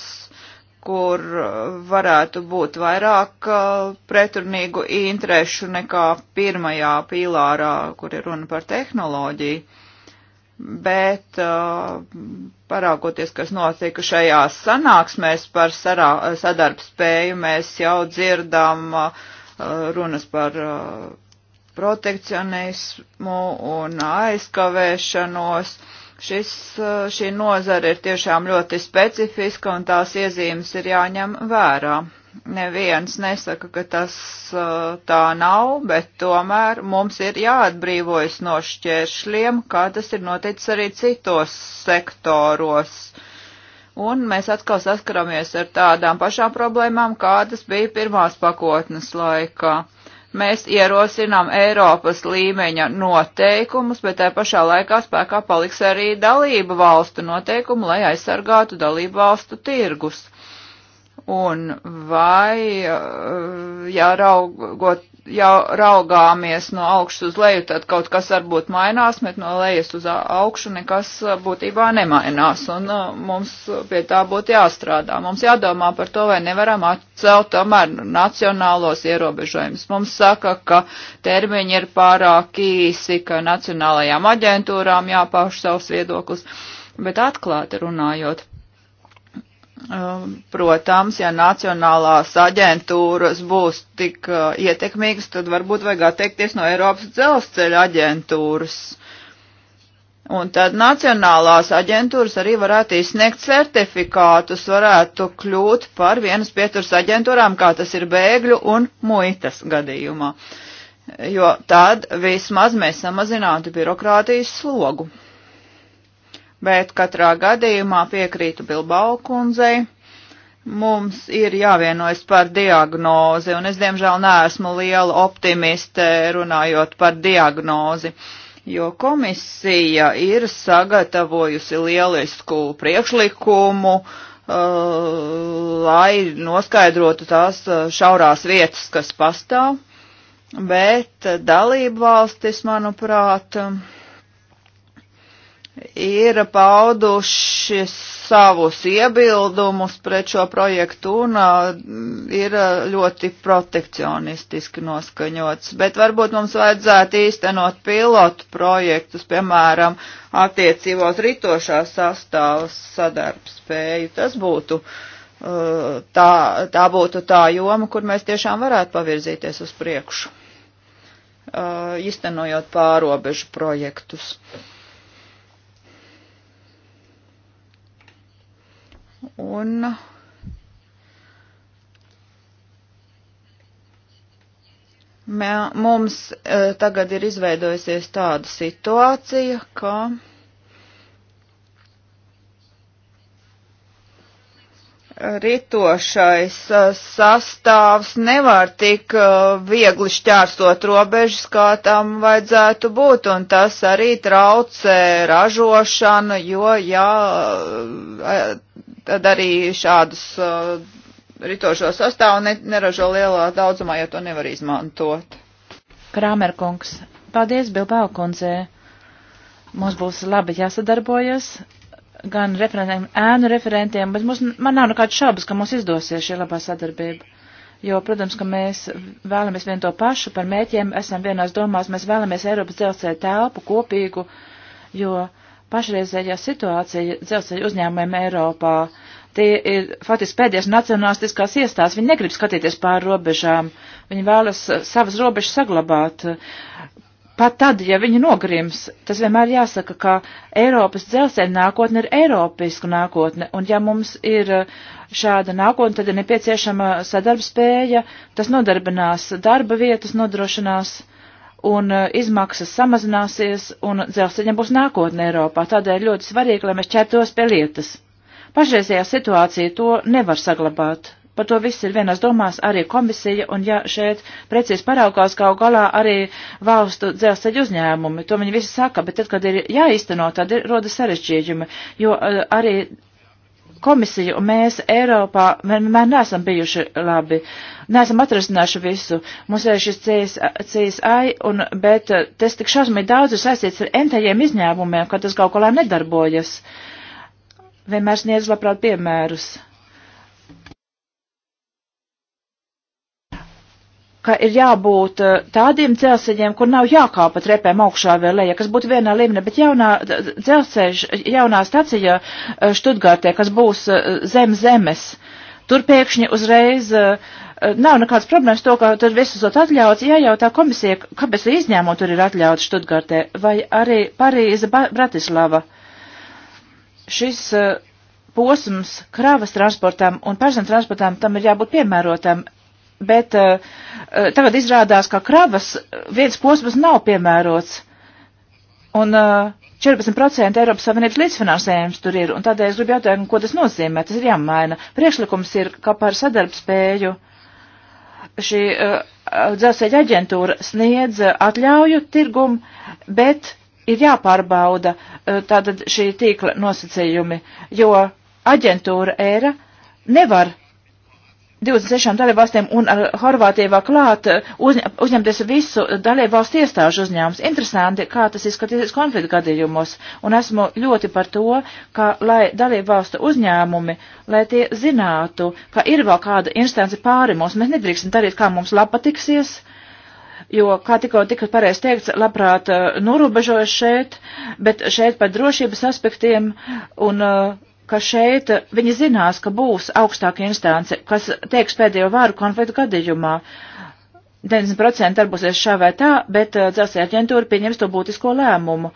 kur uh, varētu būt vairāk uh, pretrunīgu interešu nekā pirmajā pīlārā, kur ir runa par tehnoloģiju bet uh, paraugoties, kas notika šajās sanāksmēs par sarā, sadarbspēju, mēs jau dzirdam uh, runas par uh, protekcionismu un aizkavēšanos. Šis, uh, šī nozara ir tiešām ļoti specifiska un tās iezīmes ir jāņem vērā neviens nesaka, ka tas uh, tā nav, bet tomēr mums ir jāatbrīvojas no šķēršļiem, kā tas ir noticis arī citos sektoros. Un mēs atkal saskaramies ar tādām pašām problēmām, kādas bija pirmās pakotnes laikā. Mēs ierosinām Eiropas līmeņa noteikumus, bet tajā pašā laikā spēkā paliks arī dalību valstu noteikumi, lai aizsargātu dalību valstu tirgus Un vai eh, jāraugot, ja raugāmies no augšas uz leju, tad kaut kas varbūt mainās, bet no lejas uz augšu nekas eh, būtībā nemainās. Un eh, mums pie tā būtu jāstrādā. Mums jādomā par to, vai nevaram atcelt tomēr nacionālos ierobežojumus. Mums saka, ka termiņi ir pārāk īsi, ka nacionālajām aģentūrām jāpauž savs viedoklis. Bet atklāti runājot, Um, protams, ja nacionālās aģentūras būs tik uh, ietekmīgas, tad varbūt vajag atteikties no Eiropas dzelzceļa aģentūras. Un tad nacionālās aģentūras arī varētu izsniegt certifikātus, varētu kļūt par vienas pieturas aģentūrām, kā tas ir bēgļu un muitas gadījumā. Jo tad vismaz mēs samazinātu birokrātijas slogu bet katrā gadījumā piekrītu Bilbao kundzei. Mums ir jāvienojas par diagnozi, un es diemžēl neesmu liela optimiste runājot par diagnozi, jo komisija ir sagatavojusi lielisku priekšlikumu, uh, lai noskaidrotu tās uh, šaurās vietas, kas pastāv, bet dalību valstis, manuprāt, uh, ir pauduši savus iebildumus pret šo projektu un ir ļoti protekcionistiski noskaņots. Bet varbūt mums vajadzētu īstenot pilotu projektus, piemēram, attiecībos ritošā sastāvs sadarbspēju. Tas būtu tā, tā būtu tā joma, kur mēs tiešām varētu pavirzīties uz priekšu, īstenojot pārobežu projektus. un Mē, mums e, tagad ir izveidojusies tāda situācija, ka ritošais sastāvs nevar tik viegli šķērsot robežas, kā tam vajadzētu būt, un tas arī traucē ražošanu, jo, jā, tad arī šādus ritošo sastāvu neražo lielā daudzumā, ja to nevar izmantot. Krāmerkungs, paldies Bilbao kundzē. Mums būs labi jāsadarbojas gan referentiem, ēnu referentiem, bet mums, man nav nekādas šaubas, ka mums izdosies šī labā sadarbība. Jo, protams, ka mēs vēlamies vien to pašu, par mēķiem esam vienās domās, mēs vēlamies Eiropas dzelzceļa telpu kopīgu, jo pašreizējā situācija dzelzceļa uzņēmumiem Eiropā, tie ir faktiski pēdējās nacionālistiskās iestās, viņi negrib skatīties pāri robežām, viņi vēlas savas robežas saglabāt. Uh, Pat tad, ja viņi nogrims, tas vienmēr jāsaka, ka Eiropas dzelzceļa nākotne ir Eiropisku nākotne, un ja mums ir uh, šāda nākotne, tad ir nepieciešama sadarbspēja, tas nodarbinās darba vietas, nodrošinās un uh, izmaksas samazināsies, un dzelzceļam būs nākotne Eiropā. Tādēļ ļoti svarīgi, lai mēs ķertos pie lietas. Pašreizējā situācija to nevar saglabāt. Par to viss ir vienās domās arī komisija, un ja šeit precīzi paraugās kaut galā arī valstu dzelzceļu uzņēmumi, to viņi visi saka, bet tad, kad ir jāizteno, tad ir rodas sarežģījumi, jo uh, arī komisija un mēs Eiropā vienmēr neesam bijuši labi. Neesam atrastinājuši visu. Mums ir šis CS, CSI, un, bet eh, tas tik šausmīgi daudz ir saistīts ar entējiem izņēmumiem, ka tas kaut kā nedarbojas. Vienmēr sniedz labprāt piemērus. ka ir jābūt eh, tādiem dzelzceļiem, kur nav jākāpa trepēm augšā vai lejā, kas būtu vienā līmenī, bet jaunā dzelzceļš, jaunā stacija Študgārtē, eh, kas būs eh, zem zemes, tur pēkšņi uzreiz nav nekāds problēmas to, ka tur visus ot atļauts, jājautā komisija, kāpēc izņēmumu tur ir atļauts Študgārtē, vai arī Parīze, Bratislava. Šis uh, posms kravas transportam un personu transportam tam ir jābūt piemērotam bet uh, tagad izrādās, ka kravas viens posms nav piemērots. Un uh, eh, 14% Eiropas Savienības līdzfinansējums tur ir, un tādēļ es gribu jautāt, ko tas nozīmē, tas ir jāmaina. Priekšlikums ir, ka par sadarbspēju šī uh, dzelzceļa aģentūra sniedz atļauju tirgumu, bet ir jāpārbauda uh, tātad šī tīkla nosacījumi, jo aģentūra ēra nevar 26 dalībvalstīm un ar Horvātiju vēl klāt eh, uzņem, uzņemties visu dalībvalstu iestāžu uzņēmumus. Interesanti, kā tas izskatīsies konflikta gadījumos, un esmu ļoti par to, ka, lai dalībvalstu uzņēmumi, lai tie zinātu, ka ir vēl kāda instance pāri mums, mēs nedrīkstam darīt, kā mums labi patiksies, jo, kā tikko tika pareizi teikts, labprāt eh, norubežojas šeit, bet šeit par drošības aspektiem un uh, ka šeit eh, viņi zinās, ka būs augstāka instance, kas teiks pēdējo vāru konfliktu gadījumā. 90% darbosies šā vai tā, bet eh, dzelzceļa aģentūra pieņems to būtisko lēmumu.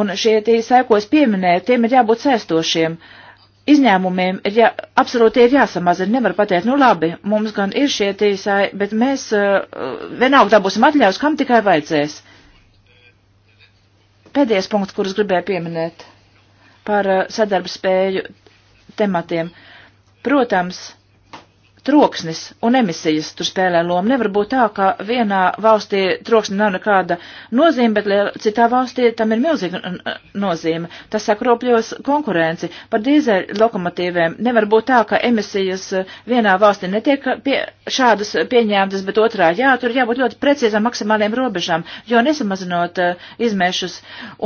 Un šie tīsai, ko es pieminēju, tiem ir jābūt sēstošiem. Izņēmumiem ir jā, absolūti ir jāsamazina, nevar pateikt, nu labi, mums gan ir šie tīsai, bet mēs uh, vienalga dabūsim atļaus, kam tikai vajadzēs. Pēdējais punkts, kurus gribēju pieminēt par eh, sadarbspēju tematiem. Protams, troksnis un emisijas tur spēlē lomu. Nevar būt tā, ka vienā valstī troksni nav nekāda nozīme, bet citā valstī tam ir milzīga nozīme. Tas sakropļos konkurenci. Par dīzeļu lokomotīvēm nevar būt tā, ka emisijas eh, vienā valstī netiek pie, šādas pieņēmtas, bet otrā jā, tur jābūt ļoti precīzām maksimāliem robežām, jo nesamazinot uh, izmešus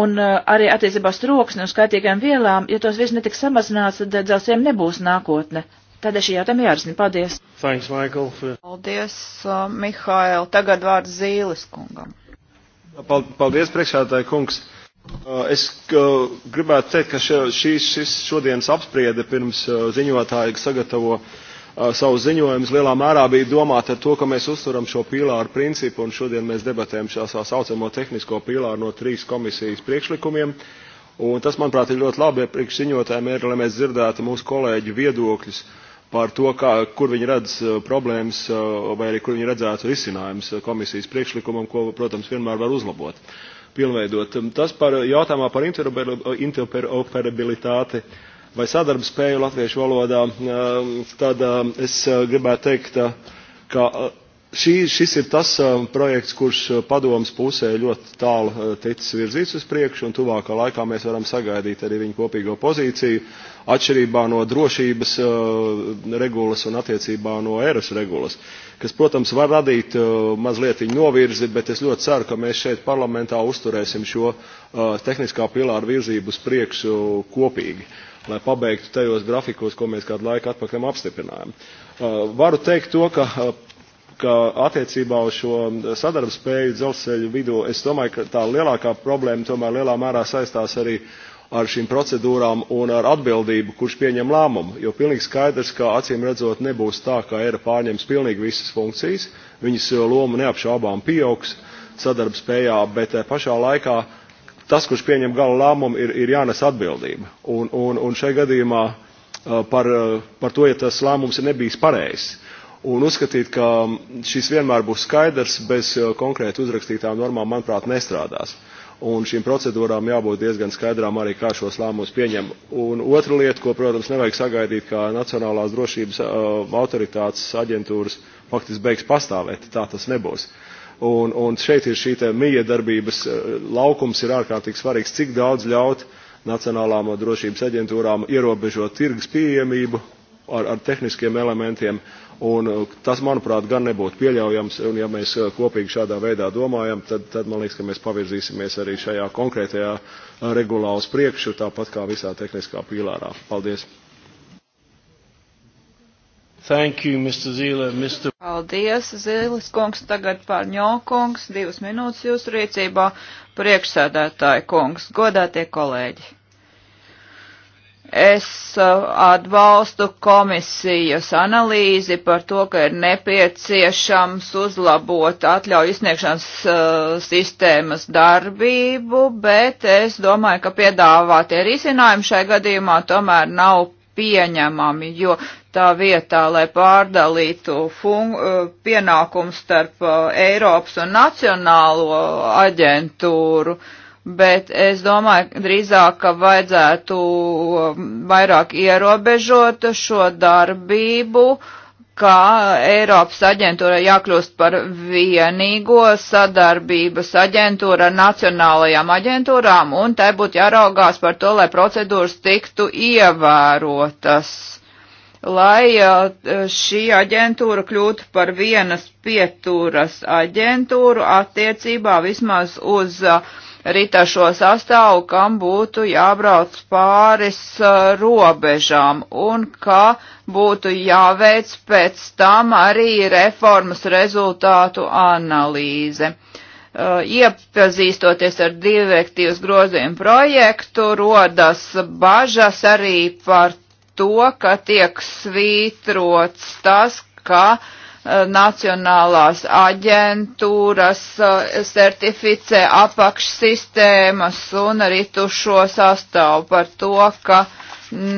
un uh, arī attiecībā uz troksni un skaitīgām vielām, ja tos viss netiks samazināts, tad dzelziem nebūs nākotne. Tādēļ šī jautājuma jārisina. Paldies! Thanks, Michael, for... Paldies, uh, Mihail. Tagad vārds Zīles kungam. Paldies, priekšētāji kungs. Uh, es uh, gribētu teikt, ka šī, šis, šis šodienas apspriede pirms uh, ziņotāji sagatavo uh, savus ziņojumus lielā mērā bija domāta ar to, ka mēs uzturam šo pīlāru principu, un šodien mēs debatējam šā saucamo tehnisko pīlāru no trīs komisijas priekšlikumiem. Un tas, manuprāt, ir ļoti labi, ja priekšziņotājiem ir, lai mēs dzirdētu mūsu kolēģu viedokļus par to, kā, kur viņi redz eh, problēmas eh, vai arī kur viņi redzētu risinājumus eh, komisijas priekšlikumam, ko, protams, vienmēr var uzlabot, pilnveidot. Um, tas par jautājumā par interoperabilitāti vai sadarbspēju latviešu valodā, um, tad um, es gribētu teikt, ka šī, šis ir tas um, projekts, kurš uh, padomas pusē ļoti tālu uh, ticis virzīts uz priekšu, un tuvākā laikā mēs varam sagaidīt arī viņu kopīgo pozīciju atšķirībā no drošības uh, regulas un attiecībā no eras regulas, kas, protams, var radīt mazliet novirzi, bet es ļoti ceru, ka mēs šeit parlamentā uzturēsim šo tehniskā pilāra virzību uz priekšu kopīgi lai pabeigtu tajos grafikos, ko mēs kādu laiku atpakaļ apstiprinājām. Varu teikt to, ka ka attiecībā uz šo sadarbspēju dzelzceļu vidū es domāju, ka tā lielākā problēma tomēr lielā mērā saistās arī ar šīm procedūrām un ar atbildību, kurš pieņem lēmumu. Jo pilnīgi skaidrs, ka acīm redzot nebūs tā, ka ERA pārņems pilnīgi visas funkcijas, viņas eh, loma neapšaubām pieaugs sadarbspējā, bet eh, pašā laikā tas, kurš pieņem gala lēmumu, ir, ir jānes atbildība. Un, un, un šajā gadījumā eh, par, par to, ja tas lēmums ir nebijis pareizs Un uzskatīt, ka šis vienmēr būs skaidrs, bez eh, konkrēti uzrakstītām normām, manuprāt, nestrādās. Un šīm procedūrām jābūt diezgan skaidrām arī, kā šos lēmumus pieņem. Un otra lieta, ko, protams, nevajag sagaidīt, kā Nacionālās drošības uh, autoritātes aģentūras faktiski beigs pastāvēt, tā tas nebūs. Un, un šeit ir šī miedarbības eh, laukums ir ārkārtīgi svarīgs, cik daudz ļaut Nacionālām drošības aģentūrām ierobežot tirgus pieejamību ar, ar tehniskiem elementiem, uh, Un uh, tas, manuprāt, gan nebūtu pieļaujams, un ja mēs uh, kopīgi šādā veidā domājam, tad, tad man liekas, ka mēs pavirzīsimies arī šajā konkrētajā uh, regulā uz priekšu, tāpat kā visā tehniskā pīlārā. Paldies! Thank you, Mr. Zīle. Mr. Paldies, Zīles kungs. Tagad pārņo kungs. Divas minūtes jūsu rīcībā. Priekšsēdētāji kungs. Godātie kolēģi. Es uh, atbalstu komisijas analīzi par to, ka ir nepieciešams uzlabot atļauju izsniegšanas uh, sistēmas darbību, bet es domāju, ka piedāvātie risinājumi šai gadījumā tomēr nav pieņemami, jo tā vietā, lai pārdalītu uh, pienākumu starp uh, Eiropas un Nacionālo aģentūru, uh, bet es domāju, drīzāk, ka vajadzētu um, vairāk ierobežot šo darbību, kā Eiropas aģentūra jākļūst par vienīgo sadarbības aģentūru ar nacionālajām aģentūrām, un tai būtu jāraugās par to, lai procedūras tiktu ievērotas. Lai uh, šī aģentūra kļūtu par vienas pieturas aģentūru attiecībā vismaz uz uh, ritašo sastāvu, kam būtu jābrauc pāris uh, robežām un ka būtu jāveic pēc tam arī reformas rezultātu analīze. Uh, iepazīstoties ar direktīvas grozījumu projektu, rodas bažas arī par to, ka tiek svītrots tas, ka uh, Eh, nacionālās aģentūras eh, certificē apakšsistēmas un arī tušo sastāvu par to, ka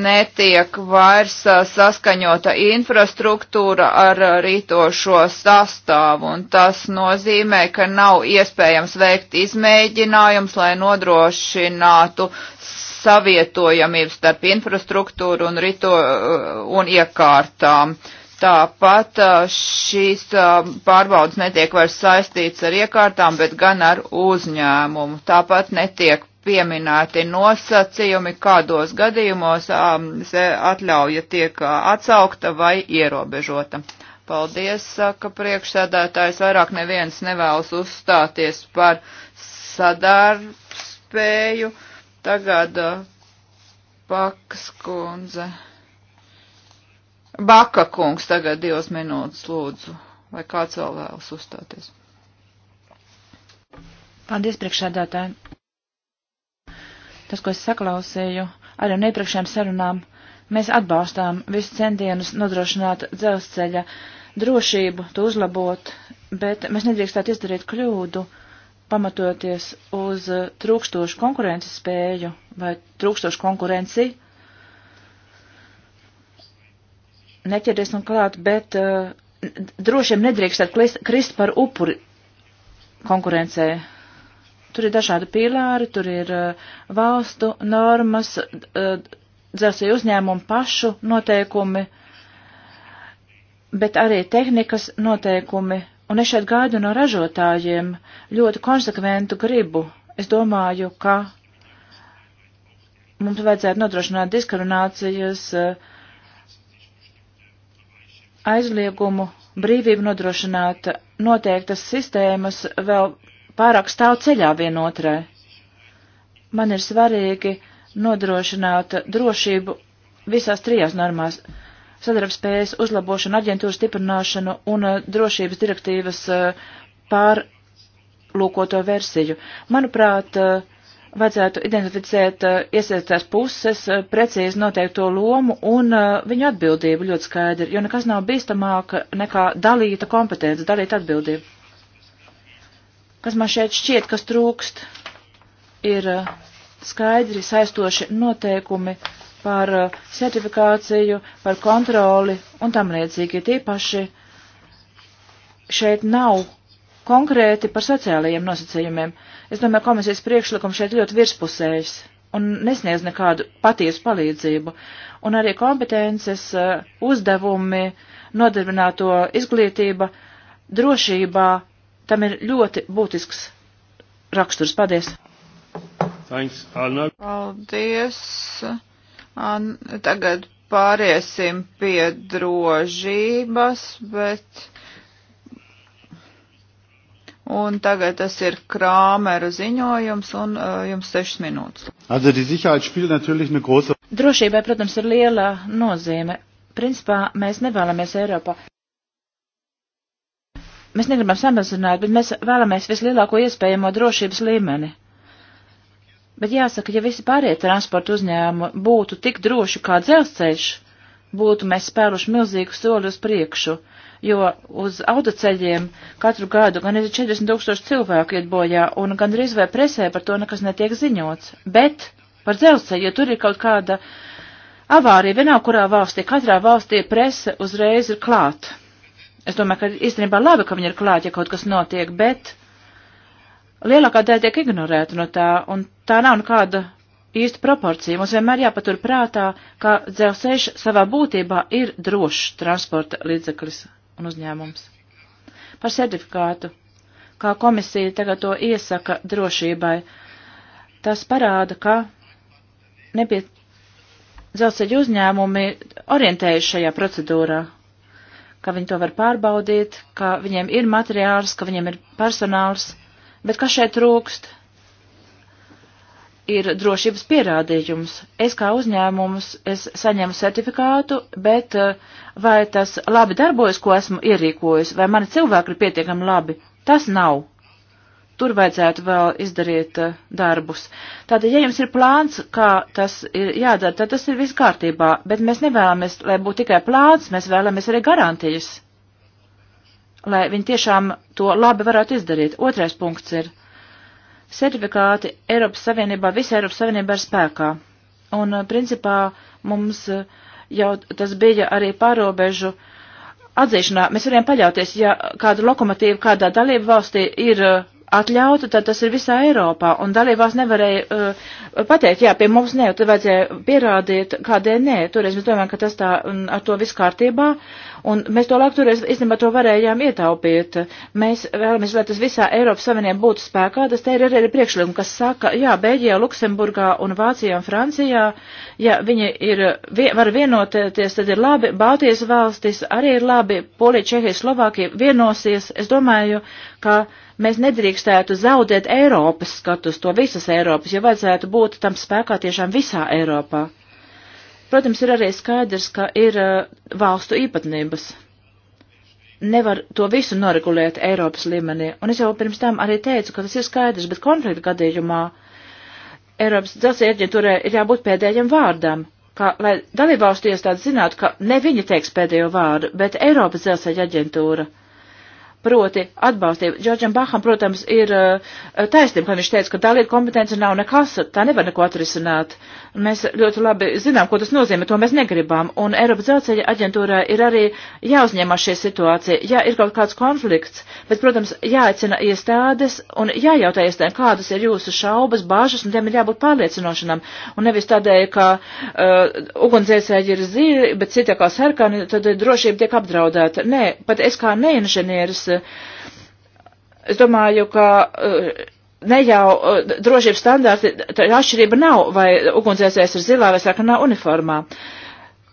netiek vairs eh, saskaņota infrastruktūra ar rītošo sastāvu, un tas nozīmē, ka nav iespējams veikt izmēģinājums, lai nodrošinātu savietojamību starp infrastruktūru un, rito, un iekārtām. Uh, Tāpat šīs pārbaudas netiek vairs saistīts ar iekārtām, bet gan ar uzņēmumu. Tāpat netiek pieminēti nosacījumi, kādos gadījumos atļauja tiek atsaukta vai ierobežota. Paldies, saka priekšsēdētājs. Vairāk neviens nevēlas uzstāties par sadarbspēju. Tagad Pakskundze. kundze. Baka kungs tagad divas minūtes lūdzu, vai kāds vēl vēlas uzstāties. Paldies, priekšādātāji. Tas, ko es saklausīju, arī no iepriekšējām sarunām, mēs atbalstām visu centienus nodrošināt dzelzceļa drošību, to uzlabot, bet mēs nedrīkstētu izdarīt kļūdu, pamatoties uz trūkstošu konkurences spēju vai trūkstošu konkurenci neķeriesim klāt, bet uh, eh, drošiem nedrīkstēt krist par upuri konkurencē. Tur ir dažādi pīlāri, tur ir uh, valstu normas, uh, eh, dzelzceļa uzņēmumu pašu noteikumi, bet arī tehnikas noteikumi. Un es šeit gaidu no ražotājiem ļoti konsekventu gribu. Es domāju, ka mums vajadzētu nodrošināt diskriminācijas uh, aizliegumu brīvību nodrošināt noteiktas sistēmas vēl pārāk stāv ceļā vienotrai. Man ir svarīgi nodrošināt drošību visās trijās normās - sadarbspējas uzlabošanu, aģentūras stiprināšanu un uh, drošības direktīvas uh, pārlūkoto versiju. Manuprāt, uh, vajadzētu identificēt eh, iesaistās puses, eh, precīzi noteikt to lomu un eh, viņu atbildību ļoti skaidri, jo nekas nav bīstamāk nekā dalīta kompetence, dalīta atbildība. Kas man šeit šķiet, kas trūkst, ir skaidri saistoši noteikumi par certifikāciju, par kontroli un tam liedzīgi. Tīpaši šeit nav konkrēti par sociālajiem nosacījumiem. Es domāju, komisijas priekšlikums šeit ļoti virspusējs un nesniedz nekādu patiesu palīdzību. Un arī kompetences, eh, uzdevumi, nodarbināto izglītība, drošībā, tam ir ļoti būtisks raksturs. Paldies! Thanks, Anna. Paldies! An tagad pāriesim pie drošības, bet Un tagad tas ir Krāmera ziņojums, un uh, jums sešas minūtes. Also, große... Drošībai, protams, ir liela nozīme. Principā mēs nevēlamies Eiropā. Mēs negribam samazināt, bet mēs vēlamies vislielāko iespējamo drošības līmeni. Bet jāsaka, ja visi pārējie transporta uzņēmumi būtu tik droši kā dzelzceļš, būtu mēs spēruši milzīgu soli uz priekšu. Uh, jo uz autoceļiem katru gadu gan ir 40 tūkstoši cilvēku iet bojā, un gan arī vai presē par to nekas netiek ziņots. Bet par dzelzceļu, ja tur ir kaut kāda avārija, vienalga kurā valstī, katrā valstī prese uzreiz ir klāt. Es domāju, ka īstenībā labi, ka viņi ir klāt, ja kaut kas notiek, bet lielākā daļa tiek ignorēta no tā, un tā nav nekāda īsta proporcija. Mums vienmēr jāpatur prātā, ka dzelzceļš savā būtībā ir drošs transporta līdzeklis un uzņēmums. Par certifikātu, kā komisija tagad to iesaka drošībai, tas parāda, ka nebija dzelzceļa uzņēmumi orientējuši šajā procedūrā, ka viņi to var pārbaudīt, ka viņiem ir materiāls, ka viņiem ir personāls, bet kas šeit trūkst? ir drošības pierādījums. Es kā uzņēmums, es saņemu certifikātu, bet eh, vai tas labi darbojas, ko esmu ierīkojis, vai mani cilvēki ir pietiekami labi, tas nav. Tur vajadzētu vēl izdarīt eh, darbus. Tātad, ja jums ir plāns, kā tas ir jādara, tad tas ir viss kārtībā, bet mēs nevēlamies, lai būtu tikai plāns, mēs vēlamies arī garantijas, lai viņi tiešām to labi varētu izdarīt. Otrais punkts ir Sertifikāti Eiropas Savienībā, visa Eiropas Savienībā ir spēkā. Un, uh, principā, mums uh, jau tas bija arī pārobežu atzīšanā. Mēs varējām paļauties, ja kāda lokomotīva kādā dalību valstī ir uh, atļautu, tad tas ir visā Eiropā, un dalībās nevarēja uh, pateikt, jā, pie mums nē, tad vajadzēja pierādīt, kādēļ nē, toreiz mēs domājam, ka tas tā, un ar to viss kārtībā, un mēs to laiku toreiz, īstenībā, to varējām ietaupīt. Mēs vēlamies, lai tas visā Eiropas Savienībā būtu spēkā, tas te ir arī priekšlikumi, kas saka, jā, Beļģijā, Luksemburgā un Vācijā un Francijā, ja viņi ir, var vienoties, tad ir labi, Baltijas valstis arī ir labi, Polija, Čehija, Slovākija vienosies, es domāju, ka Mēs nedrīkstētu zaudēt Eiropas skatus, to visas Eiropas, jo vajadzētu būt tam spēkā tiešām visā Eiropā. Protams, ir arī skaidrs, ka ir uh, valstu īpatnības. Nevar to visu noregulēt Eiropas līmenī, un es jau pirms tam arī teicu, ka tas ir skaidrs, bet konflikta gadījumā Eiropas dzelzceļa aģentūrai ir jābūt pēdējiem vārdam, kā, lai dalībvalstu iestādes zinātu, ka ne viņi teiks pēdējo vārdu, bet Eiropas dzelzceļa aģentūra proti atbalstību. Džordžam Baham, protams, ir eh, taisnība, kad viņš teica, ka dalīta kompetence nav nekas, tā nevar neko atrisināt. Uh, Mēs ļoti labi zinām, ko tas nozīmē, to mēs negribam. Un Eiropas dzelzceļa aģentūrā ir arī jāuzņemas šī situācija, ja ir kaut kāds konflikts, bet, protams, jāicina iestādes un jājautā iestādēm, kādas ir jūsu šaubas, bāžas, un tiem ir jābūt pārliecinošanam. Un nevis tādēļ, ka uh, ugunsdzēsēji ir zīri, bet citi kā sarkani, tad drošība tiek apdraudēta. Nē, pat es kā neinženieris. Uh, Es domāju, ka uh, ne jau uh, drošības standārti, tā atšķirība nav, vai ugunsdzēsējs ir zilā vai sarkanā uniformā.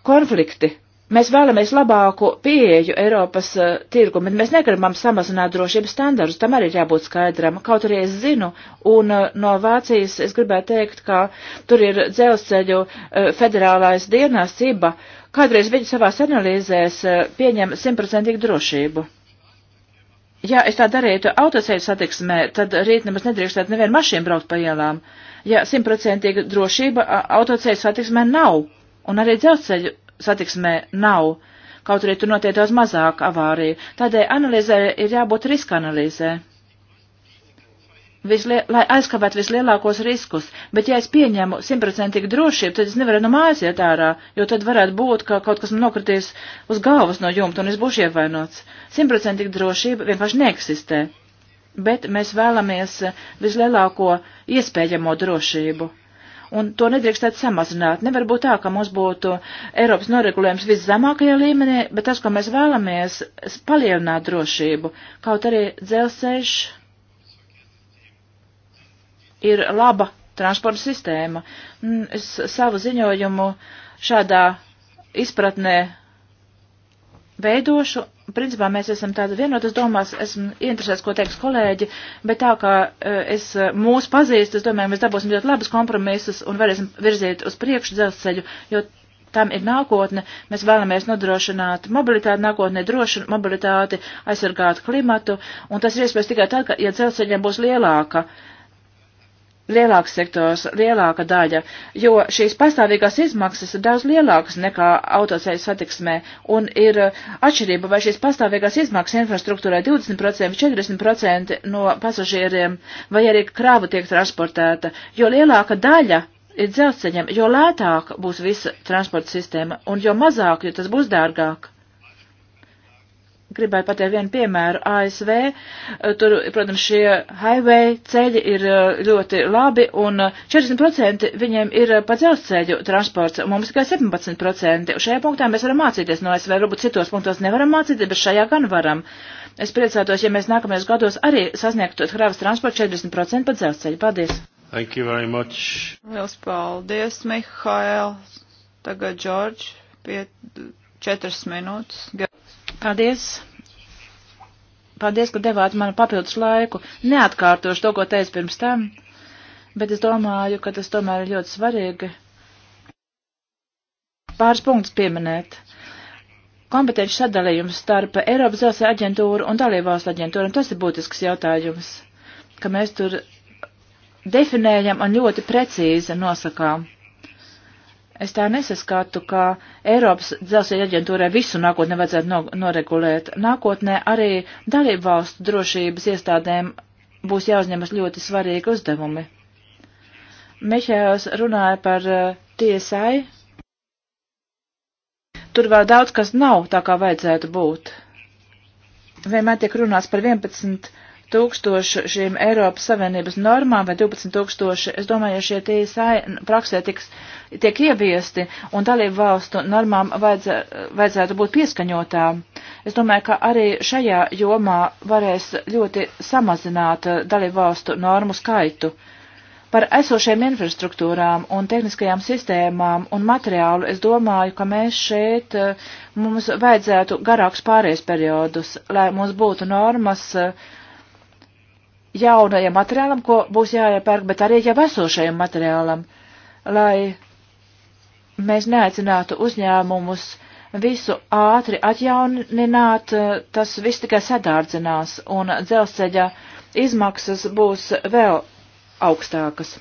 Konflikti. Mēs vēlamies labāku pieeju Eiropas uh, eh, tirgu, bet mēs negribam samazināt drošības standārus. Tam arī ir jābūt skaidram. Kaut arī es zinu, un uh, no Vācijas es gribētu teikt, ka tur ir dzelzceļu uh, federālais dienās ciba. Kādreiz viņi savās analīzēs uh, pieņem simtprocentīgu drošību. Ja es tā darītu autoceļu satiksmē, tad rīt nemaz nedrīkstētu nevienu mašīnu braukt pa ielām. Ja simtprocentīga drošība autoceļu satiksmē nav, un arī dzelzceļu satiksmē nav, kaut arī tur notiek daudz mazāk avāriju, tādēļ analīzē ir jābūt riska analīzē vislie, lai aizkavētu vislielākos riskus, bet ja es pieņemu simtprocentīgi drošību, tad es nevaru no mājas iet ārā, jo tad varētu būt, ka kaut kas man nokritīs uz galvas no jumta un es būšu ievainots. Simtprocentīgi drošība vienkārši neeksistē, bet mēs vēlamies vislielāko iespējamo drošību. Un to nedrīkstētu samazināt. Nevar būt tā, ka mums būtu Eiropas noregulējums viszemākajā līmenī, bet tas, ko mēs vēlamies, palielināt drošību. Kaut arī dzelzceļš ir laba transporta sistēma. Es savu ziņojumu šādā izpratnē veidošu. Principā mēs esam tāda vienotas domās, esmu interesēts, ko teiks kolēģi, bet tā kā eh, es eh, mūs pazīstu, es domāju, mēs dabūsim ļoti labus kompromisus un varēsim virzīt uz priekšu dzelzceļu, jo tam ir nākotne. Mēs vēlamies nodrošināt mobilitāti nākotnē, drošu mobilitāti, aizsargāt klimatu, un tas ir iespējams tikai tad, ka, ja dzelzceļiem būs lielāka uh, lielāks sektors, lielāka daļa, jo šīs pastāvīgās izmaksas ir daudz lielākas nekā autoceļu satiksmē, un ir uh, atšķirība, vai šīs pastāvīgās izmaksas infrastruktūrai 20%, 40% no pasažieriem, vai arī krāva tiek transportēta, jo lielāka daļa ir dzelzceļam, jo lētāk būs visa transporta sistēma, un jo mazāk, jo tas būs dārgāk gribēju pateikt vienu piemēru ASV. Eh, tur, protams, šie highway ceļi ir eh, ļoti labi, un 40% eh, viņiem ir pa dzelzceļu transports, un mums tikai 17%. Šajā punktā mēs varam mācīties no ASV, varbūt citos punktos nevaram mācīties, bet šajā gan varam. Es priecātos, ja mēs nākamajos gados arī sasniegtu kravas transportu 40% pa dzelzceļu. Paldies! Thank you very much. Liels paldies, Mihail. Tagad, Džordž, pie četras minūtes. Paldies! Paldies, ka devāt man papildus laiku. Neatkārtošu to, ko teicu pirms tam, bet es domāju, ka tas tomēr ir ļoti svarīgi pāris punktus pieminēt. Kompetenci sadalījums starp Eiropas zilsē aģentūru un dalībvalstu aģentūru, un tas ir būtisks jautājums, ka mēs tur definējam un ļoti precīzi nosakām Es tā nesaskatu, ka Eiropas dzelzceļa aģentūrai visu nākotnē vajadzētu no, noregulēt. Nākotnē arī dalību valstu drošības iestādēm būs jāuzņemas ļoti svarīgi uzdevumi. Mihēls runāja par eh, tiesai. Tur vēl daudz kas nav tā, kā vajadzētu būt. Vienmēr tiek runāts par 11 tūkstošu šīm Eiropas Savienības normām vai 12 tūkstoši, es domāju, ja šie tīsai praksē tiks, tiek ieviesti un dalību valstu normām vajadzē, vajadzētu būt pieskaņotām. Es domāju, ka arī šajā jomā varēs ļoti samazināt dalību valstu normu skaitu. Par esošiem infrastruktūrām un tehniskajām sistēmām un materiālu es domāju, ka mēs šeit mums vajadzētu garāks pārējais periodus, lai mums būtu normas, uh, jaunajam materiālam, ko būs jāiepērk, bet arī jau esošajam materiālam, lai mēs neaicinātu uzņēmumus visu ātri atjaunināt, eh, tas viss tikai sadārdzinās un dzelzceļa izmaksas būs vēl augstākas.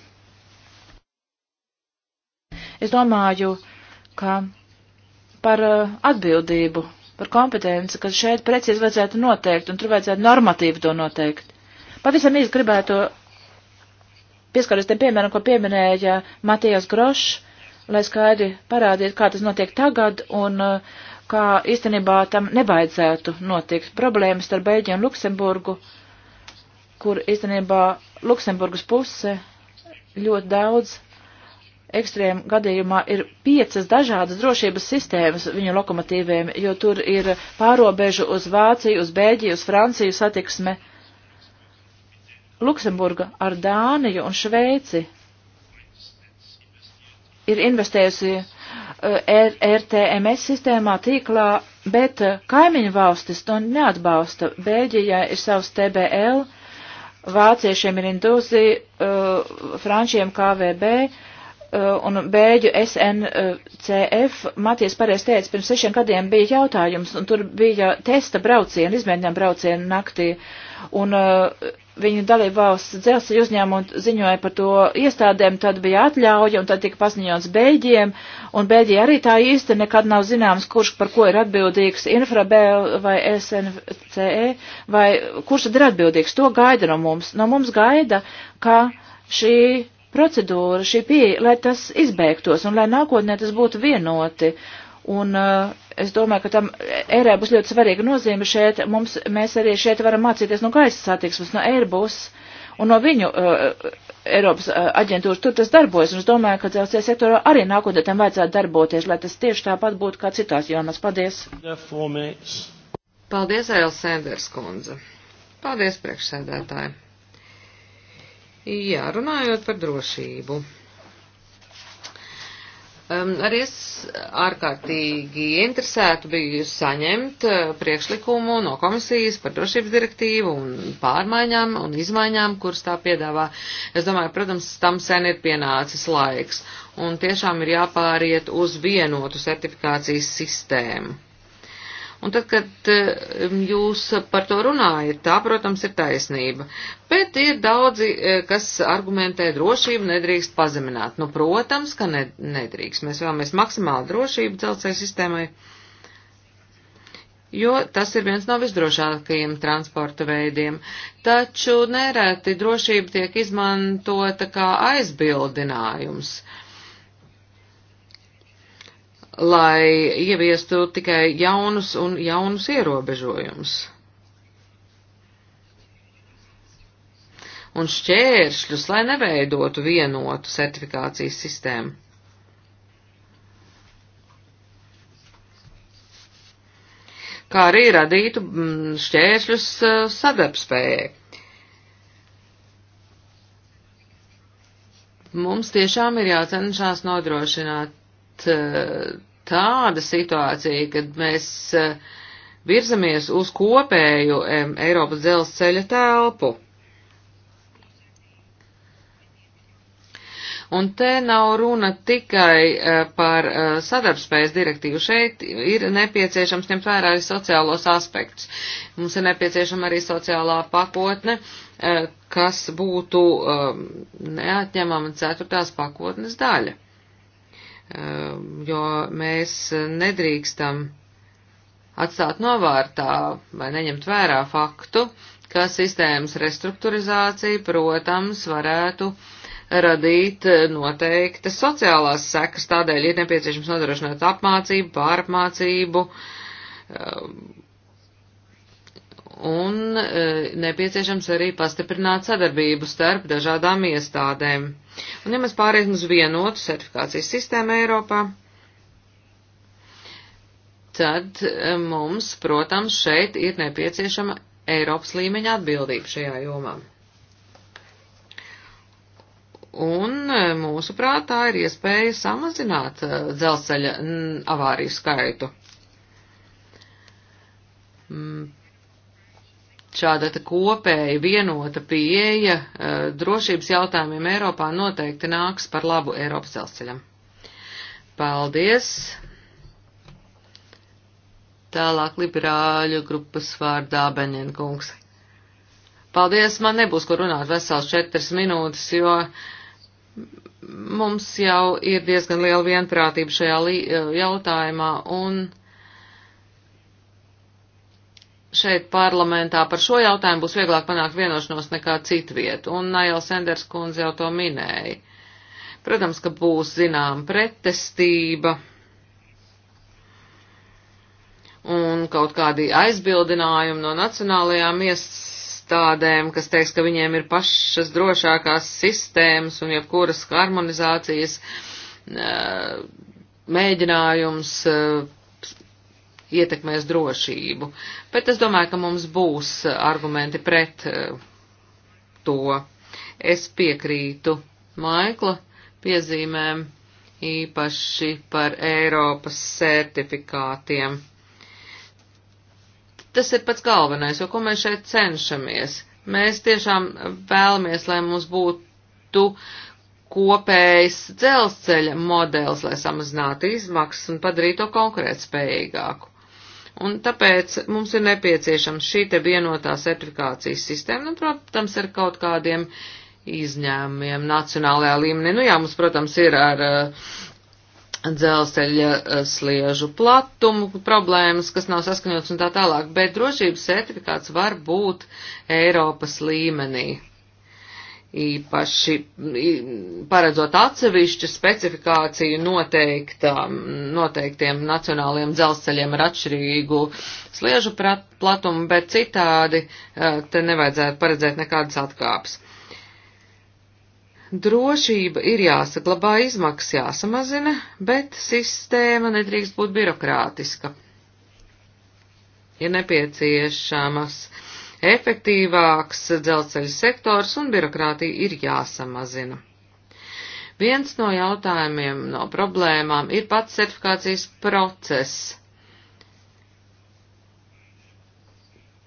Es domāju, ka par eh, atbildību, par kompetenci, ka šeit precīzi vajadzētu noteikt un tur vajadzētu normatīvi to noteikt. Pavisam īsti gribētu pieskaries tiem piemēram, ko pieminēja Matijas Grošs, lai skaidri parādītu, kā tas notiek tagad un uh, kā īstenībā tam nebaidzētu notikt. Problēmas ar Beļģiju un Luksemburgu, kur īstenībā Luksemburgas puse ļoti daudz ekstrēmu gadījumā ir piecas dažādas drošības sistēmas viņu lokomotīviem, jo tur ir pārobežu uz Vāciju, uz Bēģiju, uz Franciju satiksme. Uh, Luksemburga ar Dāniju un Šveici ir investējusi eh, RTMS sistēmā tīklā, bet eh, kaimiņu valstis to neatbalsta. Bēļģijā ir savs TBL, vāciešiem ir Induzi, eh, frančiem KVB un bēļu SNCF. Matijas pareiz teica, pirms sešiem gadiem bija jautājums, un tur bija testa braucieni, izmēģinājuma braucieni naktī. Uh, un uh, viņu dalība valsts dzelzceļa uzņēmumu ziņoja par to iestādēm, tad bija atļauja, un tad tika paziņots Beļģiem, un Beļģija arī tā īsti nekad nav zināms, kurš par ko ir atbildīgs, Infrabel vai SNCE, vai kurš tad ir atbildīgs, to gaida no mums. No mums gaida, ka šī procedūra, šī pieeja, lai tas izbeigtos, un lai nākotnē tas būtu vienoti, Un uh, es domāju, ka tam ērē būs ļoti svarīga nozīme šeit. Mums, mēs arī šeit varam mācīties no gaisa satiksmes, no Airbus un no viņu uh, Eiropas uh, aģentūras. Tur tas darbojas, un es domāju, ka dzelzceļa sektorā arī nākotnē tam vajadzētu darboties, lai tas tieši tāpat būtu kā citās jomās. Paldies! Paldies, Aila Sēnders kundze! Paldies, priekšsēdētāji! Jā, runājot par drošību. Um, arī es ārkārtīgi interesētu biju saņemt uh, priekšlikumu no komisijas par drošības direktīvu un pārmaiņām un izmaiņām, kuras tā piedāvā. Es domāju, protams, tam sen ir pienācis laiks un tiešām ir jāpāriet uz vienotu certifikācijas sistēmu. Un tad, kad jūs par to runājat, tā, protams, ir taisnība. Bet ir daudzi, eh, kas argumentē drošību nedrīkst pazemināt. Nu, protams, ka ne, nedrīkst. Mēs vēlamies maksimālu drošību dzelzceļa sistēmai, jo tas ir viens no visdrošākajiem transporta veidiem. Taču nereti drošība tiek izmantota kā aizbildinājums. Uh, lai ieviestu tikai jaunus un jaunus ierobežojumus. Un šķēršļus, lai neveidotu vienotu certifikācijas sistēmu. Kā arī radītu mm, šķēršļus eh, sadarbspējai. Mums tiešām ir jācenšas nodrošināt Eh, tāda situācija, kad mēs eh, virzamies uz kopēju Eiropas dzelzceļa telpu. Un te nav runa tikai eh, par sadarbspējas direktīvu. Šeit ir nepieciešams ņemt vērā arī sociālos aspektus. Mums ir nepieciešama arī sociālā pakotne, kas būtu neatņemama ceturtās pakotnes daļa. Ehm, jo mēs nedrīkstam atstāt novārtā vai neņemt vērā faktu, ka sistēmas restruktūrizācija, protams, varētu radīt noteiktas sociālās sekas, tādēļ ir nepieciešams nodrošināt apmācību, pārapmācību, ehm, un e, nepieciešams arī pastiprināt sadarbību starp dažādām iestādēm. Un ja mēs pāriesim uz vienotu certifikācijas sistēmu Eiropā, tad e, mums, protams, šeit ir nepieciešama Eiropas līmeņa atbildība šajā jomā. Un e, mūsuprāt, tā ir iespēja samazināt e, dzelzceļa avāriju skaitu. Mm šāda kopēja vienota pieeja eh, drošības jautājumiem Eiropā noteikti nāks par labu Eiropas dzelzceļam. Paldies! Tālāk liberāļu grupas vārdā Beņenkungs. Paldies, man nebūs ko runāt vesels četras minūtes, jo mums jau ir diezgan liela vienprātība šajā jautājumā un šeit parlamentā par šo jautājumu būs vieglāk panākt vienošanos nekā citvietu, un Naila Senders kundze jau to minēja. Protams, ka būs zinām pretestība un kaut kādi aizbildinājumi no nacionālajām iestādēm, kas teiks, ka viņiem ir pašas drošākās sistēmas un jebkuras harmonizācijas eh, mēģinājums eh, ietekmēs drošību. Bet es domāju, ka mums būs argumenti pret eh, to. Es piekrītu Maikla piezīmēm īpaši par Eiropas certifikātiem. Tas ir pats galvenais, jo ko mēs šeit cenšamies? Mēs tiešām vēlamies, lai mums būtu kopējs dzelzceļa modelis, lai samazinātu izmaksas un padarītu to konkurētspējīgāku. Un tāpēc mums ir nepieciešams šī te vienotā certifikācijas sistēma, nu, protams, ar kaut kādiem izņēmumiem nacionālajā līmenī. Nu jā, mums, protams, ir ar uh, dzelzceļa eh, sliežu platumu problēmas, kas nav saskaņots un tā tālāk, bet drošības certifikāts var būt Eiropas līmenī īpaši paredzot atsevišķu specifikāciju noteiktām, noteiktiem nacionāliem dzelzceļiem ar atšķirīgu sliežu platumu, bet citādi e, te nevajadzētu paredzēt nekādas atkāpes. Drošība ir jāsaglabā, izmaksas jāsamazina, bet sistēma nedrīkst būt birokrātiska. Ir nepieciešamas uh, Efektīvāks dzelzceļa sektors un birokrātija ir jāsamazina. Viens no jautājumiem, no problēmām ir pats certifikācijas process,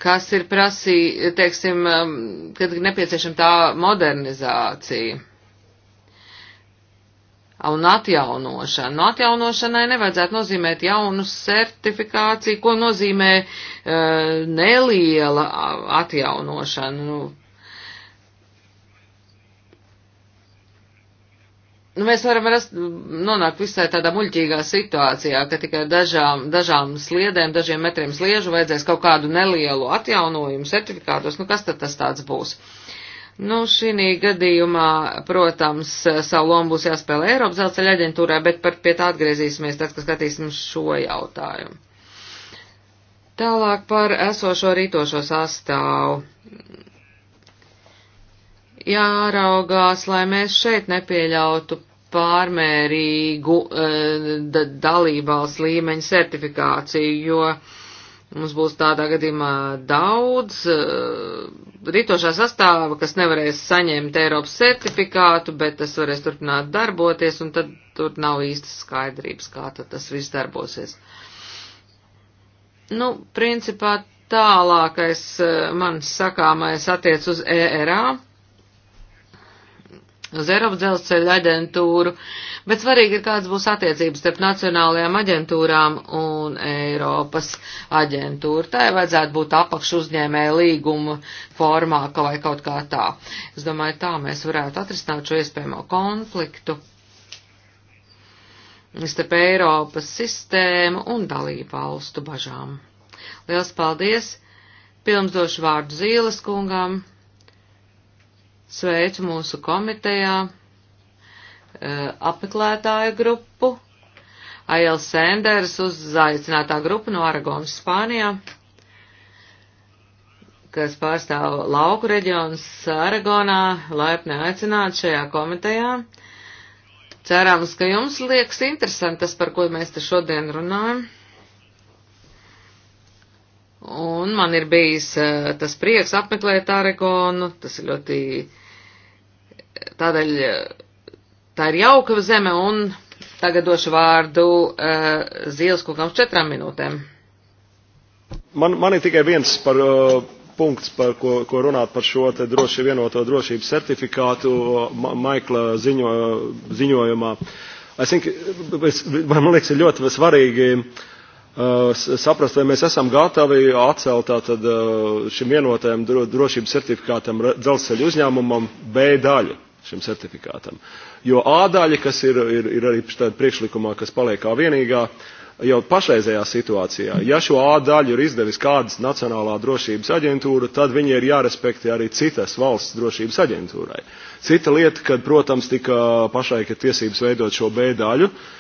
kas ir prasī, teiksim, um, kad ir nepieciešama tā modernizācija un atjaunošanu. No nu, atjaunošanai nevajadzētu nozīmēt jaunu certifikāciju, ko nozīmē e, neliela atjaunošana. Nu, nu, mēs varam rast, nonākt visai tādā muļķīgā situācijā, ka tikai dažām, dažām sliedēm, dažiem metriem sliežu vajadzēs kaut kādu nelielu atjaunojumu certifikātos. Nu, kas tad tas tāds būs? Uh, Nu, šī gadījumā, protams, savu lomu būs jāspēlē Eiropas dzelzceļa aģentūrā, bet par pie tā atgriezīsimies tad, kad skatīsim šo jautājumu. Tālāk par esošo rītošo sastāvu. Jāraugās, lai mēs šeit nepieļautu pārmērīgu e, dalībvalsts līmeņu certifikāciju, jo Mums būs tādā gadījumā daudz uh, rītošā sastāva, kas nevarēs saņemt Eiropas certifikātu, bet tas varēs turpināt darboties, un tad tur nav īstas skaidrības, kā tad tas viss darbosies. Nu, principā tālākais uh, eh, mans sakāmais attiec uz ERA, uz Eiropas dzelzceļa aģentūru. Uh, Bet svarīgi ir, kādas būs attiecības starp nacionālajām aģentūrām un Eiropas aģentūru. Tā jau vajadzētu būt apakšu uzņēmēja līguma formā ka vai kaut kā tā. Es domāju, tā mēs varētu atrisināt šo iespējamo konfliktu starp Eiropas sistēmu un dalību valstu bažām. Liels paldies! Pirms došu vārdu Zīles kungam. Sveicu mūsu komitejā! Uh, apmeklētāju grupu, Aiel Sanders uzaicinātā grupa no Aragonas Spānijā, kas pārstāv lauku reģionus Aragonā, laipni aicināt šajā komitejā. Cerams, ka jums liekas interesanti tas, par ko mēs te šodien runājam. Un man ir bijis uh, tas prieks apmeklēt Aragonu, tas ir ļoti tādēļ uh, tā ir jauka zeme un tagad došu vārdu uh, eh, Zielskungam četrām minūtēm. Man, man ir tikai viens par, uh, punkts, par ko, ko runāt par šo te droši vienoto drošības certifikātu Ma Maikla ziņo, ziņojumā. Es domāju, man liekas, ir ļoti svarīgi uh, saprast, vai mēs esam gatavi atcelt tātad šim vienotajam drošības certifikātam dzelzceļa uzņēmumam B daļu šim certifikātam. Jo ādaļa, kas ir, ir, ir arī priekšlikumā, kas paliek kā vienīgā, jau pašreizējā situācijā, ja šo ādaļu ir izdevis kādas Nacionālā drošības aģentūra, tad viņi ir jārespektē arī citas valsts drošības aģentūrai. Cita lieta, kad, protams, tika pašai, ka tiesības veidot šo B daļu, uh,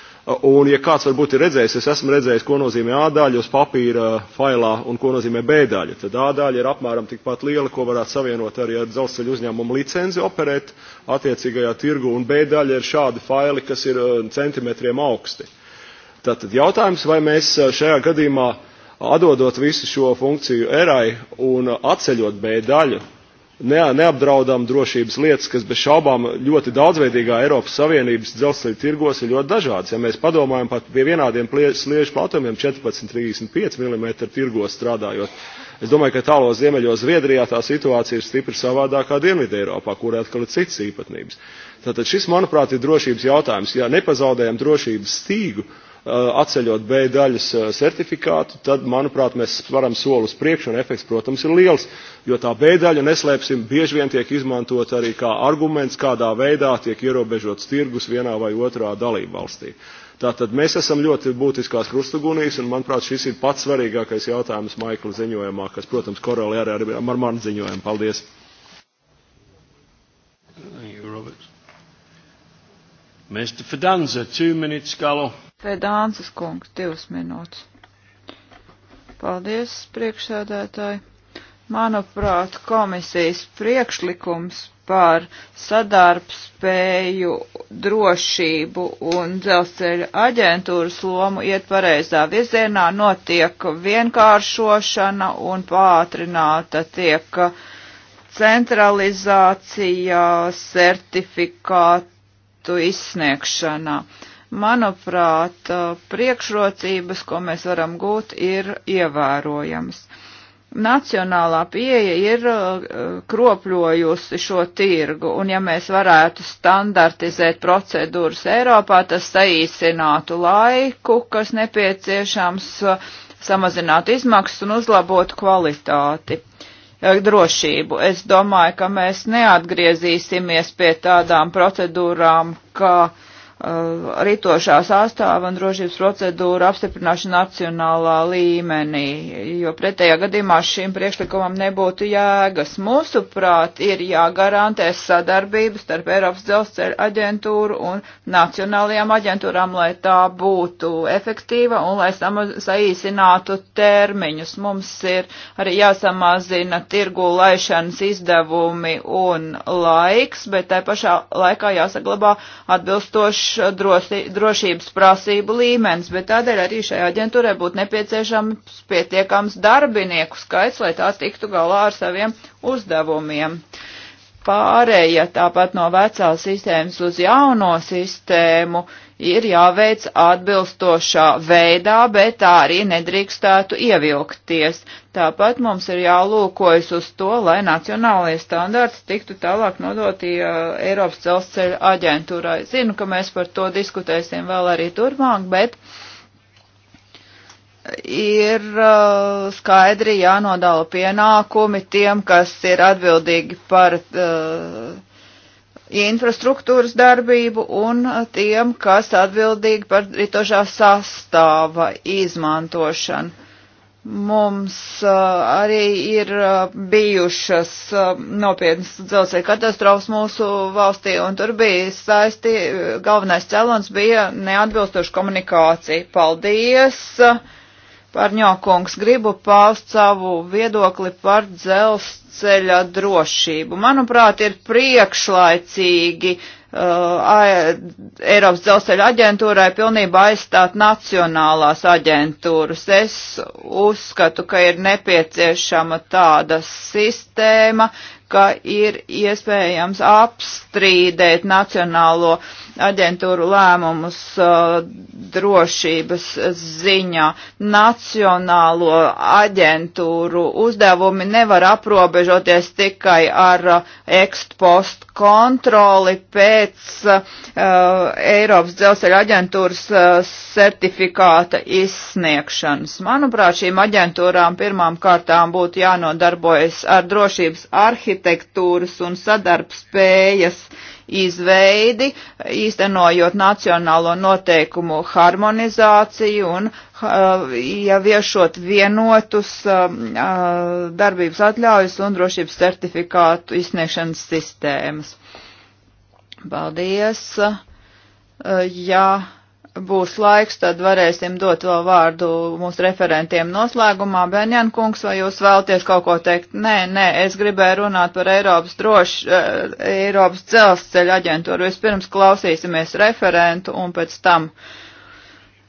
Un, ja kāds varbūt ir redzējis, es esmu redzējis, ko nozīmē A daļa uz papīra failā un ko nozīmē B daļa. Tad A daļa ir apmēram tikpat liela, ko varētu savienot arī ar dzelzceļa uzņēmumu licenzi operēt attiecīgajā tirgu, un B daļa ir šādi faili, kas ir eh, centimetriem augsti. Tātad jautājums, vai mēs eh, šajā gadījumā atdodot visu šo funkciju erai un atceļot B daļu, ne, neapdraudām drošības lietas, kas bez šaubām ļoti daudzveidīgā Eiropas Savienības dzelzceļa tirgos ir ļoti dažādas. Ja mēs padomājam pat pie vienādiem sliežu platumiem 14,35 mm tirgos strādājot, es domāju, ka tālo ziemeļos Zviedrijā tā situācija ir stipri savādākā Dienvidē Eiropā, kur atkal ir citas īpatnības. Tātad šis, manuprāt, ir drošības jautājums. Ja nepazaudējam drošības stīgu, Eh, atceļot B daļas eh, certifikātu, tad, manuprāt, mēs varam soli uz priekšu, un efekts, protams, ir liels, jo tā B daļa, neslēpsim, bieži vien tiek izmantot arī kā arguments, kādā veidā tiek ierobežots tirgus vienā vai otrā dalībvalstī. Tātad mēs esam ļoti būtiskās krustugunīs, un, manuprāt, šis ir pats svarīgākais jautājums Maikla ziņojumā, kas, protams, korelē arī ar, ar manu ziņojumu. Paldies! Thank you, Robert. Mr. Fidanza, two minutes, Gallo. Fedānsas kungs, divas minūtes. Paldies, priekšsēdētāji. Manuprāt, komisijas priekšlikums par sadarbspēju, drošību un dzelzceļa aģentūras lomu iet pareizā virzienā, notiek vienkāršošana un pātrināta tiek centralizācija sertifikātu izsniegšanā. Uh, manuprāt, uh, priekšrocības, ko mēs varam gūt, ir ievērojamas. Nacionālā pieeja ir uh, kropļojusi šo tirgu, un ja mēs varētu standartizēt procedūras Eiropā, tas saīsinātu laiku, kas nepieciešams, uh, samazinātu izmaksas un uzlabotu kvalitāti drošību. Es domāju, ka mēs neatgriezīsimies pie tādām procedūrām, kā Uh, ritošā sastāva un drošības procedūra apstiprināšana nacionālā līmenī, jo pretējā gadījumā šim priekšlikumam nebūtu jēgas. Mūsuprāt, ir jāgarantē sadarbība starp Eiropas dzelzceļa aģentūru un nacionālajām aģentūrām, lai tā būtu efektīva un lai saīsinātu termiņus. Mums ir arī jāsamazina tirgu laišanas izdevumi un laiks, bet tai pašā laikā jāsaglabā atbilstoši Uh, drošības prasību līmenis, bet tādēļ arī šai aģentūrai būtu nepieciešams pietiekams darbinieku skaits, lai tā tiktu galā ar saviem uzdevumiem. Pārēja tāpat no vecās sistēmas uz jauno sistēmu uh, ir jāveic atbilstošā veidā, bet tā arī nedrīkstētu ievilkties. Tāpat mums ir jālūkojas uz to, lai nacionālajie standarti tiktu tālāk nodoti uh, Eiropas dzelzceļa aģentūrai. Zinu, ka mēs par to diskutēsim vēl arī turpmāk, bet ir uh, skaidri jānodala pienākumi tiem, kas ir atbildīgi par uh, infrastruktūras darbību un uh, tiem, kas atbildīgi par ritošā sastāva izmantošanu. Mums uh, arī ir uh, bijušas nopietnas dzelzceļa katastrofas mūsu valstī, un tur bija saisti, galvenais cēlons bija neatbilstoša komunikācija. Paldies! Parņokungs, gribu paust savu viedokli par dzelzceļa drošību. Manuprāt, ir priekšlaicīgi uh, Eiropas dzelzceļa aģentūrai pilnībā aizstāt nacionālās aģentūras. Es uzskatu, ka ir nepieciešama tāda sistēma, ka ir iespējams apstrīdēt nacionālo uh, aģentūru lēmumus uh, drošības ziņā. Nacionālo aģentūru uzdevumi nevar aprobežoties tikai ar uh, ekstpost kontroli pēc uh, Eiropas dzelzceļa aģentūras uh, certifikāta izsniegšanas. Manuprāt, šīm aģentūrām pirmām kārtām būtu jānodarbojas ar drošības arhitektūras un sadarbspējas izveidi, īstenojot nacionālo noteikumu harmonizāciju un ieviešot ja vienotus um, uh, darbības atļaujas un drošības certifikātu izsniegšanas sistēmas. Paldies! Jā. Uh, ja būs laiks, tad varēsim dot vēl vārdu mūsu referentiem noslēgumā. Benjan kungs, vai jūs vēlties kaut ko teikt? Nē, nē, es gribēju runāt par Eiropas droš, eh, Eiropas dzelzceļa aģentūru. Vispirms klausīsimies referentu un pēc tam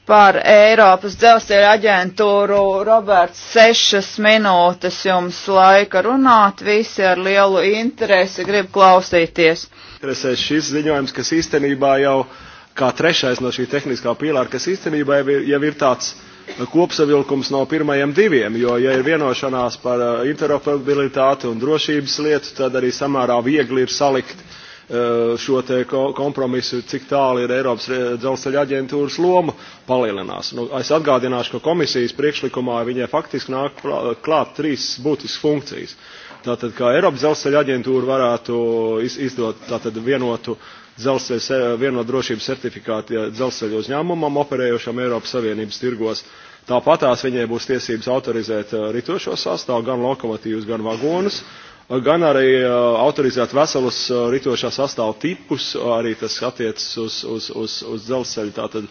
par Eiropas dzelzceļa aģentūru. Roberts, sešas minūtes jums laika runāt. Visi ar lielu interesi grib klausīties. Interesēs šis ziņojums, kas īstenībā jau kā trešais no šī tehniskā pīlāra, kas īstenībā jau ir, jau ir tāds uh, kopsavilkums no pirmajiem diviem, jo, ja ir vienošanās par uh, interoperabilitāti un drošības lietu, tad arī samērā viegli ir salikt uh, šo te kompromisu, cik tālu ir Eiropas dzelzceļa aģentūras loma palielinās. Nu, es atgādināšu, ka komisijas priekšlikumā viņai faktiski nāk klāt trīs būtiskas funkcijas. Tātad, kā Eiropas dzelzceļa aģentūra varētu izdot tātad vienotu uh, dzelzceļa vieno drošības certifikātu dzelzceļa uzņēmumam operējošam Eiropas Savienības tirgos. Tāpat tās viņai būs tiesības autorizēt uh, ritošo sastāvu, gan lokomotīvus, gan vagonus, Eh, gan arī eh, autorizēt veselus eh, ritošā sastāvu tipus, arī tas attiecas uz, uz, uz, uz dzelzceļu, tātad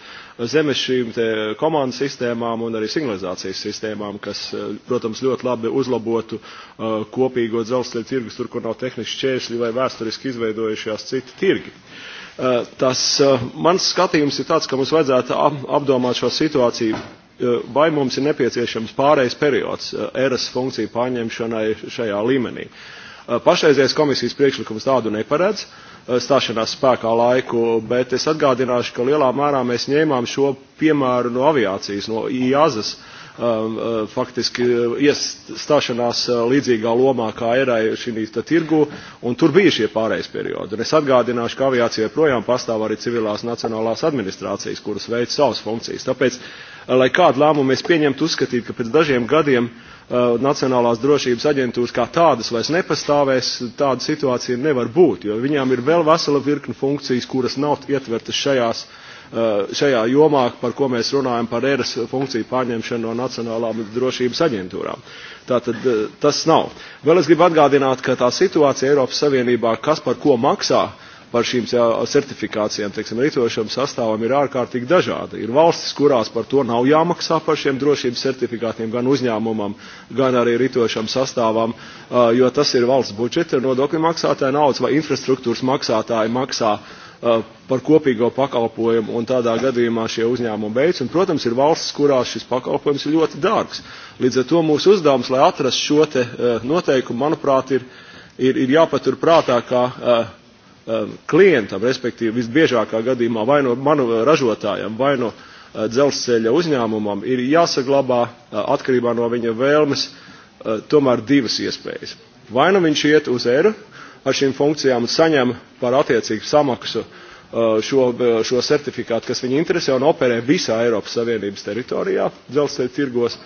zemes šīm te komandas sistēmām un arī signalizācijas sistēmām, kas, protams, ļoti labi uzlabotu kopīgo dzelzceļu tirgus, tur, kur nav tehniski šķēršļi vai vēsturiski izveidojušās citi tirgi. Tas mans skatījums ir tāds, ka mums vajadzētu apdomāt šo situāciju Eh, vai mums ir nepieciešams pārējais periods eh, eras funkciju pārņemšanai šajā līmenī. Eh, Pašreizies komisijas priekšlikums tādu neparedz stāšanās spēkā laiku, bet es atgādināšu, ka lielā mērā mēs ņēmām šo piemēru no aviācijas, no IAZas, uh, Um, uh, faktiski uh, iestāšanās uh, līdzīgā lomā kā erai šī tirgu, un tur bija šie pārējais periodi. Un es atgādināšu, ka aviācijai projām pastāv arī civilās nacionālās administrācijas, kuras veic savas funkcijas. Tāpēc, lai kādu lēmumu mēs pieņemtu, uzskatīt, ka pēc dažiem gadiem uh, Nacionālās drošības aģentūras kā tādas vairs nepastāvēs, tāda situācija nevar būt, jo viņām ir vēl vesela virkni funkcijas, kuras nav ietvertas šajās uh, Eh, šajā jomā, par ko mēs runājam, par eras funkciju pārņemšanu no nacionālām drošības aģentūrām. Tātad eh, tas nav. Vēl es gribu atgādināt, ka tā situācija Eiropas Savienībā, kas par ko maksā, par šīm certifikācijām, teiksim, rītošam sastāvam ir ārkārtīgi dažādi. Ir valstis, kurās par to nav jāmaksā par šiem drošības certifikātiem gan uzņēmumam, gan arī rītošam sastāvam, eh, jo tas ir valsts budžeta nodokļu maksātāja naudas vai infrastruktūras maksātāja maksā. Uh, Uh, par kopīgo pakalpojumu, un tādā gadījumā šie uzņēmumi beidz. Un, protams, ir valstis, kurās šis pakalpojums ir ļoti dārgs. Līdz ar to mūsu uzdevums, lai atrastu šo te uh, noteikumu, manuprāt, ir, ir, ir jāpatur prātā, ka uh, klientam, respektīvi visbiežākā gadījumā vai no manu ražotājam, vai no dzelzceļa uzņēmumam, ir jāsaglabā atkarībā no viņa vēlmes tomēr divas iespējas. Vai nu viņš iet uz eiro ar šīm funkcijām saņem par attiecīgu samaksu uh, šo, uh, šo certifikātu, kas viņu interesē un operē visā Eiropas Savienības teritorijā, dzelzceļa tirgos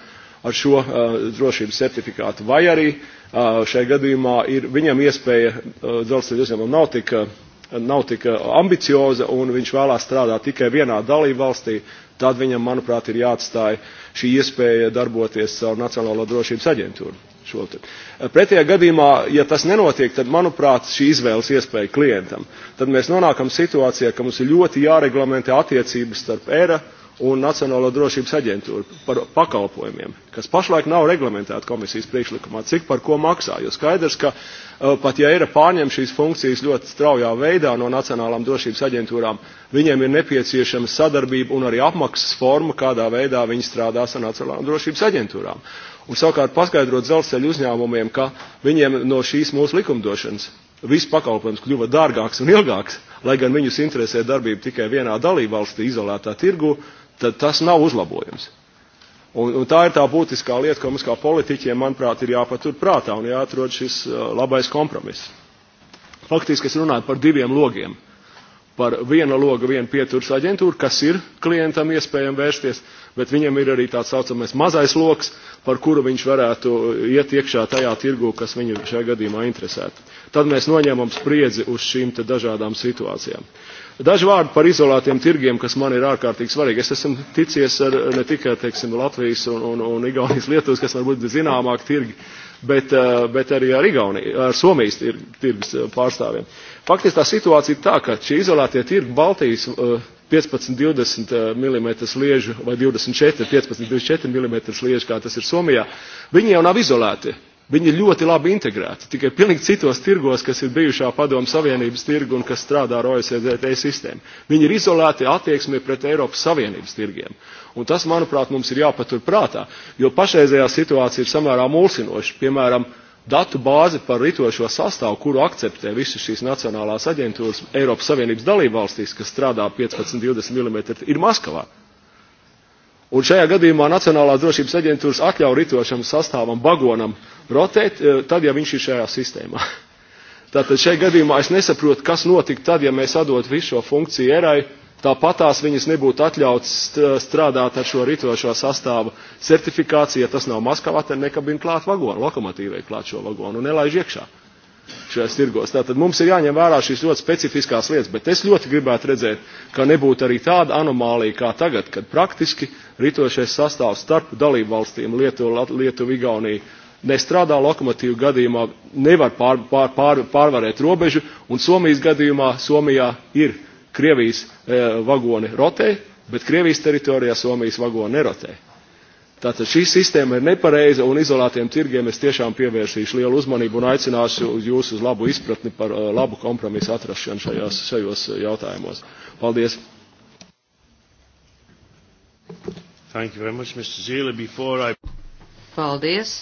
ar šo uh, drošības certifikātu. Vai arī uh, šai gadījumā ir viņam iespēja, uh, dzelzceļa uzņēmumam nav tik, uh, nav tik ambicioza un viņš vēlās strādāt tikai vienā dalību valstī, tad viņam, manuprāt, ir jāatstāja šī iespēja darboties caur Nacionālo drošības aģentūru šo te. Eh, pretējā gadījumā, ja tas nenotiek, tad, manuprāt, šī izvēles iespēja klientam. Tad mēs nonākam situācijā, ka mums ir ļoti jāreglamentē attiecības starp ERA un Nacionālo drošības aģentūru par pakalpojumiem, kas pašlaik nav reglamentēta komisijas priekšlikumā, cik par ko maksā. Jo skaidrs, ka eh, pat ja ERA pārņem šīs funkcijas ļoti straujā veidā no Nacionālām drošības aģentūrām, viņiem ir nepieciešama sadarbība un arī apmaksas forma, kādā veidā viņi strādās ar Nacionālām drošības aģentūrām un savukārt paskaidrot dzelzceļu uzņēmumiem, ka viņiem no šīs mūsu likumdošanas viss pakalpojums kļuva dārgāks un ilgāks, lai gan viņus interesē darbība tikai vienā dalībvalstī izolētā tirgu, tad tas nav uzlabojums. Un, un tā ir tā būtiskā lieta, ko mums kā politiķiem, manuprāt, ir jāpatur prātā un jāatrod šis uh, labais kompromiss. Faktiski es runāju par diviem logiem. Par viena loga, viena pieturas aģentūra, kas ir klientam iespējami vērsties, uh, bet viņam ir arī tāds saucamais mazais loks, par kuru viņš varētu iet iekšā tajā tirgu, kas viņu šajā gadījumā interesētu. Tad mēs noņemam spriedzi uz šīm te dažādām situācijām. Daži vārdi par izolētiem tirgiem, kas man ir ārkārtīgi svarīgi. Es esmu ticies ar ne tikai, teiksim, Latvijas un, un, un Igaunijas Lietuvas, kas varbūt zināmāk tirgi, bet, eh, bet arī ar, Igauni, ar Somijas tirgus eh, pārstāvjiem. Faktiski tā situācija ir tā, ka šie izolētie tirgi Baltijas uh, 15, 20 mm sliežu vai 24, 15, 24 mm sliežu, kā tas ir Somijā, viņi jau nav izolēti. Viņi ir ļoti labi integrēti, tikai pilnīgi citos tirgos, kas ir bijušā padomu savienības tirgu un kas strādā ar OECD sistēmu. Viņi ir izolēti attieksmē pret Eiropas Savienības tirgiem. Un tas, manuprāt, mums ir jāpatur prātā, jo pašreizējā situācija ir samērā mulsinoša. Piemēram, uh, datu bāzi par ritošo sastāvu, kuru akceptē visas šīs nacionālās aģentūras Eiropas Savienības dalībvalstīs, kas strādā 15-20 mm, ir Maskavā. Un šajā gadījumā Nacionālās drošības aģentūras atļauj ritošam sastāvam, bagonam rotēt, eh, tad, ja viņš ir šajā sistēmā. Tātad šajā gadījumā es nesaprotu, kas notika tad, ja mēs atdot visu šo funkciju erai Tāpat tās viņas nebūtu atļauts strādāt ar šo ritošo sastāvu certifikāciju, ja tas nav Maskavā, tad nekabina klāt vagonu, lokomotīvai klāt šo vagonu un nelaiž iekšā šajās tirgos. Tātad mums ir jāņem vērā šīs ļoti specifiskās lietas, bet es ļoti gribētu redzēt, ka nebūtu arī tāda anomālija kā tagad, kad praktiski ritošais sastāvs starp dalību valstīm Lietuva, Lietuva, Igaunija nestrādā lokomotīvu gadījumā, nevar pār, pār, pār, pārvarēt robežu, un Somijas gadījumā Somijā ir Krievijas e, vagoni rotē, bet Krievijas teritorijā Somijas vagoni nerotē. Tātad šī sistēma ir nepareiza un izolētiem tirgiem es tiešām pievērsīšu lielu uzmanību un aicināšu jūs uz labu izpratni par e, labu kompromisu atrašanu šajos, šajos jautājumos. Paldies! Thank you very much, Mr. Zīle. Before I... Paldies!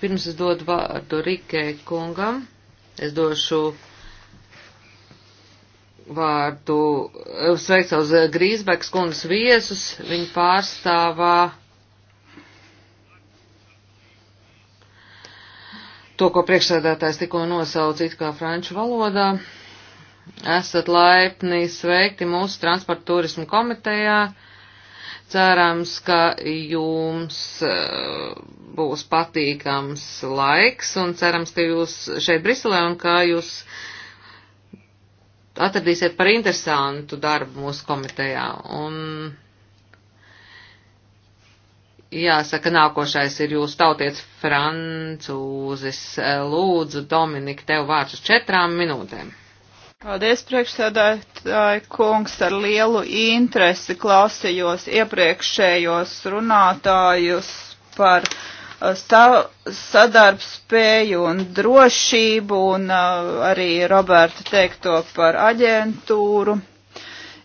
Pirms es dodu vārdu Rikē kungam, es došu vārdu eh, sveikt savus eh, Grīsbekas kundas viesus. Viņa pārstāvā to, ko priekšsēdētājs tikko nosauca it kā franču valodā. Esat laipni sveikti mūsu transporta turismu komitejā. Cerams, ka jums eh, būs patīkams laiks un cerams, ka jūs šeit Briselē un ka jūs uh, atradīsiet par interesantu darbu mūsu komitejā. Un jāsaka, nākošais ir jūsu tautietis francūzis. Lūdzu, Dominika, tev vārds uz četrām minūtēm. Paldies, priekšsēdētāji kungs, ar lielu interesi klausījos iepriekšējos runātājus par uh, sadarbspēju un drošību un uh, arī Roberta teikto par aģentūru.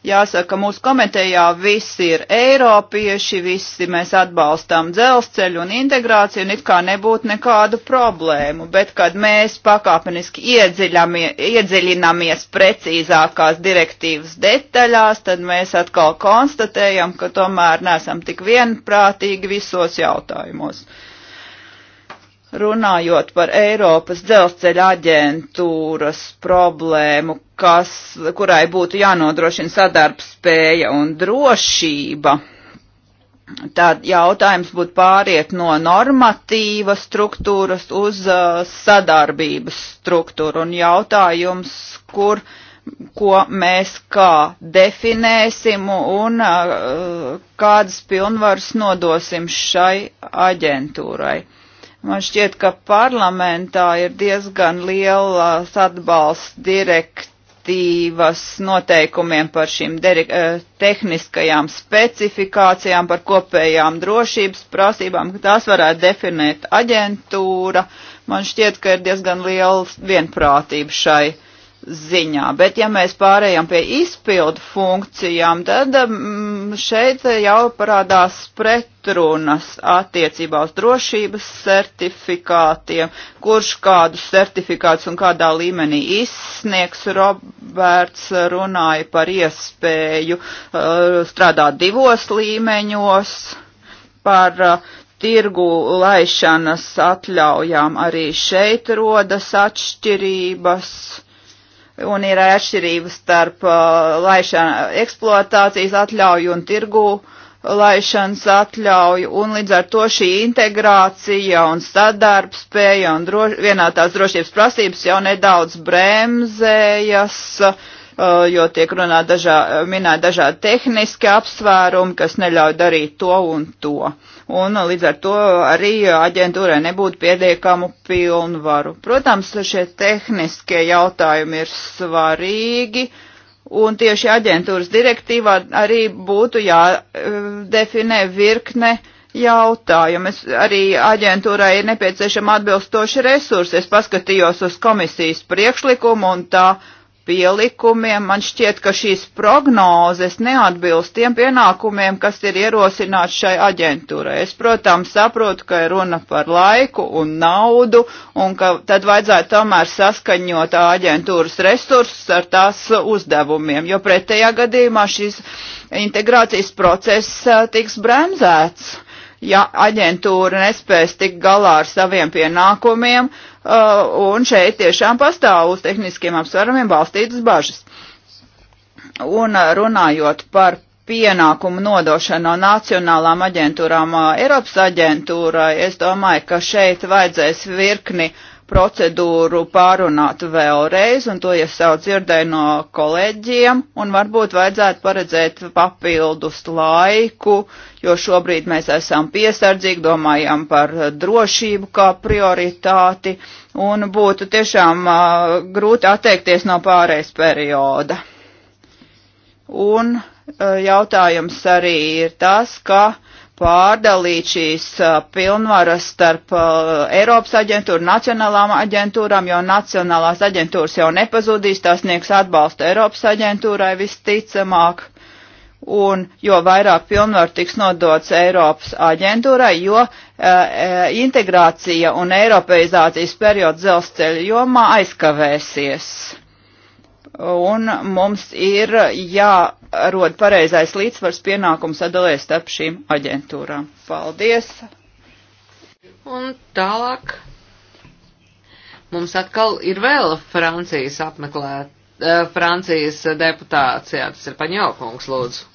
Jāsaka, mūsu komitejā visi ir eiropieši, visi mēs atbalstām dzelzceļu un integrāciju, un it kā nebūtu nekādu problēmu, bet kad mēs pakāpeniski iedziļināmies precīzākās direktīvas detaļās, tad mēs atkal konstatējam, ka tomēr nesam tik vienprātīgi visos jautājumos runājot par Eiropas dzelzceļa aģentūras problēmu, kas, kurai būtu jānodrošina sadarbspēja un drošība, tad jautājums būtu pāriet no normatīvas struktūras uz uh, sadarbības struktūru un jautājums, kur ko mēs kā definēsim un uh, kādas pilnvaras nodosim šai aģentūrai. Uh, Man šķiet, ka parlamentā ir diezgan liels atbalsts direktīvas noteikumiem par šīm eh, tehniskajām specifikācijām, par kopējām drošības prasībām, ka tās varētu definēt aģentūra. Man šķiet, ka ir diezgan liels vienprātība šai ziņā. Bet ja mēs pārējām pie izpildu funkcijām, tad mm, šeit jau parādās pretrunas attiecībā uz drošības certifikātiem, kurš kādus certifikātus un kādā līmenī izsniegs. Roberts runāja par iespēju uh, strādāt divos līmeņos, par uh, tirgu laišanas atļaujām arī šeit rodas atšķirības un ir atšķirības starp uh, laišana eksploatācijas atļauju un tirgu laišanas atļauju, un līdz ar to šī integrācija un sadarbspēja un droš, vienā tās drošības prasības jau nedaudz bremzējas, uh, jo tiek runā dažā, minē dažādi tehniski apsvērumi, kas neļauj darīt to un to. Uh, un līdz ar to arī aģentūrai nebūtu pietiekamu pilnvaru. Protams, šie tehniskie jautājumi ir svarīgi, un tieši aģentūras direktīvā arī būtu jādefinē virkne jautājumu. Es arī aģentūrai ir nepieciešama atbilstoši resursi. Es paskatījos uz komisijas priekšlikumu un tā pielikumiem. Man šķiet, ka šīs prognozes neatbilst tiem pienākumiem, kas ir ierosināts šai aģentūrai. Es, protams, saprotu, ka ir runa par laiku un naudu, un ka tad vajadzētu tomēr saskaņot aģentūras resursus ar tās uzdevumiem, jo pretējā gadījumā šis integrācijas process tiks bremzēts ja aģentūra nespēs tikt galā ar saviem pienākumiem, uh, un šeit tiešām pastāv uz tehniskiem apsvērumiem balstītas bažas. Un uh, runājot par pienākumu nodošanu no nacionālām aģentūrām uh, Eiropas aģentūrai, es domāju, ka šeit vajadzēs virkni uh, procedūru pārunāt vēlreiz, un to es jau dzirdēju no kolēģiem, un varbūt vajadzētu paredzēt papildus laiku, jo šobrīd mēs esam piesardzīgi, domājam par drošību kā prioritāti, un būtu tiešām uh, grūti atteikties no pārējais perioda. Un uh, jautājums arī ir tas, ka pārdalīt šīs uh, pilnvaras starp uh, Eiropas aģentūru, nacionālām aģentūrām, jo nacionālās aģentūras jau nepazudīs, tās sniegs atbalstu Eiropas aģentūrai visticamāk. Un jo vairāk pilnvaru tiks nodots Eiropas aģentūrai, jo e, integrācija un eiropeizācijas periods dzelzceļa jomā aizkavēsies un mums ir jārod pareizais līdzsvars pienākumu sadalē starp šīm aģentūrām. Paldies! Un tālāk mums atkal ir vēl Francijas apmeklēt, eh, Francijas deputācijā, tas ir Paņokungs, lūdzu.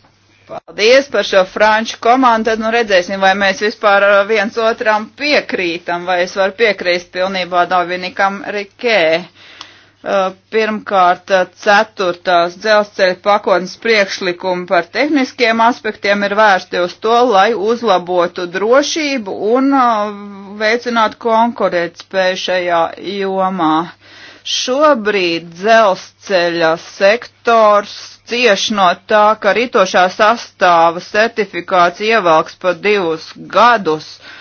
Paldies par šo franču komandu, tad nu redzēsim, vai mēs vispār eh, viens otram piekrītam, vai es varu piekrīst pilnībā Dominikam Rikē. Uh, Uh, pirmkārt, uh, ceturtās dzelzceļa pakotnes priekšlikumi par tehniskiem aspektiem ir vērsti uz to, lai uzlabotu drošību un uh, veicinātu konkurētspēju šajā jomā. Šobrīd dzelzceļa sektors cieš no tā, ka ritošā sastāva certifikācija ievelks pa divus gadus. Uh,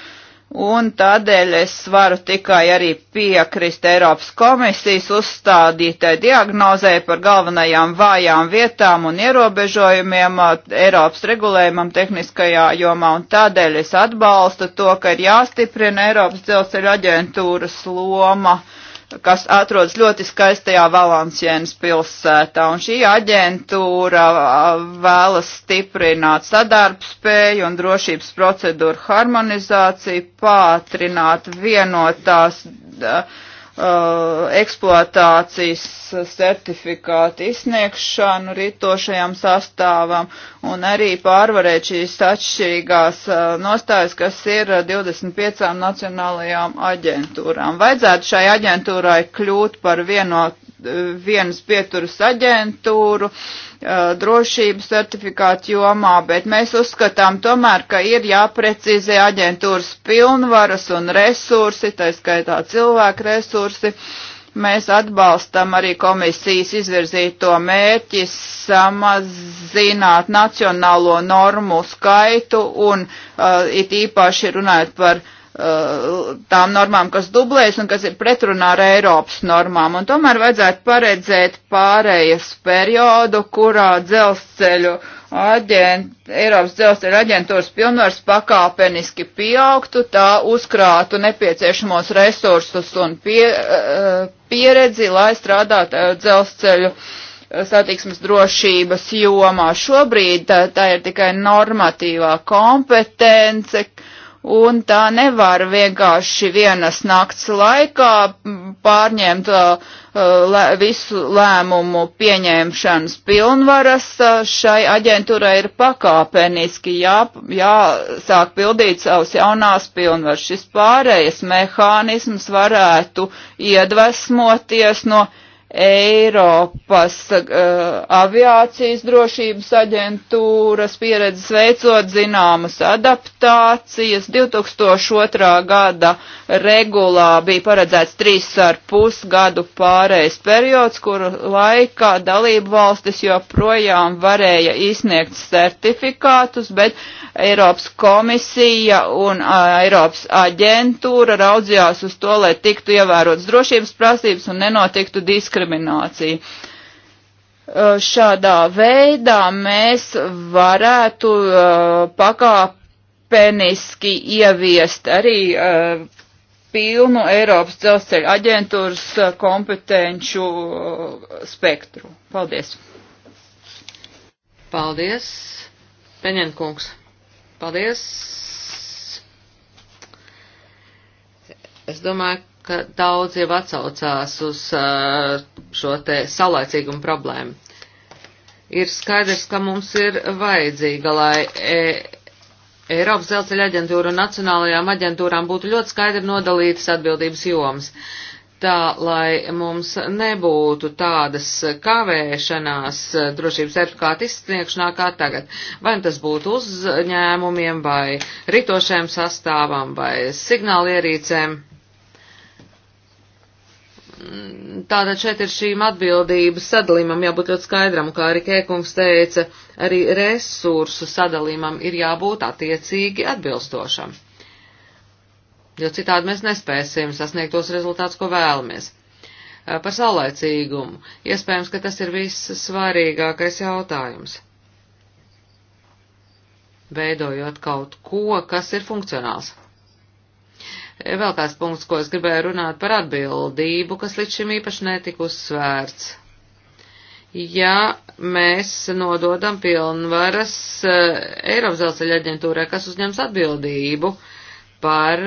un tādēļ es varu tikai arī piekrist Eiropas komisijas uzstādītai diagnozē par galvenajām vājām vietām un ierobežojumiem uh, Eiropas regulējumam tehniskajā jomā, un tādēļ es atbalstu to, ka ir jāstiprina Eiropas dzelzceļa aģentūras loma. Uh, kas atrodas ļoti skaistajā Valencienas pilsētā. Un šī aģentūra vēlas stiprināt sadarbspēju un drošības procedūru harmonizāciju, pātrināt vienotās. Uh, Uh, eksploatācijas certifikātu izsniegšanu ritošajām sastāvam un arī pārvarēt šīs atšķirīgās uh, nostājas, kas ir 25 uh, nacionālajām aģentūrām. Vajadzētu šai aģentūrai kļūt par vienot vienas pieturas aģentūru drošības certifikātu jomā, bet mēs uzskatām tomēr, ka ir jāprecizē aģentūras pilnvaras un resursi, tā skaitā cilvēku resursi. Mēs atbalstam arī komisijas izvirzīto mērķi samazināt nacionālo normu skaitu un uh, it īpaši runājot par uh, Uh, tām normām, kas dublējas un kas ir pretrunā ar Eiropas normām. Un tomēr vajadzētu paredzēt pārējas periodu, kurā dzelzceļu aģent, Eiropas dzelzceļu aģentūras pilnvars pakāpeniski pieaugtu, tā uzkrātu nepieciešamos resursus un pie, uh, pieredzi, lai strādātu uh, dzelzceļu satiksmes drošības jomā. Šobrīd tā, tā ir tikai normatīvā kompetence, uh, un tā nevar vienkārši vienas nakts laikā pārņemt uh, uh lē, visu lēmumu pieņemšanas pilnvaras. Uh, šai aģentūrai ir pakāpeniski jā, jāsāk pildīt savus jaunās pilnvaras. Šis pārējais mehānisms varētu iedvesmoties no Eiropas uh, aviācijas drošības aģentūras pieredzes veicot zināmas adaptācijas. 2002. gada regulā bija paredzēts 3,5 gadu pārējais periods, kuru laikā dalību valstis joprojām varēja izsniegt certifikātus, bet Eiropas komisija un uh, Eiropas aģentūra raudzījās uz to, lai tiktu ievērotas drošības prasības un nenotiktu diskriminācija diskrimināciju. Uh, šādā veidā mēs varētu uh, pakāpeniski ieviest arī uh, pilnu Eiropas dzelzceļa aģentūras kompetenču spektru. Paldies! Paldies, Peņenkungs! Paldies! Es domāju, ka daudz jau atsaucās uz uh, šo te saulēcīgumu problēmu. Ir skaidrs, ka mums ir vajadzīga, lai e Eiropas dzelzceļa aģentūra un nacionālajām aģentūrām būtu ļoti skaidri nodalītas atbildības jomas. Tā, lai mums nebūtu tādas kavēšanās uh, drošības certifikāta izsniegšanā kā tagad. Vai nu tas būtu uzņēmumiem, vai ritošajam sastāvam, vai signālierīcēm. Tātad šeit ir šīm atbildības sadalījumam jābūt ļoti skaidram, kā arī Kēkungs teica, arī resursu sadalījumam ir jābūt attiecīgi atbilstošam. Jo citādi mēs nespēsim sasniegt tos rezultātus, ko vēlamies. Par saulēcīgumu. Iespējams, ka tas ir viss svarīgākais jautājums. Veidojot kaut ko, kas ir funkcionāls. Vēl kāds punkts, ko es gribēju runāt par atbildību, kas līdz šim īpaši netika uzsvērts. Ja mēs nododam pilnvaras eh, Eiropas dzelzceļa aģentūrai, kas uzņems atbildību par,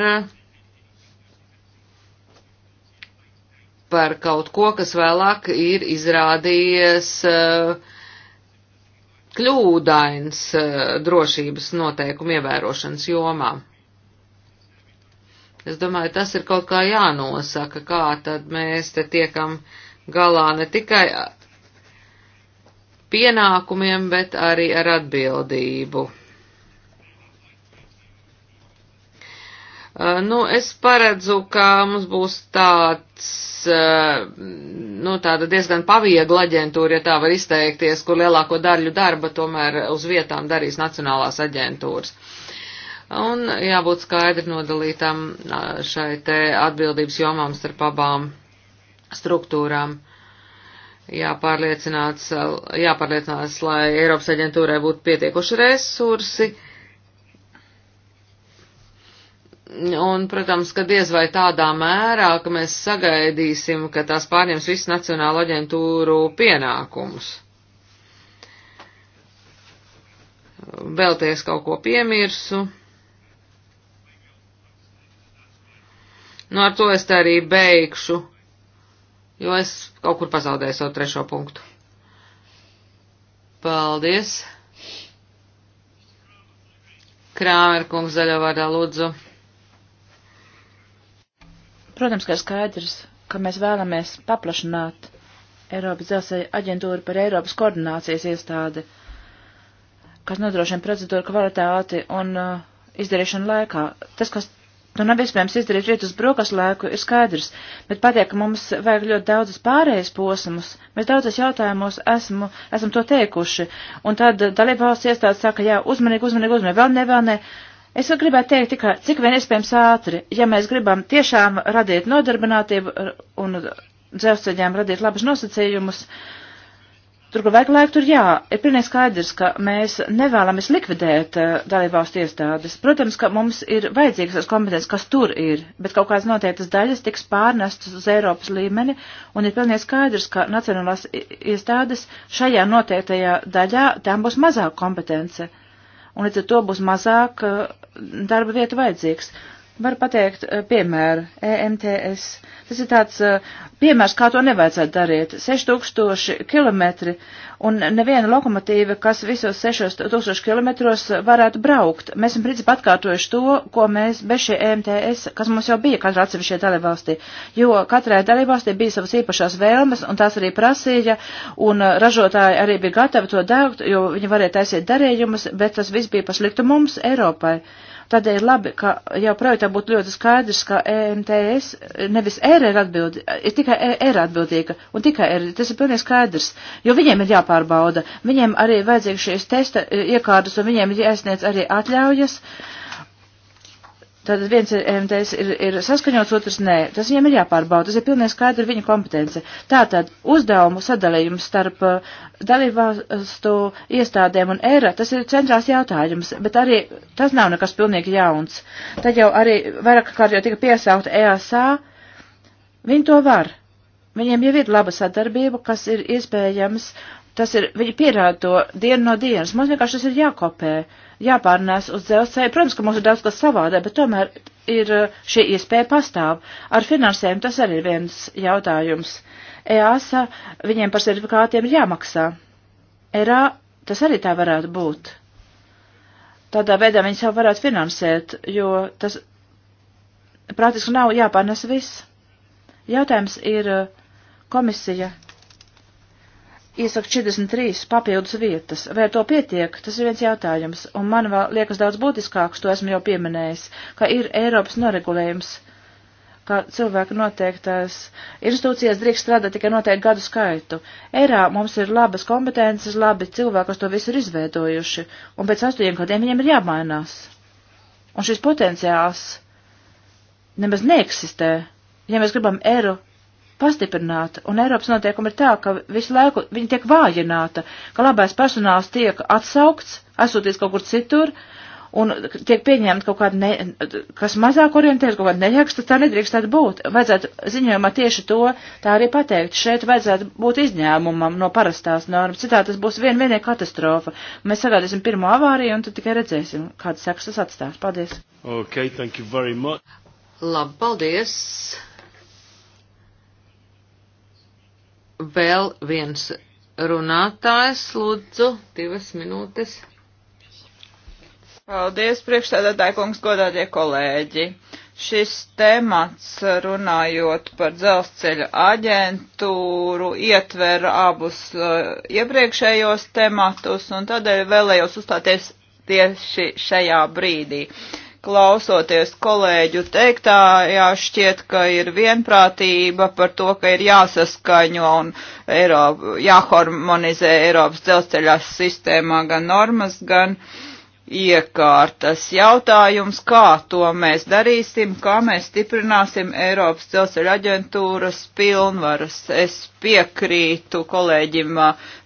par kaut ko, kas vēlāk ir izrādījies uh, kļūdains eh, drošības noteikumu ievērošanas jomā. Es domāju, tas ir kaut kā jānosaka, kā tad mēs te tiekam galā ne tikai pienākumiem, bet arī ar atbildību. Uh, nu, es paredzu, ka mums būs tāds, uh, nu, tāda diezgan paviegla aģentūra, ja tā var izteikties, kur lielāko daļu darba tomēr uz vietām darīs nacionālās aģentūras. Uh, un jābūt skaidri nodalītam šai te atbildības jomām starp abām struktūrām. Jāpārliecinās, jāpārliecinās, lai Eiropas aģentūrai būtu pietiekuši resursi. Un, protams, ka diez vai tādā mērā, ka mēs sagaidīsim, ka tās pārņems visu nacionālu aģentūru pienākumus. Vēlties kaut ko piemirsu. Nu, ar to es te arī beigšu, jo es kaut kur pazaudēju savu trešo punktu. Paldies! Krāmer kungs zaļo vārdā lūdzu. Protams, ka skaidrs, ka mēs vēlamies paplašināt Eiropas dzelzceļa aģentūru par Eiropas koordinācijas iestādi, kas nodrošina procedūru kvalitāti un uh, izdarīšanu laikā. Tas, kas Nu, nav iespējams izdarīt rīt uz brokastu laiku, ir skaidrs, bet patiek, ka mums vajag ļoti daudzas pārējais posmus. Mēs daudzas jautājumos esmu, esam to teikuši, un tad dalībvalsts iestādes saka, jā, uzmanīgi, uzmanīgi, uzmanīgi, vēl ne, vēl ne. Es gribētu teikt tikai, cik vien iespējams ātri, ja mēs gribam tiešām radīt nodarbinātību un dzelzceļām radīt labus nosacījumus, uh, Tur, kur vajag laiku, tur jā, ir pilnīgi skaidrs, ka mēs nevēlamies likvidēt uh, dalībvalstu iestādes. Protams, ka mums ir vajadzīgas tās kompetences, kas tur ir, bet kaut kādas noteiktas daļas tiks pārnestas uz Eiropas līmeni, un ir pilnīgi skaidrs, ka nacionālās iestādes šajā noteiktajā daļā tām būs mazāk kompetence, un līdz ar to būs mazāk uh, darba vietu vajadzīgs. Uh, Var pateikt, eh, piemēru, EMTS. Tas ir tāds eh, piemērs, kā to nevajadzētu darīt. 6000 km un neviena lokomotīva, kas visos 6000 km varētu braukt. Mēs esam principā atkārtojuši to, ko mēs bez šie EMTS, kas mums jau bija katrā atsevišķajā dalībvalstī, jo katrai dalībvalstī bija savas īpašās vēlmes un tās arī prasīja, un eh, ražotāji arī bija gatavi to dēgt, jo viņi varēja taisīt darījumus, bet tas viss bija pasliktu mums Eiropai Tādēļ labi, ka jau projektā būtu ļoti skaidrs, ka EMTS nevis R ir atbildīga, ir tikai e, R atbildīga un tikai R. Tas ir pilnīgi skaidrs, jo viņiem ir jāpārbauda. Viņiem arī vajadzīga šīs testa e, iekārtas un viņiem ir jāsniedz arī atļaujas. Uh, Tātad viens ir MTS ir, ir saskaņots, otrs nē. Tas viņiem ir jāpārbauda, tas ir pilnīgi skaidri viņa kompetence. Tātad uzdevumu sadalījums starp uh, dalībvalstu iestādēm un ERA, tas ir centrās jautājums, bet arī tas nav nekas pilnīgi jauns. Tad jau arī vairāk kārt jau tika piesaukt EASA, viņi to var. Viņiem jau ir laba sadarbība, kas ir iespējams, tas ir, viņi pierāda to dienu no dienas. Mums vienkārši tas ir jākopē. Uh, jāpārnēs uz dzelzceļu. Protams, ka mums ir daudz kas savādē, bet tomēr ir eh, šī iespēja pastāv. Ar finansēm tas arī ir viens jautājums. EASA viņiem par sertifikātiem ir jāmaksā. ERA tas arī tā varētu būt. Tādā veidā viņi jau varētu finansēt, jo tas praktiski nav jāpārnes viss. Jautājums ir eh, komisija iesaka 43 papildus vietas. Vai to pietiek? Tas ir viens jautājums, un man vēl liekas daudz būtiskāks, to esmu jau pieminējis, ka ir Eiropas noregulējums, ka cilvēki noteiktās institūcijās drīkst strādāt tikai noteikti gadu skaitu. Eirā mums ir labas kompetences, labi cilvēki, kas to visu ir izveidojuši, un pēc astoņiem gadiem viņiem ir jāmainās. Un šis potenciāls nemaz neeksistē. Ja mēs gribam Eiropu pastiprināta, un Eiropas notiekuma ir tā, ka visu laiku viņa tiek vājināta, ka labais personāls tiek atsaukts, aizsūtīts kaut kur citur, un tiek pieņemta kaut kāda, ne, kas mazāk orientēta, kaut kāda neļaksta, tā nedrīkst tāda būt. Vajadzētu ziņojumā tieši to tā arī pateikt. Šeit vajadzētu būt izņēmumam no parastās normas, citā tas būs vien vienīga katastrofa. Mēs sagādāsim pirmo avāriju, un tad tikai redzēsim, kādas sekas tas atstās. Paldies! Okay, thank you very much. Labi, paldies! vēl viens runātājs, lūdzu, divas minūtes. Paldies, priekšstādātāji kungs, godātie kolēģi. Šis temats, runājot par dzelzceļa aģentūru, ietver abus uh, iepriekšējos tematus, un tādēļ vēlējos uzstāties tieši šajā brīdī. Uh, klausoties kolēģu teiktā, jāšķiet, ka ir vienprātība par to, ka ir jāsaskaņo un Eiropa, jāharmonizē Eiropas dzelzceļās sistēmā gan normas, gan uh, iekārtas. Jautājums, kā to mēs darīsim, kā mēs stiprināsim Eiropas dzelzceļa aģentūras pilnvaras. Es piekrītu kolēģim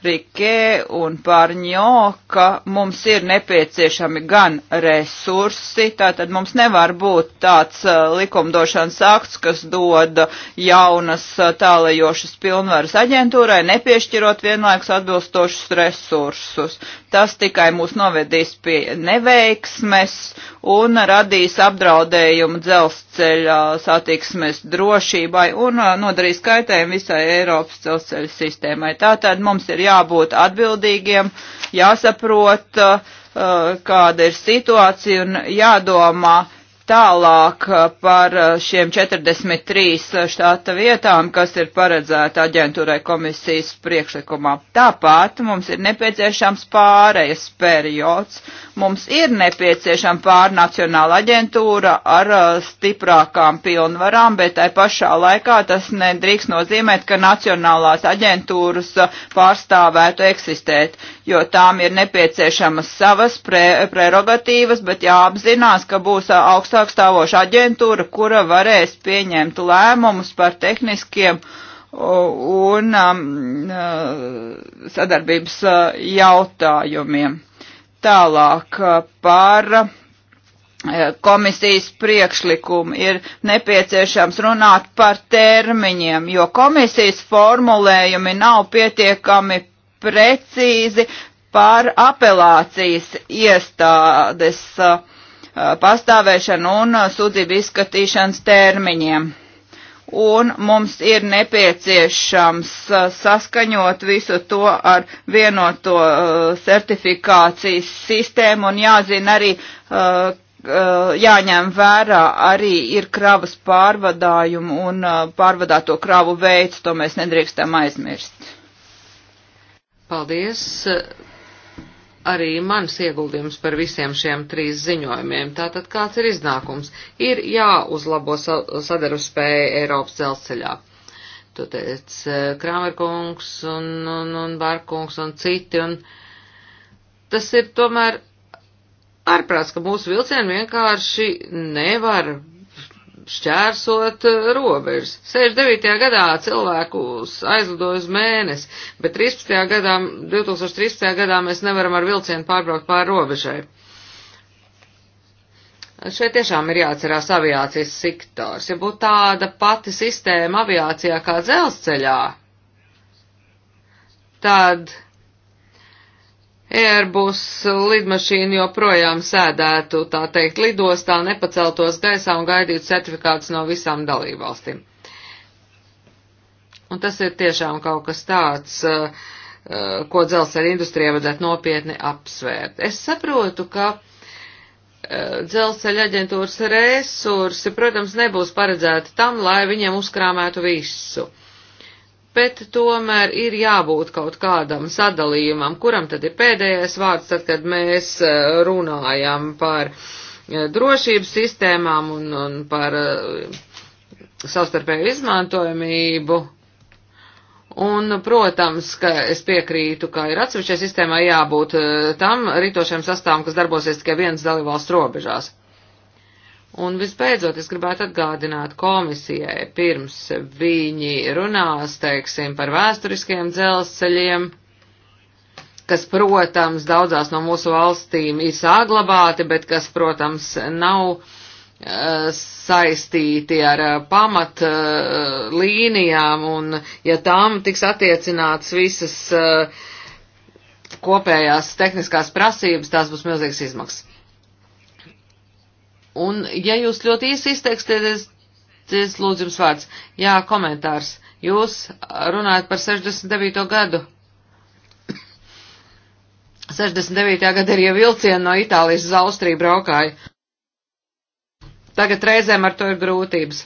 Rikē un Pārņo, ka mums ir nepieciešami gan resursi, tātad mums nevar būt tāds uh, likumdošanas akts, kas dod jaunas uh, tālajošas pilnvaras aģentūrai, nepiešķirot vienlaikus atbilstošus resursus. Tas tikai mūs novedīs pie neveiksmes un radīs apdraudējumu dzelzceļa satiksmes drošībai un uh, nodarīs kaitējumu visai Eiropas dzelzceļa sistēmai. Tātad mums ir jābūt atbildīgiem, jāsaprot, uh, kāda ir situācija un jādomā, Tālāk uh, par uh, šiem 43 uh, štata vietām, kas ir paredzēta aģentūrai komisijas priekšlikumā. Tāpat mums ir nepieciešams pārējas periods. Mums ir nepieciešama pārnacionāla aģentūra ar stiprākām pilnvarām, bet tai pašā laikā tas nedrīkst nozīmēt, ka nacionālās aģentūras pārstāvētu eksistēt jo tām ir nepieciešamas savas pre prerogatīvas, bet jāapzinās, ka būs augstāk stāvoša aģentūra, kura varēs pieņemt lēmumus par tehniskiem un um, sadarbības jautājumiem. Tālāk par komisijas priekšlikumu ir nepieciešams runāt par termiņiem, jo komisijas formulējumi nav pietiekami precīzi par apelācijas iestādes uh, pastāvēšanu un uh, sūdzību izskatīšanas termiņiem un mums ir nepieciešams uh, saskaņot visu to ar vienoto certifikācijas sistēmu un jāzina arī, jāņem vērā arī ir kravas pārvadājumu un pārvadāto kravu veids, to mēs nedrīkstam aizmirst. Paldies! Arī mans ieguldījums par visiem šiem trīs ziņojumiem. Tātad kāds ir iznākums? Ir jāuzlabo sadarbspēja Eiropas dzelzceļā. To teica eh, Kramerkungs un, un, un Barkungs un citi. Un tas ir tomēr ārprāts, ka mūsu vilcieni vienkārši nevar šķērsot eh, robežas. 69. gadā cilvēkus aizlidoja uz mēnesi, bet 13. gadā, 2013. gadā mēs nevaram ar vilcienu pārbraukt pāri robežai. Šeit tiešām ir jāatcerās aviācijas sektors. Ja būtu tāda pati sistēma aviācijā kā dzelzceļā, tad Airbus lidmašīna joprojām sēdētu, tā teikt, lidostā, nepaceltos gaisā un gaidītu certifikātus no visām dalībvalstīm. Un tas ir tiešām kaut kas tāds, eh, eh, ko dzelzceļa industrijai vajadzētu nopietni apsvērt. Es saprotu, ka eh, dzelzceļa aģentūras resursi, protams, nebūs paredzēti tam, lai viņiem uzkrāmētu visu bet tomēr ir jābūt kaut kādam sadalījumam, kuram tad ir pēdējais vārds, tad, kad mēs eh, runājam par eh, drošības sistēmām un, un par eh, savstarpēju izmantojamību. Un, protams, ka es piekrītu, ka ir atsevišķai sistēmai jābūt tam rītošajam sastāvam, kas darbosies tikai vienas dalībvalsts robežās. Un visbeidzot, es gribētu atgādināt komisijai, pirms viņi runās, teiksim, par vēsturiskiem dzelzceļiem, kas, protams, daudzās no mūsu valstīm ir saglabāti, bet kas, protams, nav uh, saistīti ar uh, pamat uh, līnijām, un ja tām tiks attiecināts visas kopējās tehniskās prasības, tās būs milzīgas izmaksas. Un, ja jūs ļoti īsi izteiksieties, es lūdzu jums vārds. Jā, komentārs. Jūs runājat par 69. gadu. 69. gada arī vilcieni no Itālijas uz Austriju braukāja. Tagad reizēm ar to ir grūtības.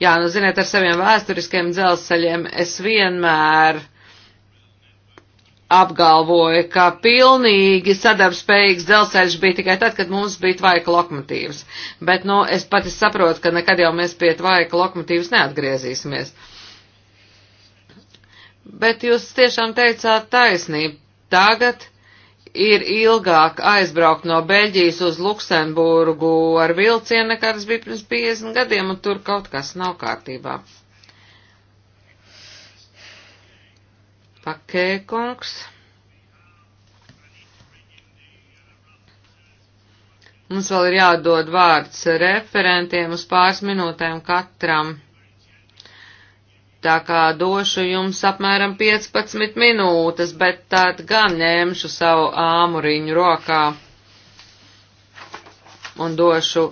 Jā, nu ziniet, ar saviem vēsturiskiem dzelzceļiem es vienmēr uh, apgalvoja, ka pilnīgi sadarbspējīgs dzelzceļš bija tikai tad, kad mums bija tvaika lokomotīvas. Bet, nu, es pati saprotu, ka nekad jau mēs pie tvaika lokomotīvas neatgriezīsimies. Bet jūs tiešām teicāt taisnību. Tagad ir ilgāk aizbraukt no Beļģijas uz Luksemburgu ar vilcienu, nekā tas bija pirms 50 gadiem, un tur kaut kas nav kārtībā. Pakēkungs. Mums vēl ir jādod vārds referentiem uz pāris minūtēm katram. Tā kā došu jums apmēram 15 minūtes, bet tad gan ņemšu savu āmuriņu rokā un došu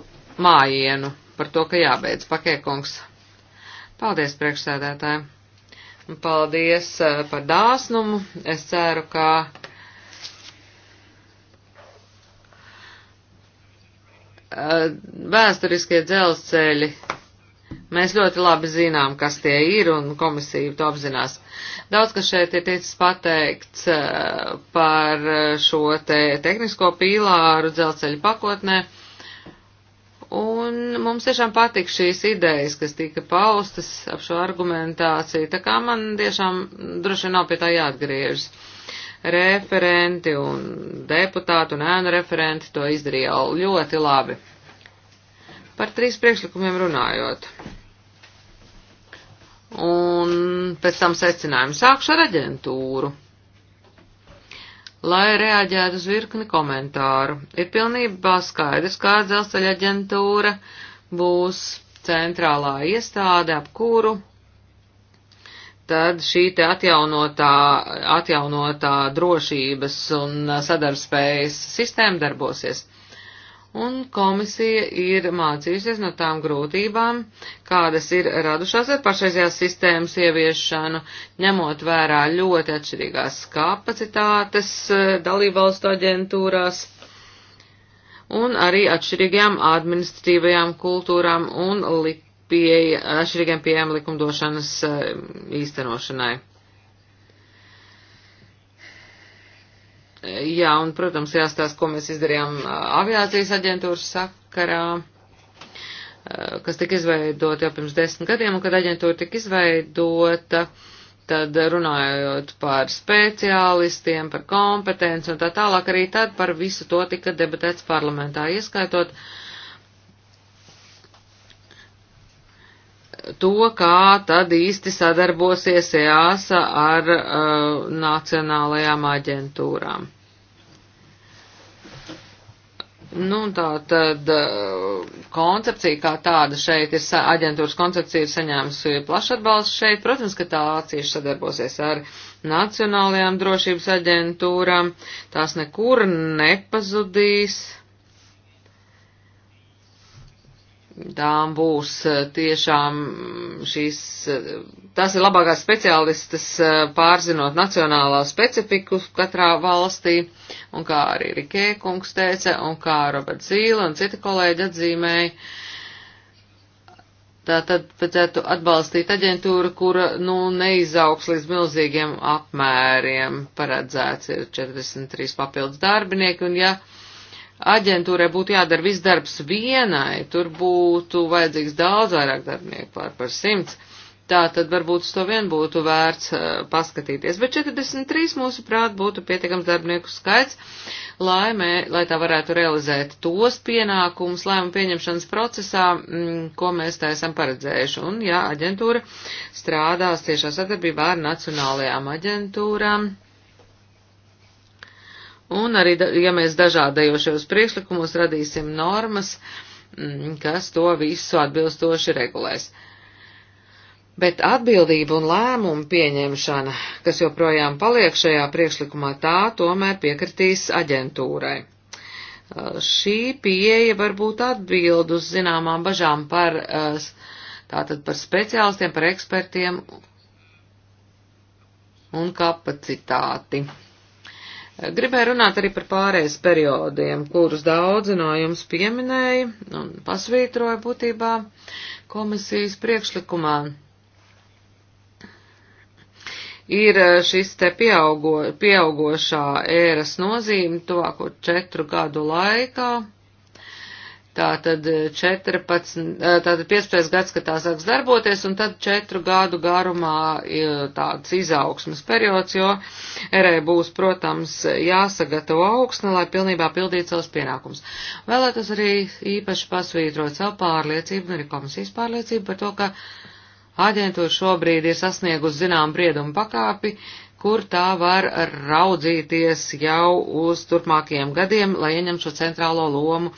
mājienu par to, ka jābeidz pakēkungs. Paldies, priekšsēdētāji! Paldies eh, par dāsnumu. Es ceru, ka. Eh, vēsturiskie dzelzceļi Mēs ļoti labi zinām, kas tie ir, un komisija to apzinās. Daudz, kas šeit ir ticis pateikts eh, par šo te tehnisko pīlāru dzelceļu pakotnē. Un mums tiešām patika šīs idejas, kas tika paustas ap šo argumentāciju, tā kā man tiešām droši vien nav pie tā jāatgriežas. Referenti un deputāti un ēnu referenti to izdarīja ļoti labi. Par trīs priekšlikumiem runājot. Un pēc tam secinājumu sākšu ar aģentūru lai reaģētu uz virkni komentāru. Ir pilnībā skaidrs, kā dzelzceļa aģentūra būs centrālā iestāde, ap kuru tad šī te atjaunotā, atjaunotā drošības un sadarbspējas sistēma darbosies un komisija ir mācījusies no tām grūtībām, kādas ir radušās ar pašreizējās sistēmas ieviešanu, ņemot vērā ļoti atšķirīgās kapacitātes eh, dalībvalstu aģentūrās un arī atšķirīgajām administratīvajām kultūrām un pieeja, atšķirīgiem pieejam likumdošanas eh, īstenošanai. Jā, un, protams, jāstāsta, ko mēs izdarījām aviācijas aģentūras sakarā, kas tika izveidota jau pirms desmit gadiem, un kad aģentūra tika izveidota, tad runājot par speciālistiem, par kompetenci un tā tālāk, arī tad par visu to tika debatēts parlamentā, ieskaitot to, kā tad īsti sadarbosies EASA ar uh, nacionālajām aģentūrām. Nu, tā tad uh, koncepcija kā tāda šeit ir, aģentūras koncepcija ir saņēmusi plašu atbalstu šeit. Protams, ka tā cieši sadarbosies ar nacionālajām drošības aģentūrām. Tās nekur nepazudīs. tām būs e, tiešām šīs, e, tās ir labākās speciālistas e, pārzinot nacionālā specifiku katrā valstī, un kā arī Rikē kungs teica, un kā Robert Zīle un citi kolēģi atzīmēja, tā tad vajadzētu atbalstīt aģentūru, kura, nu, neizaugs līdz milzīgiem apmēriem, paredzēts ir 43 papildus darbinieki, un ja, aģentūrai būtu jādara viss darbs vienai, tur būtu vajadzīgs daudz vairāk darbinieku, pār par simts. Tā tad varbūt uz to vien būtu vērts uh, paskatīties, bet 43 mūsu prāt būtu pietiekams darbinieku skaits, lai, mē, lai tā varētu realizēt tos pienākumus lēmumu pieņemšanas procesā, mm, ko mēs tā esam paredzējuši. Un jā, aģentūra strādās tiešā sadarbībā ar nacionālajām aģentūrām Un arī, ja mēs dažādajošos priekšlikumos radīsim normas, mm, kas to visu atbilstoši regulēs. Bet atbildība un lēmumu pieņemšana, kas joprojām paliek šajā priekšlikumā, tā tomēr piekritīs aģentūrai. Šī pieeja varbūt atbild uz zināmām bažām par, tātad par speciālistiem, par ekspertiem un kapacitāti. Gribēju runāt arī par pārējais periodiem, kurus daudzi no jums pieminēja un pasvītroja būtībā komisijas priekšlikumā. Ir eh, šis te pieaugo, pieaugošā ēras nozīme tuvāko četru gadu laikā Tātad 14, eh, eh, tātad 15 gads, kad tā sāks darboties, un tad 4 gadu garumā eh, tāds izaugsmas periods, jo erē būs, protams, jāsagatavo augsne, lai pilnībā pildītu savus pienākumus. Vēlētos arī īpaši pasvītrot savu pārliecību, un arī komisijas pārliecību par to, ka aģentūra šobrīd ir sasniegusi zinām briedumu pakāpi, uh, kur tā var raudzīties jau uz turpmākajiem gadiem, lai ieņem šo centrālo lomu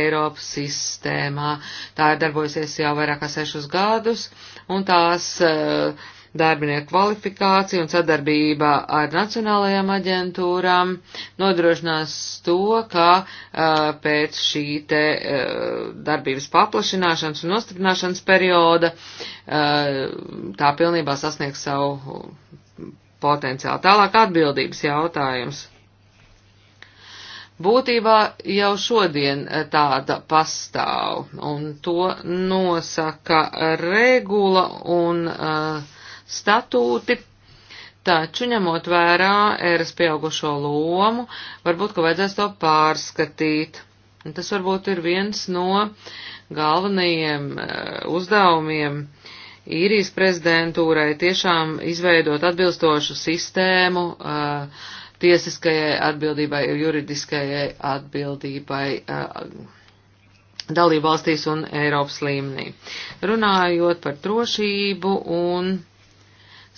Eiropas sistēmā. Tā ir darbojusies jau vairāk kā sešus gadus, un tās eh, darbinieku kvalifikācija un sadarbība ar nacionālajām aģentūrām nodrošinās to, ka eh, pēc šī te eh, darbības paplašināšanas un nostiprināšanas perioda tā pilnībā sasniegs savu potenciāli. Tālāk atbildības jautājums. Būtībā jau šodien e, tāda pastāv, un to nosaka regula un uh, statūti, taču ņemot vērā ēras pieaugušo lomu, varbūt, ka vajadzēs to pārskatīt. Un tas varbūt ir viens no galvenajiem uh, uzdevumiem uh, īrijas prezidentūrai tiešām izveidot atbilstošu sistēmu uh, tiesiskajai atbildībai, juridiskajai atbildībai. Uh, dalību valstīs un Eiropas līmenī. Runājot par drošību un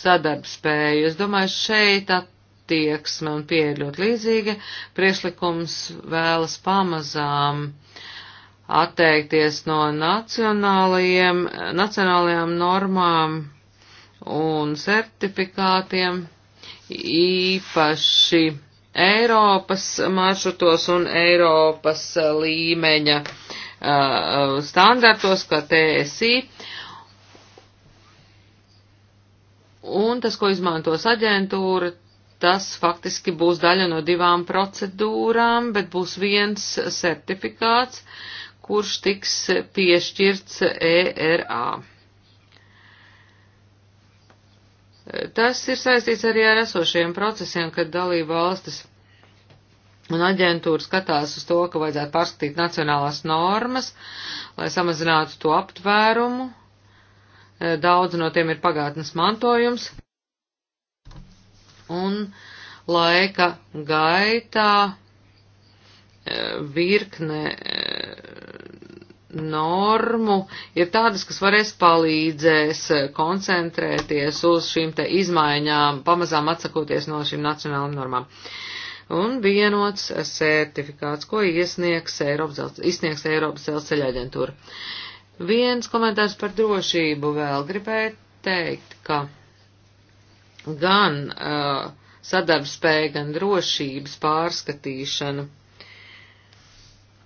sadarbspēju, es domāju, šeit attieksme un pieeja ļoti līdzīga. Priešlikums vēlas pamazām atteikties no nacionālajiem, nacionālajām normām un certifikātiem, īpaši Eiropas maršrutos un Eiropas līmeņa uh, standartos, kā TSI. Un tas, ko izmantos aģentūra, tas faktiski būs daļa no divām procedūrām, bet būs viens certifikāts, kurš tiks piešķirts ERA. Tas ir saistīts arī ar esošiem procesiem, kad dalība valstis un aģentūra skatās uz to, ka vajadzētu pārskatīt nacionālās normas, lai samazinātu to aptvērumu. Daudz no tiem ir pagātnes mantojums. Un laika gaitā e, virkne e, normu ir tādas, kas varēs palīdzēs koncentrēties uz šīm te izmaiņām, pamazām atsakoties no šīm nacionālām normām. Un vienots certifikāts, ko iesniegs Eiropas, izsniegs Eiropas ceļa aģentūra. Viens komentārs par drošību vēl gribēju teikt, ka gan uh, sadarbspēja, gan drošības pārskatīšana.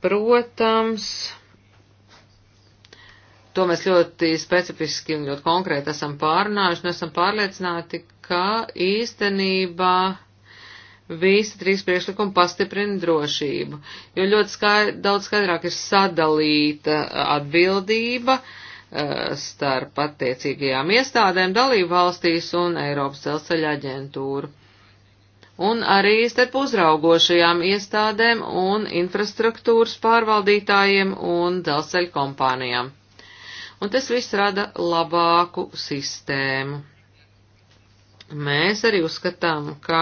Protams, To mēs ļoti specifiski un ļoti konkrēti esam pārunājuši un esam pārliecināti, ka īstenībā visi trīs priekšlikumi pastiprina drošību, jo ļoti skaidr, daudz skaidrāk ir sadalīta atbildība eh, starp attiecīgajām iestādēm dalību valstīs un Eiropas celceļa aģentūru. Un arī starp uzraugošajām iestādēm un infrastruktūras pārvaldītājiem un dzelzceļa kompānijām un tas viss rada labāku sistēmu. Mēs arī uzskatām, ka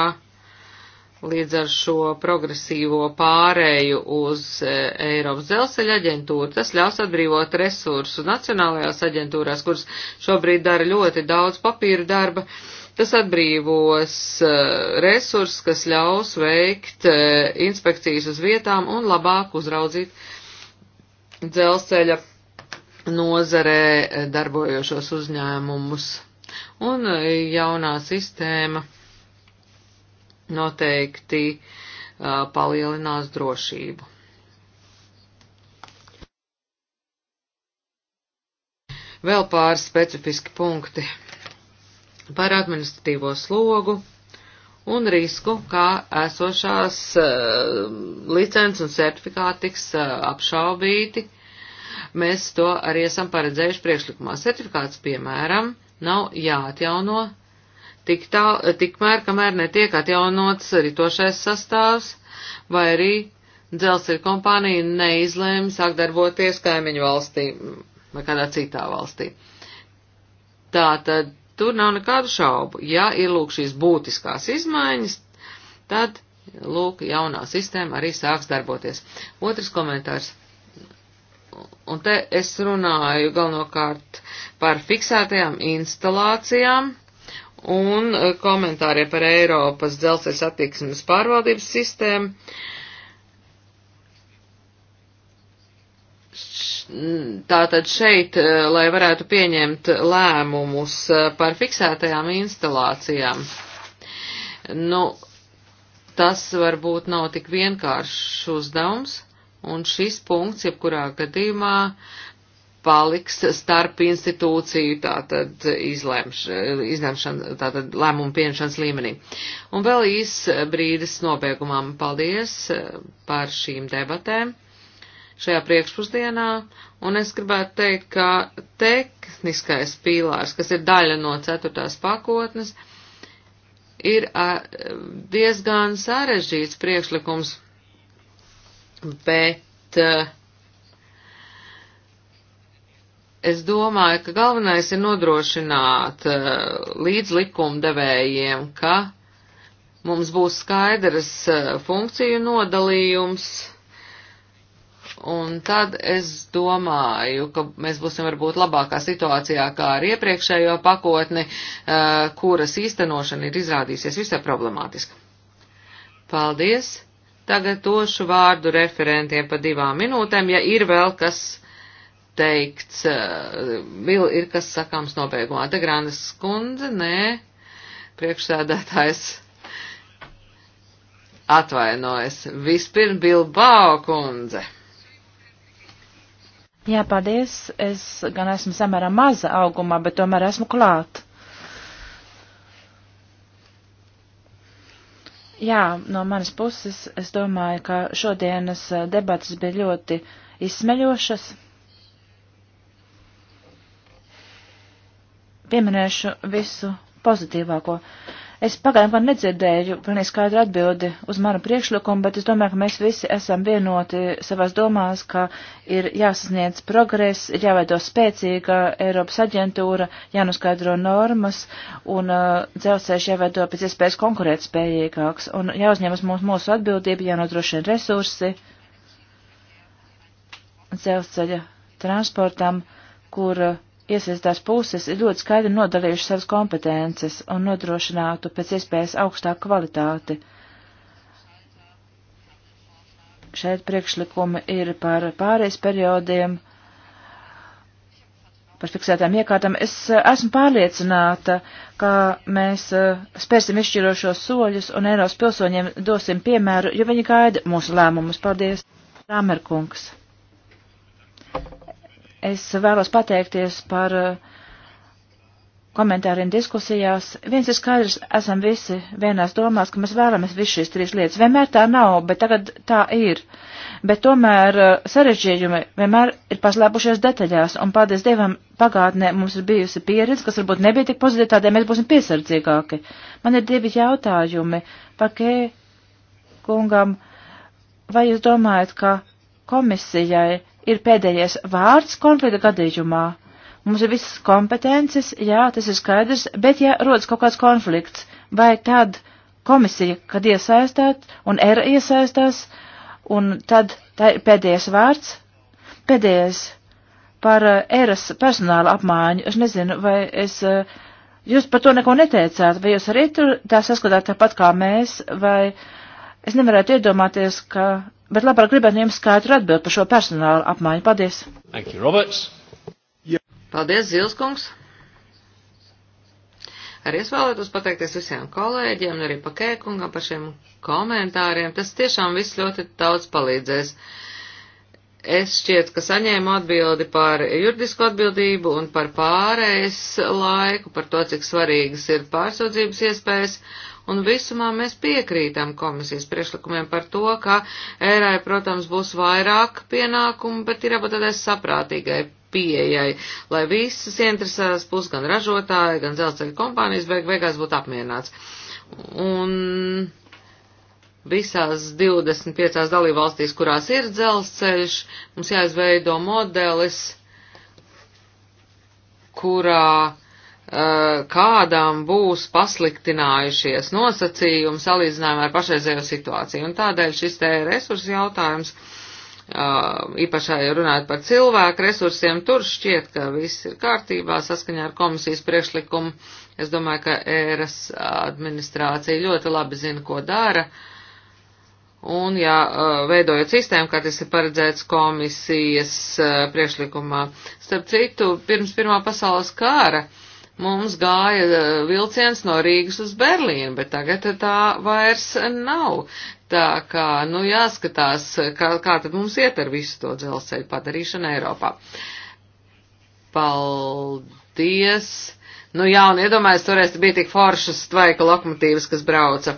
līdz ar šo progresīvo pārēju uz e, Eiropas dzelzceļa aģentūru. Tas ļaus atbrīvot resursu nacionālajās aģentūrās, kuras šobrīd dara ļoti daudz papīra darba. Tas atbrīvos e, resursus, kas ļaus veikt e, inspekcijas uz vietām un labāk uzraudzīt dzelzceļa nozarē darbojošos uzņēmumus. Un e, jaunā sistēma noteikti uh, palielinās drošību. Vēl pāris specifiski punkti par administratīvo slogu un risku, kā esošās uh, licences un certifikāti tiks uh, apšaubīti uh, Mēs to arī esam paredzējuši priekšlikumā. Certifikāts, piemēram, nav jāatjauno tik tā, tikmēr, kamēr netiek atjaunots ritošais sastāvs, vai arī dzelzceļa kompānija neizlēma sākt darboties kaimiņu valstī vai kādā citā valstī. Tātad tur nav nekādu šaubu. Ja ir lūk šīs būtiskās izmaiņas, tad lūk jaunā sistēma arī sāks darboties. Otrs komentārs un te es runāju galvenokārt par fiksētajām instalācijām un e, komentāriem par Eiropas dzelzceļa attieksmes pārvaldības sistēmu. Tātad šeit, e, lai varētu pieņemt lēmumus e, par fiksētajām instalācijām, nu, tas varbūt nav tik vienkāršs uzdevums un šis punkts, jebkurā gadījumā, paliks starp institūciju tātad izlemšana, tātad lēmumu pieņemšanas līmenī. Un vēl īs brīdis nobeigumam paldies eh, par šīm debatēm šajā priekšpusdienā, un es gribētu teikt, ka tehniskais pīlārs, kas ir daļa no ceturtās pakotnes, ir eh, diezgan sarežģīts priekšlikums bet uh, es domāju, ka galvenais ir nodrošināt uh, eh, līdz likumdevējiem, ka mums būs skaidrs uh, funkciju nodalījums, un tad es domāju, ka mēs būsim varbūt labākā situācijā kā ar iepriekšējo pakotni, uh, kuras īstenošana ir izrādīsies visai problemātiska. Paldies! Tagad došu vārdu referentiem pa divām minūtēm, ja ir vēl kas teikts, eh, vēl ir kas sakāms nobeigumā. Te Grandes skundze, nē, priekšsēdētājs atvainojas. Vispirms Bilbao kundze. Jā, paldies. Es gan esmu samērā maza augumā, bet tomēr esmu klāt. Jā, no manas puses es domāju, ka šodienas eh, debatas bija ļoti izsmeļošas. Pieminēšu visu pozitīvāko. Uh, Es pagaidām vēl nedzirdēju pilnīgi skaidru atbildi uz manu priekšlikumu, bet es domāju, ka mēs visi esam vienoti savās domās, ka ir jāsasniedz progress, ir jāveido spēcīga Eiropas aģentūra, jānoskaidro normas un uh, dzelzceļš jāveido pēc iespējas konkurētspējīgāks un jāuzņemas mūsu, mūsu atbildība, jānodrošina resursi dzelzceļa transportam, kur uh, iesaistās puses ir ļoti skaidri nodalījuši savas kompetences un nodrošinātu pēc iespējas augstāku kvalitāti. Šeit priekšlikumi ir par pārējais periodiem, par fiksētām iekārtām. Es eh, esmu pārliecināta, ka mēs eh, spērsim izšķirošos soļus un Eiropas pilsoņiem dosim piemēru, jo viņi gaida mūsu lēmumus. Paldies, Rāmerkungs! Es vēlos pateikties par eh, komentāriem diskusijās. Viens ir skaidrs, esam visi vienās domās, ka mēs vēlamies visu šīs trīs lietas. Vienmēr tā nav, bet tagad tā ir. Bet tomēr eh, sarežģījumi vienmēr ir paslēpušies detaļās, un paldies Dievam pagātnē mums ir bijusi pieredze, kas varbūt nebija tik pozitīva, tādēļ mēs būsim piesardzīgāki. Man ir divi jautājumi par Kē kungam. Vai jūs domājat, ka komisijai ir pēdējais vārds konflikta gadījumā. Mums ir visas kompetences, jā, tas ir skaidrs, bet ja rodas kaut kāds konflikts, vai tad komisija, kad iesaistāt un ir iesaistās, un tad tā ir pēdējais vārds, pēdējais par eh, eras personāla apmaiņu. Es nezinu, vai es. Eh, jūs par to neko neteicāt, vai jūs arī tur tā saskatāt tāpat kā mēs, vai es nevarētu iedomāties, ka bet labāk gribētu jums skaidru atbild par šo personālu apmaiņu. Paldies! Thank you, Roberts! Yeah. Paldies, Zilskungs! Arī es vēlētos pateikties visiem kolēģiem, arī pakēkungam par šiem komentāriem. Tas tiešām viss ļoti daudz palīdzēs. Es šķiet, ka saņēmu atbildi par juridisko atbildību un par pārējais laiku, par to, cik svarīgas ir pārsūdzības iespējas Un visumā mēs piekrītam komisijas priekšlikumiem par to, ka ērai, protams, būs vairāk pienākumu, bet ir jābūt tādai saprātīgai pieejai, lai visas interesēs būs gan ražotāji, gan dzelzceļa kompānijas beig beigās būtu apmierināts. Un visās 25 dalībvalstīs, kurās ir dzelzceļš, mums jāizveido modelis, kurā Eh, kādām būs pasliktinājušies nosacījumi salīdzinājumā ar pašreizējo situāciju. Un tādēļ šis te resursu jautājums, eh, īpašā jau runājot par cilvēku resursiem, tur šķiet, ka viss ir kārtībā saskaņā ar komisijas priekšlikumu. Es domāju, ka ēras administrācija ļoti labi zina, ko dara. Un, ja eh, veidojot sistēmu, kā tas ir paredzēts komisijas priekšlikumā, starp citu, pirms Pirmā pasaules kāra, uh, mums gāja e, vilciens no Rīgas uz Berlīnu, bet tagad tā vairs nav. Tā kā, nu, jāskatās, kā, kā tad mums iet ar visu to dzelzceļu padarīšanu Eiropā. Paldies! Nu jā, un iedomājos, toreiz bija tik foršas tvaika lokomotīvas, kas brauca.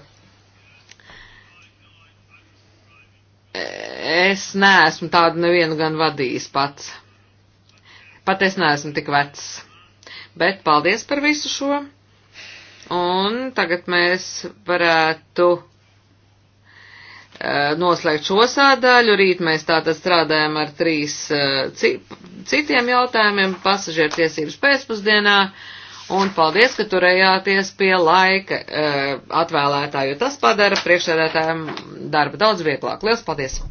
Es neesmu tādu nevienu gan vadījis pats. Pat es neesmu tik vecs. Bet paldies par visu šo. Un tagad mēs varētu eh, noslēgt šo sādaļu. Rīt mēs tātad strādājam ar trīs eh, citiem jautājumiem - pasažieru tiesības pēcpusdienā. Un paldies, ka turējāties pie laika eh, atvēlētā, jo tas padara priekšsēdētājiem darbu daudz vieglāk. Lielas paldies!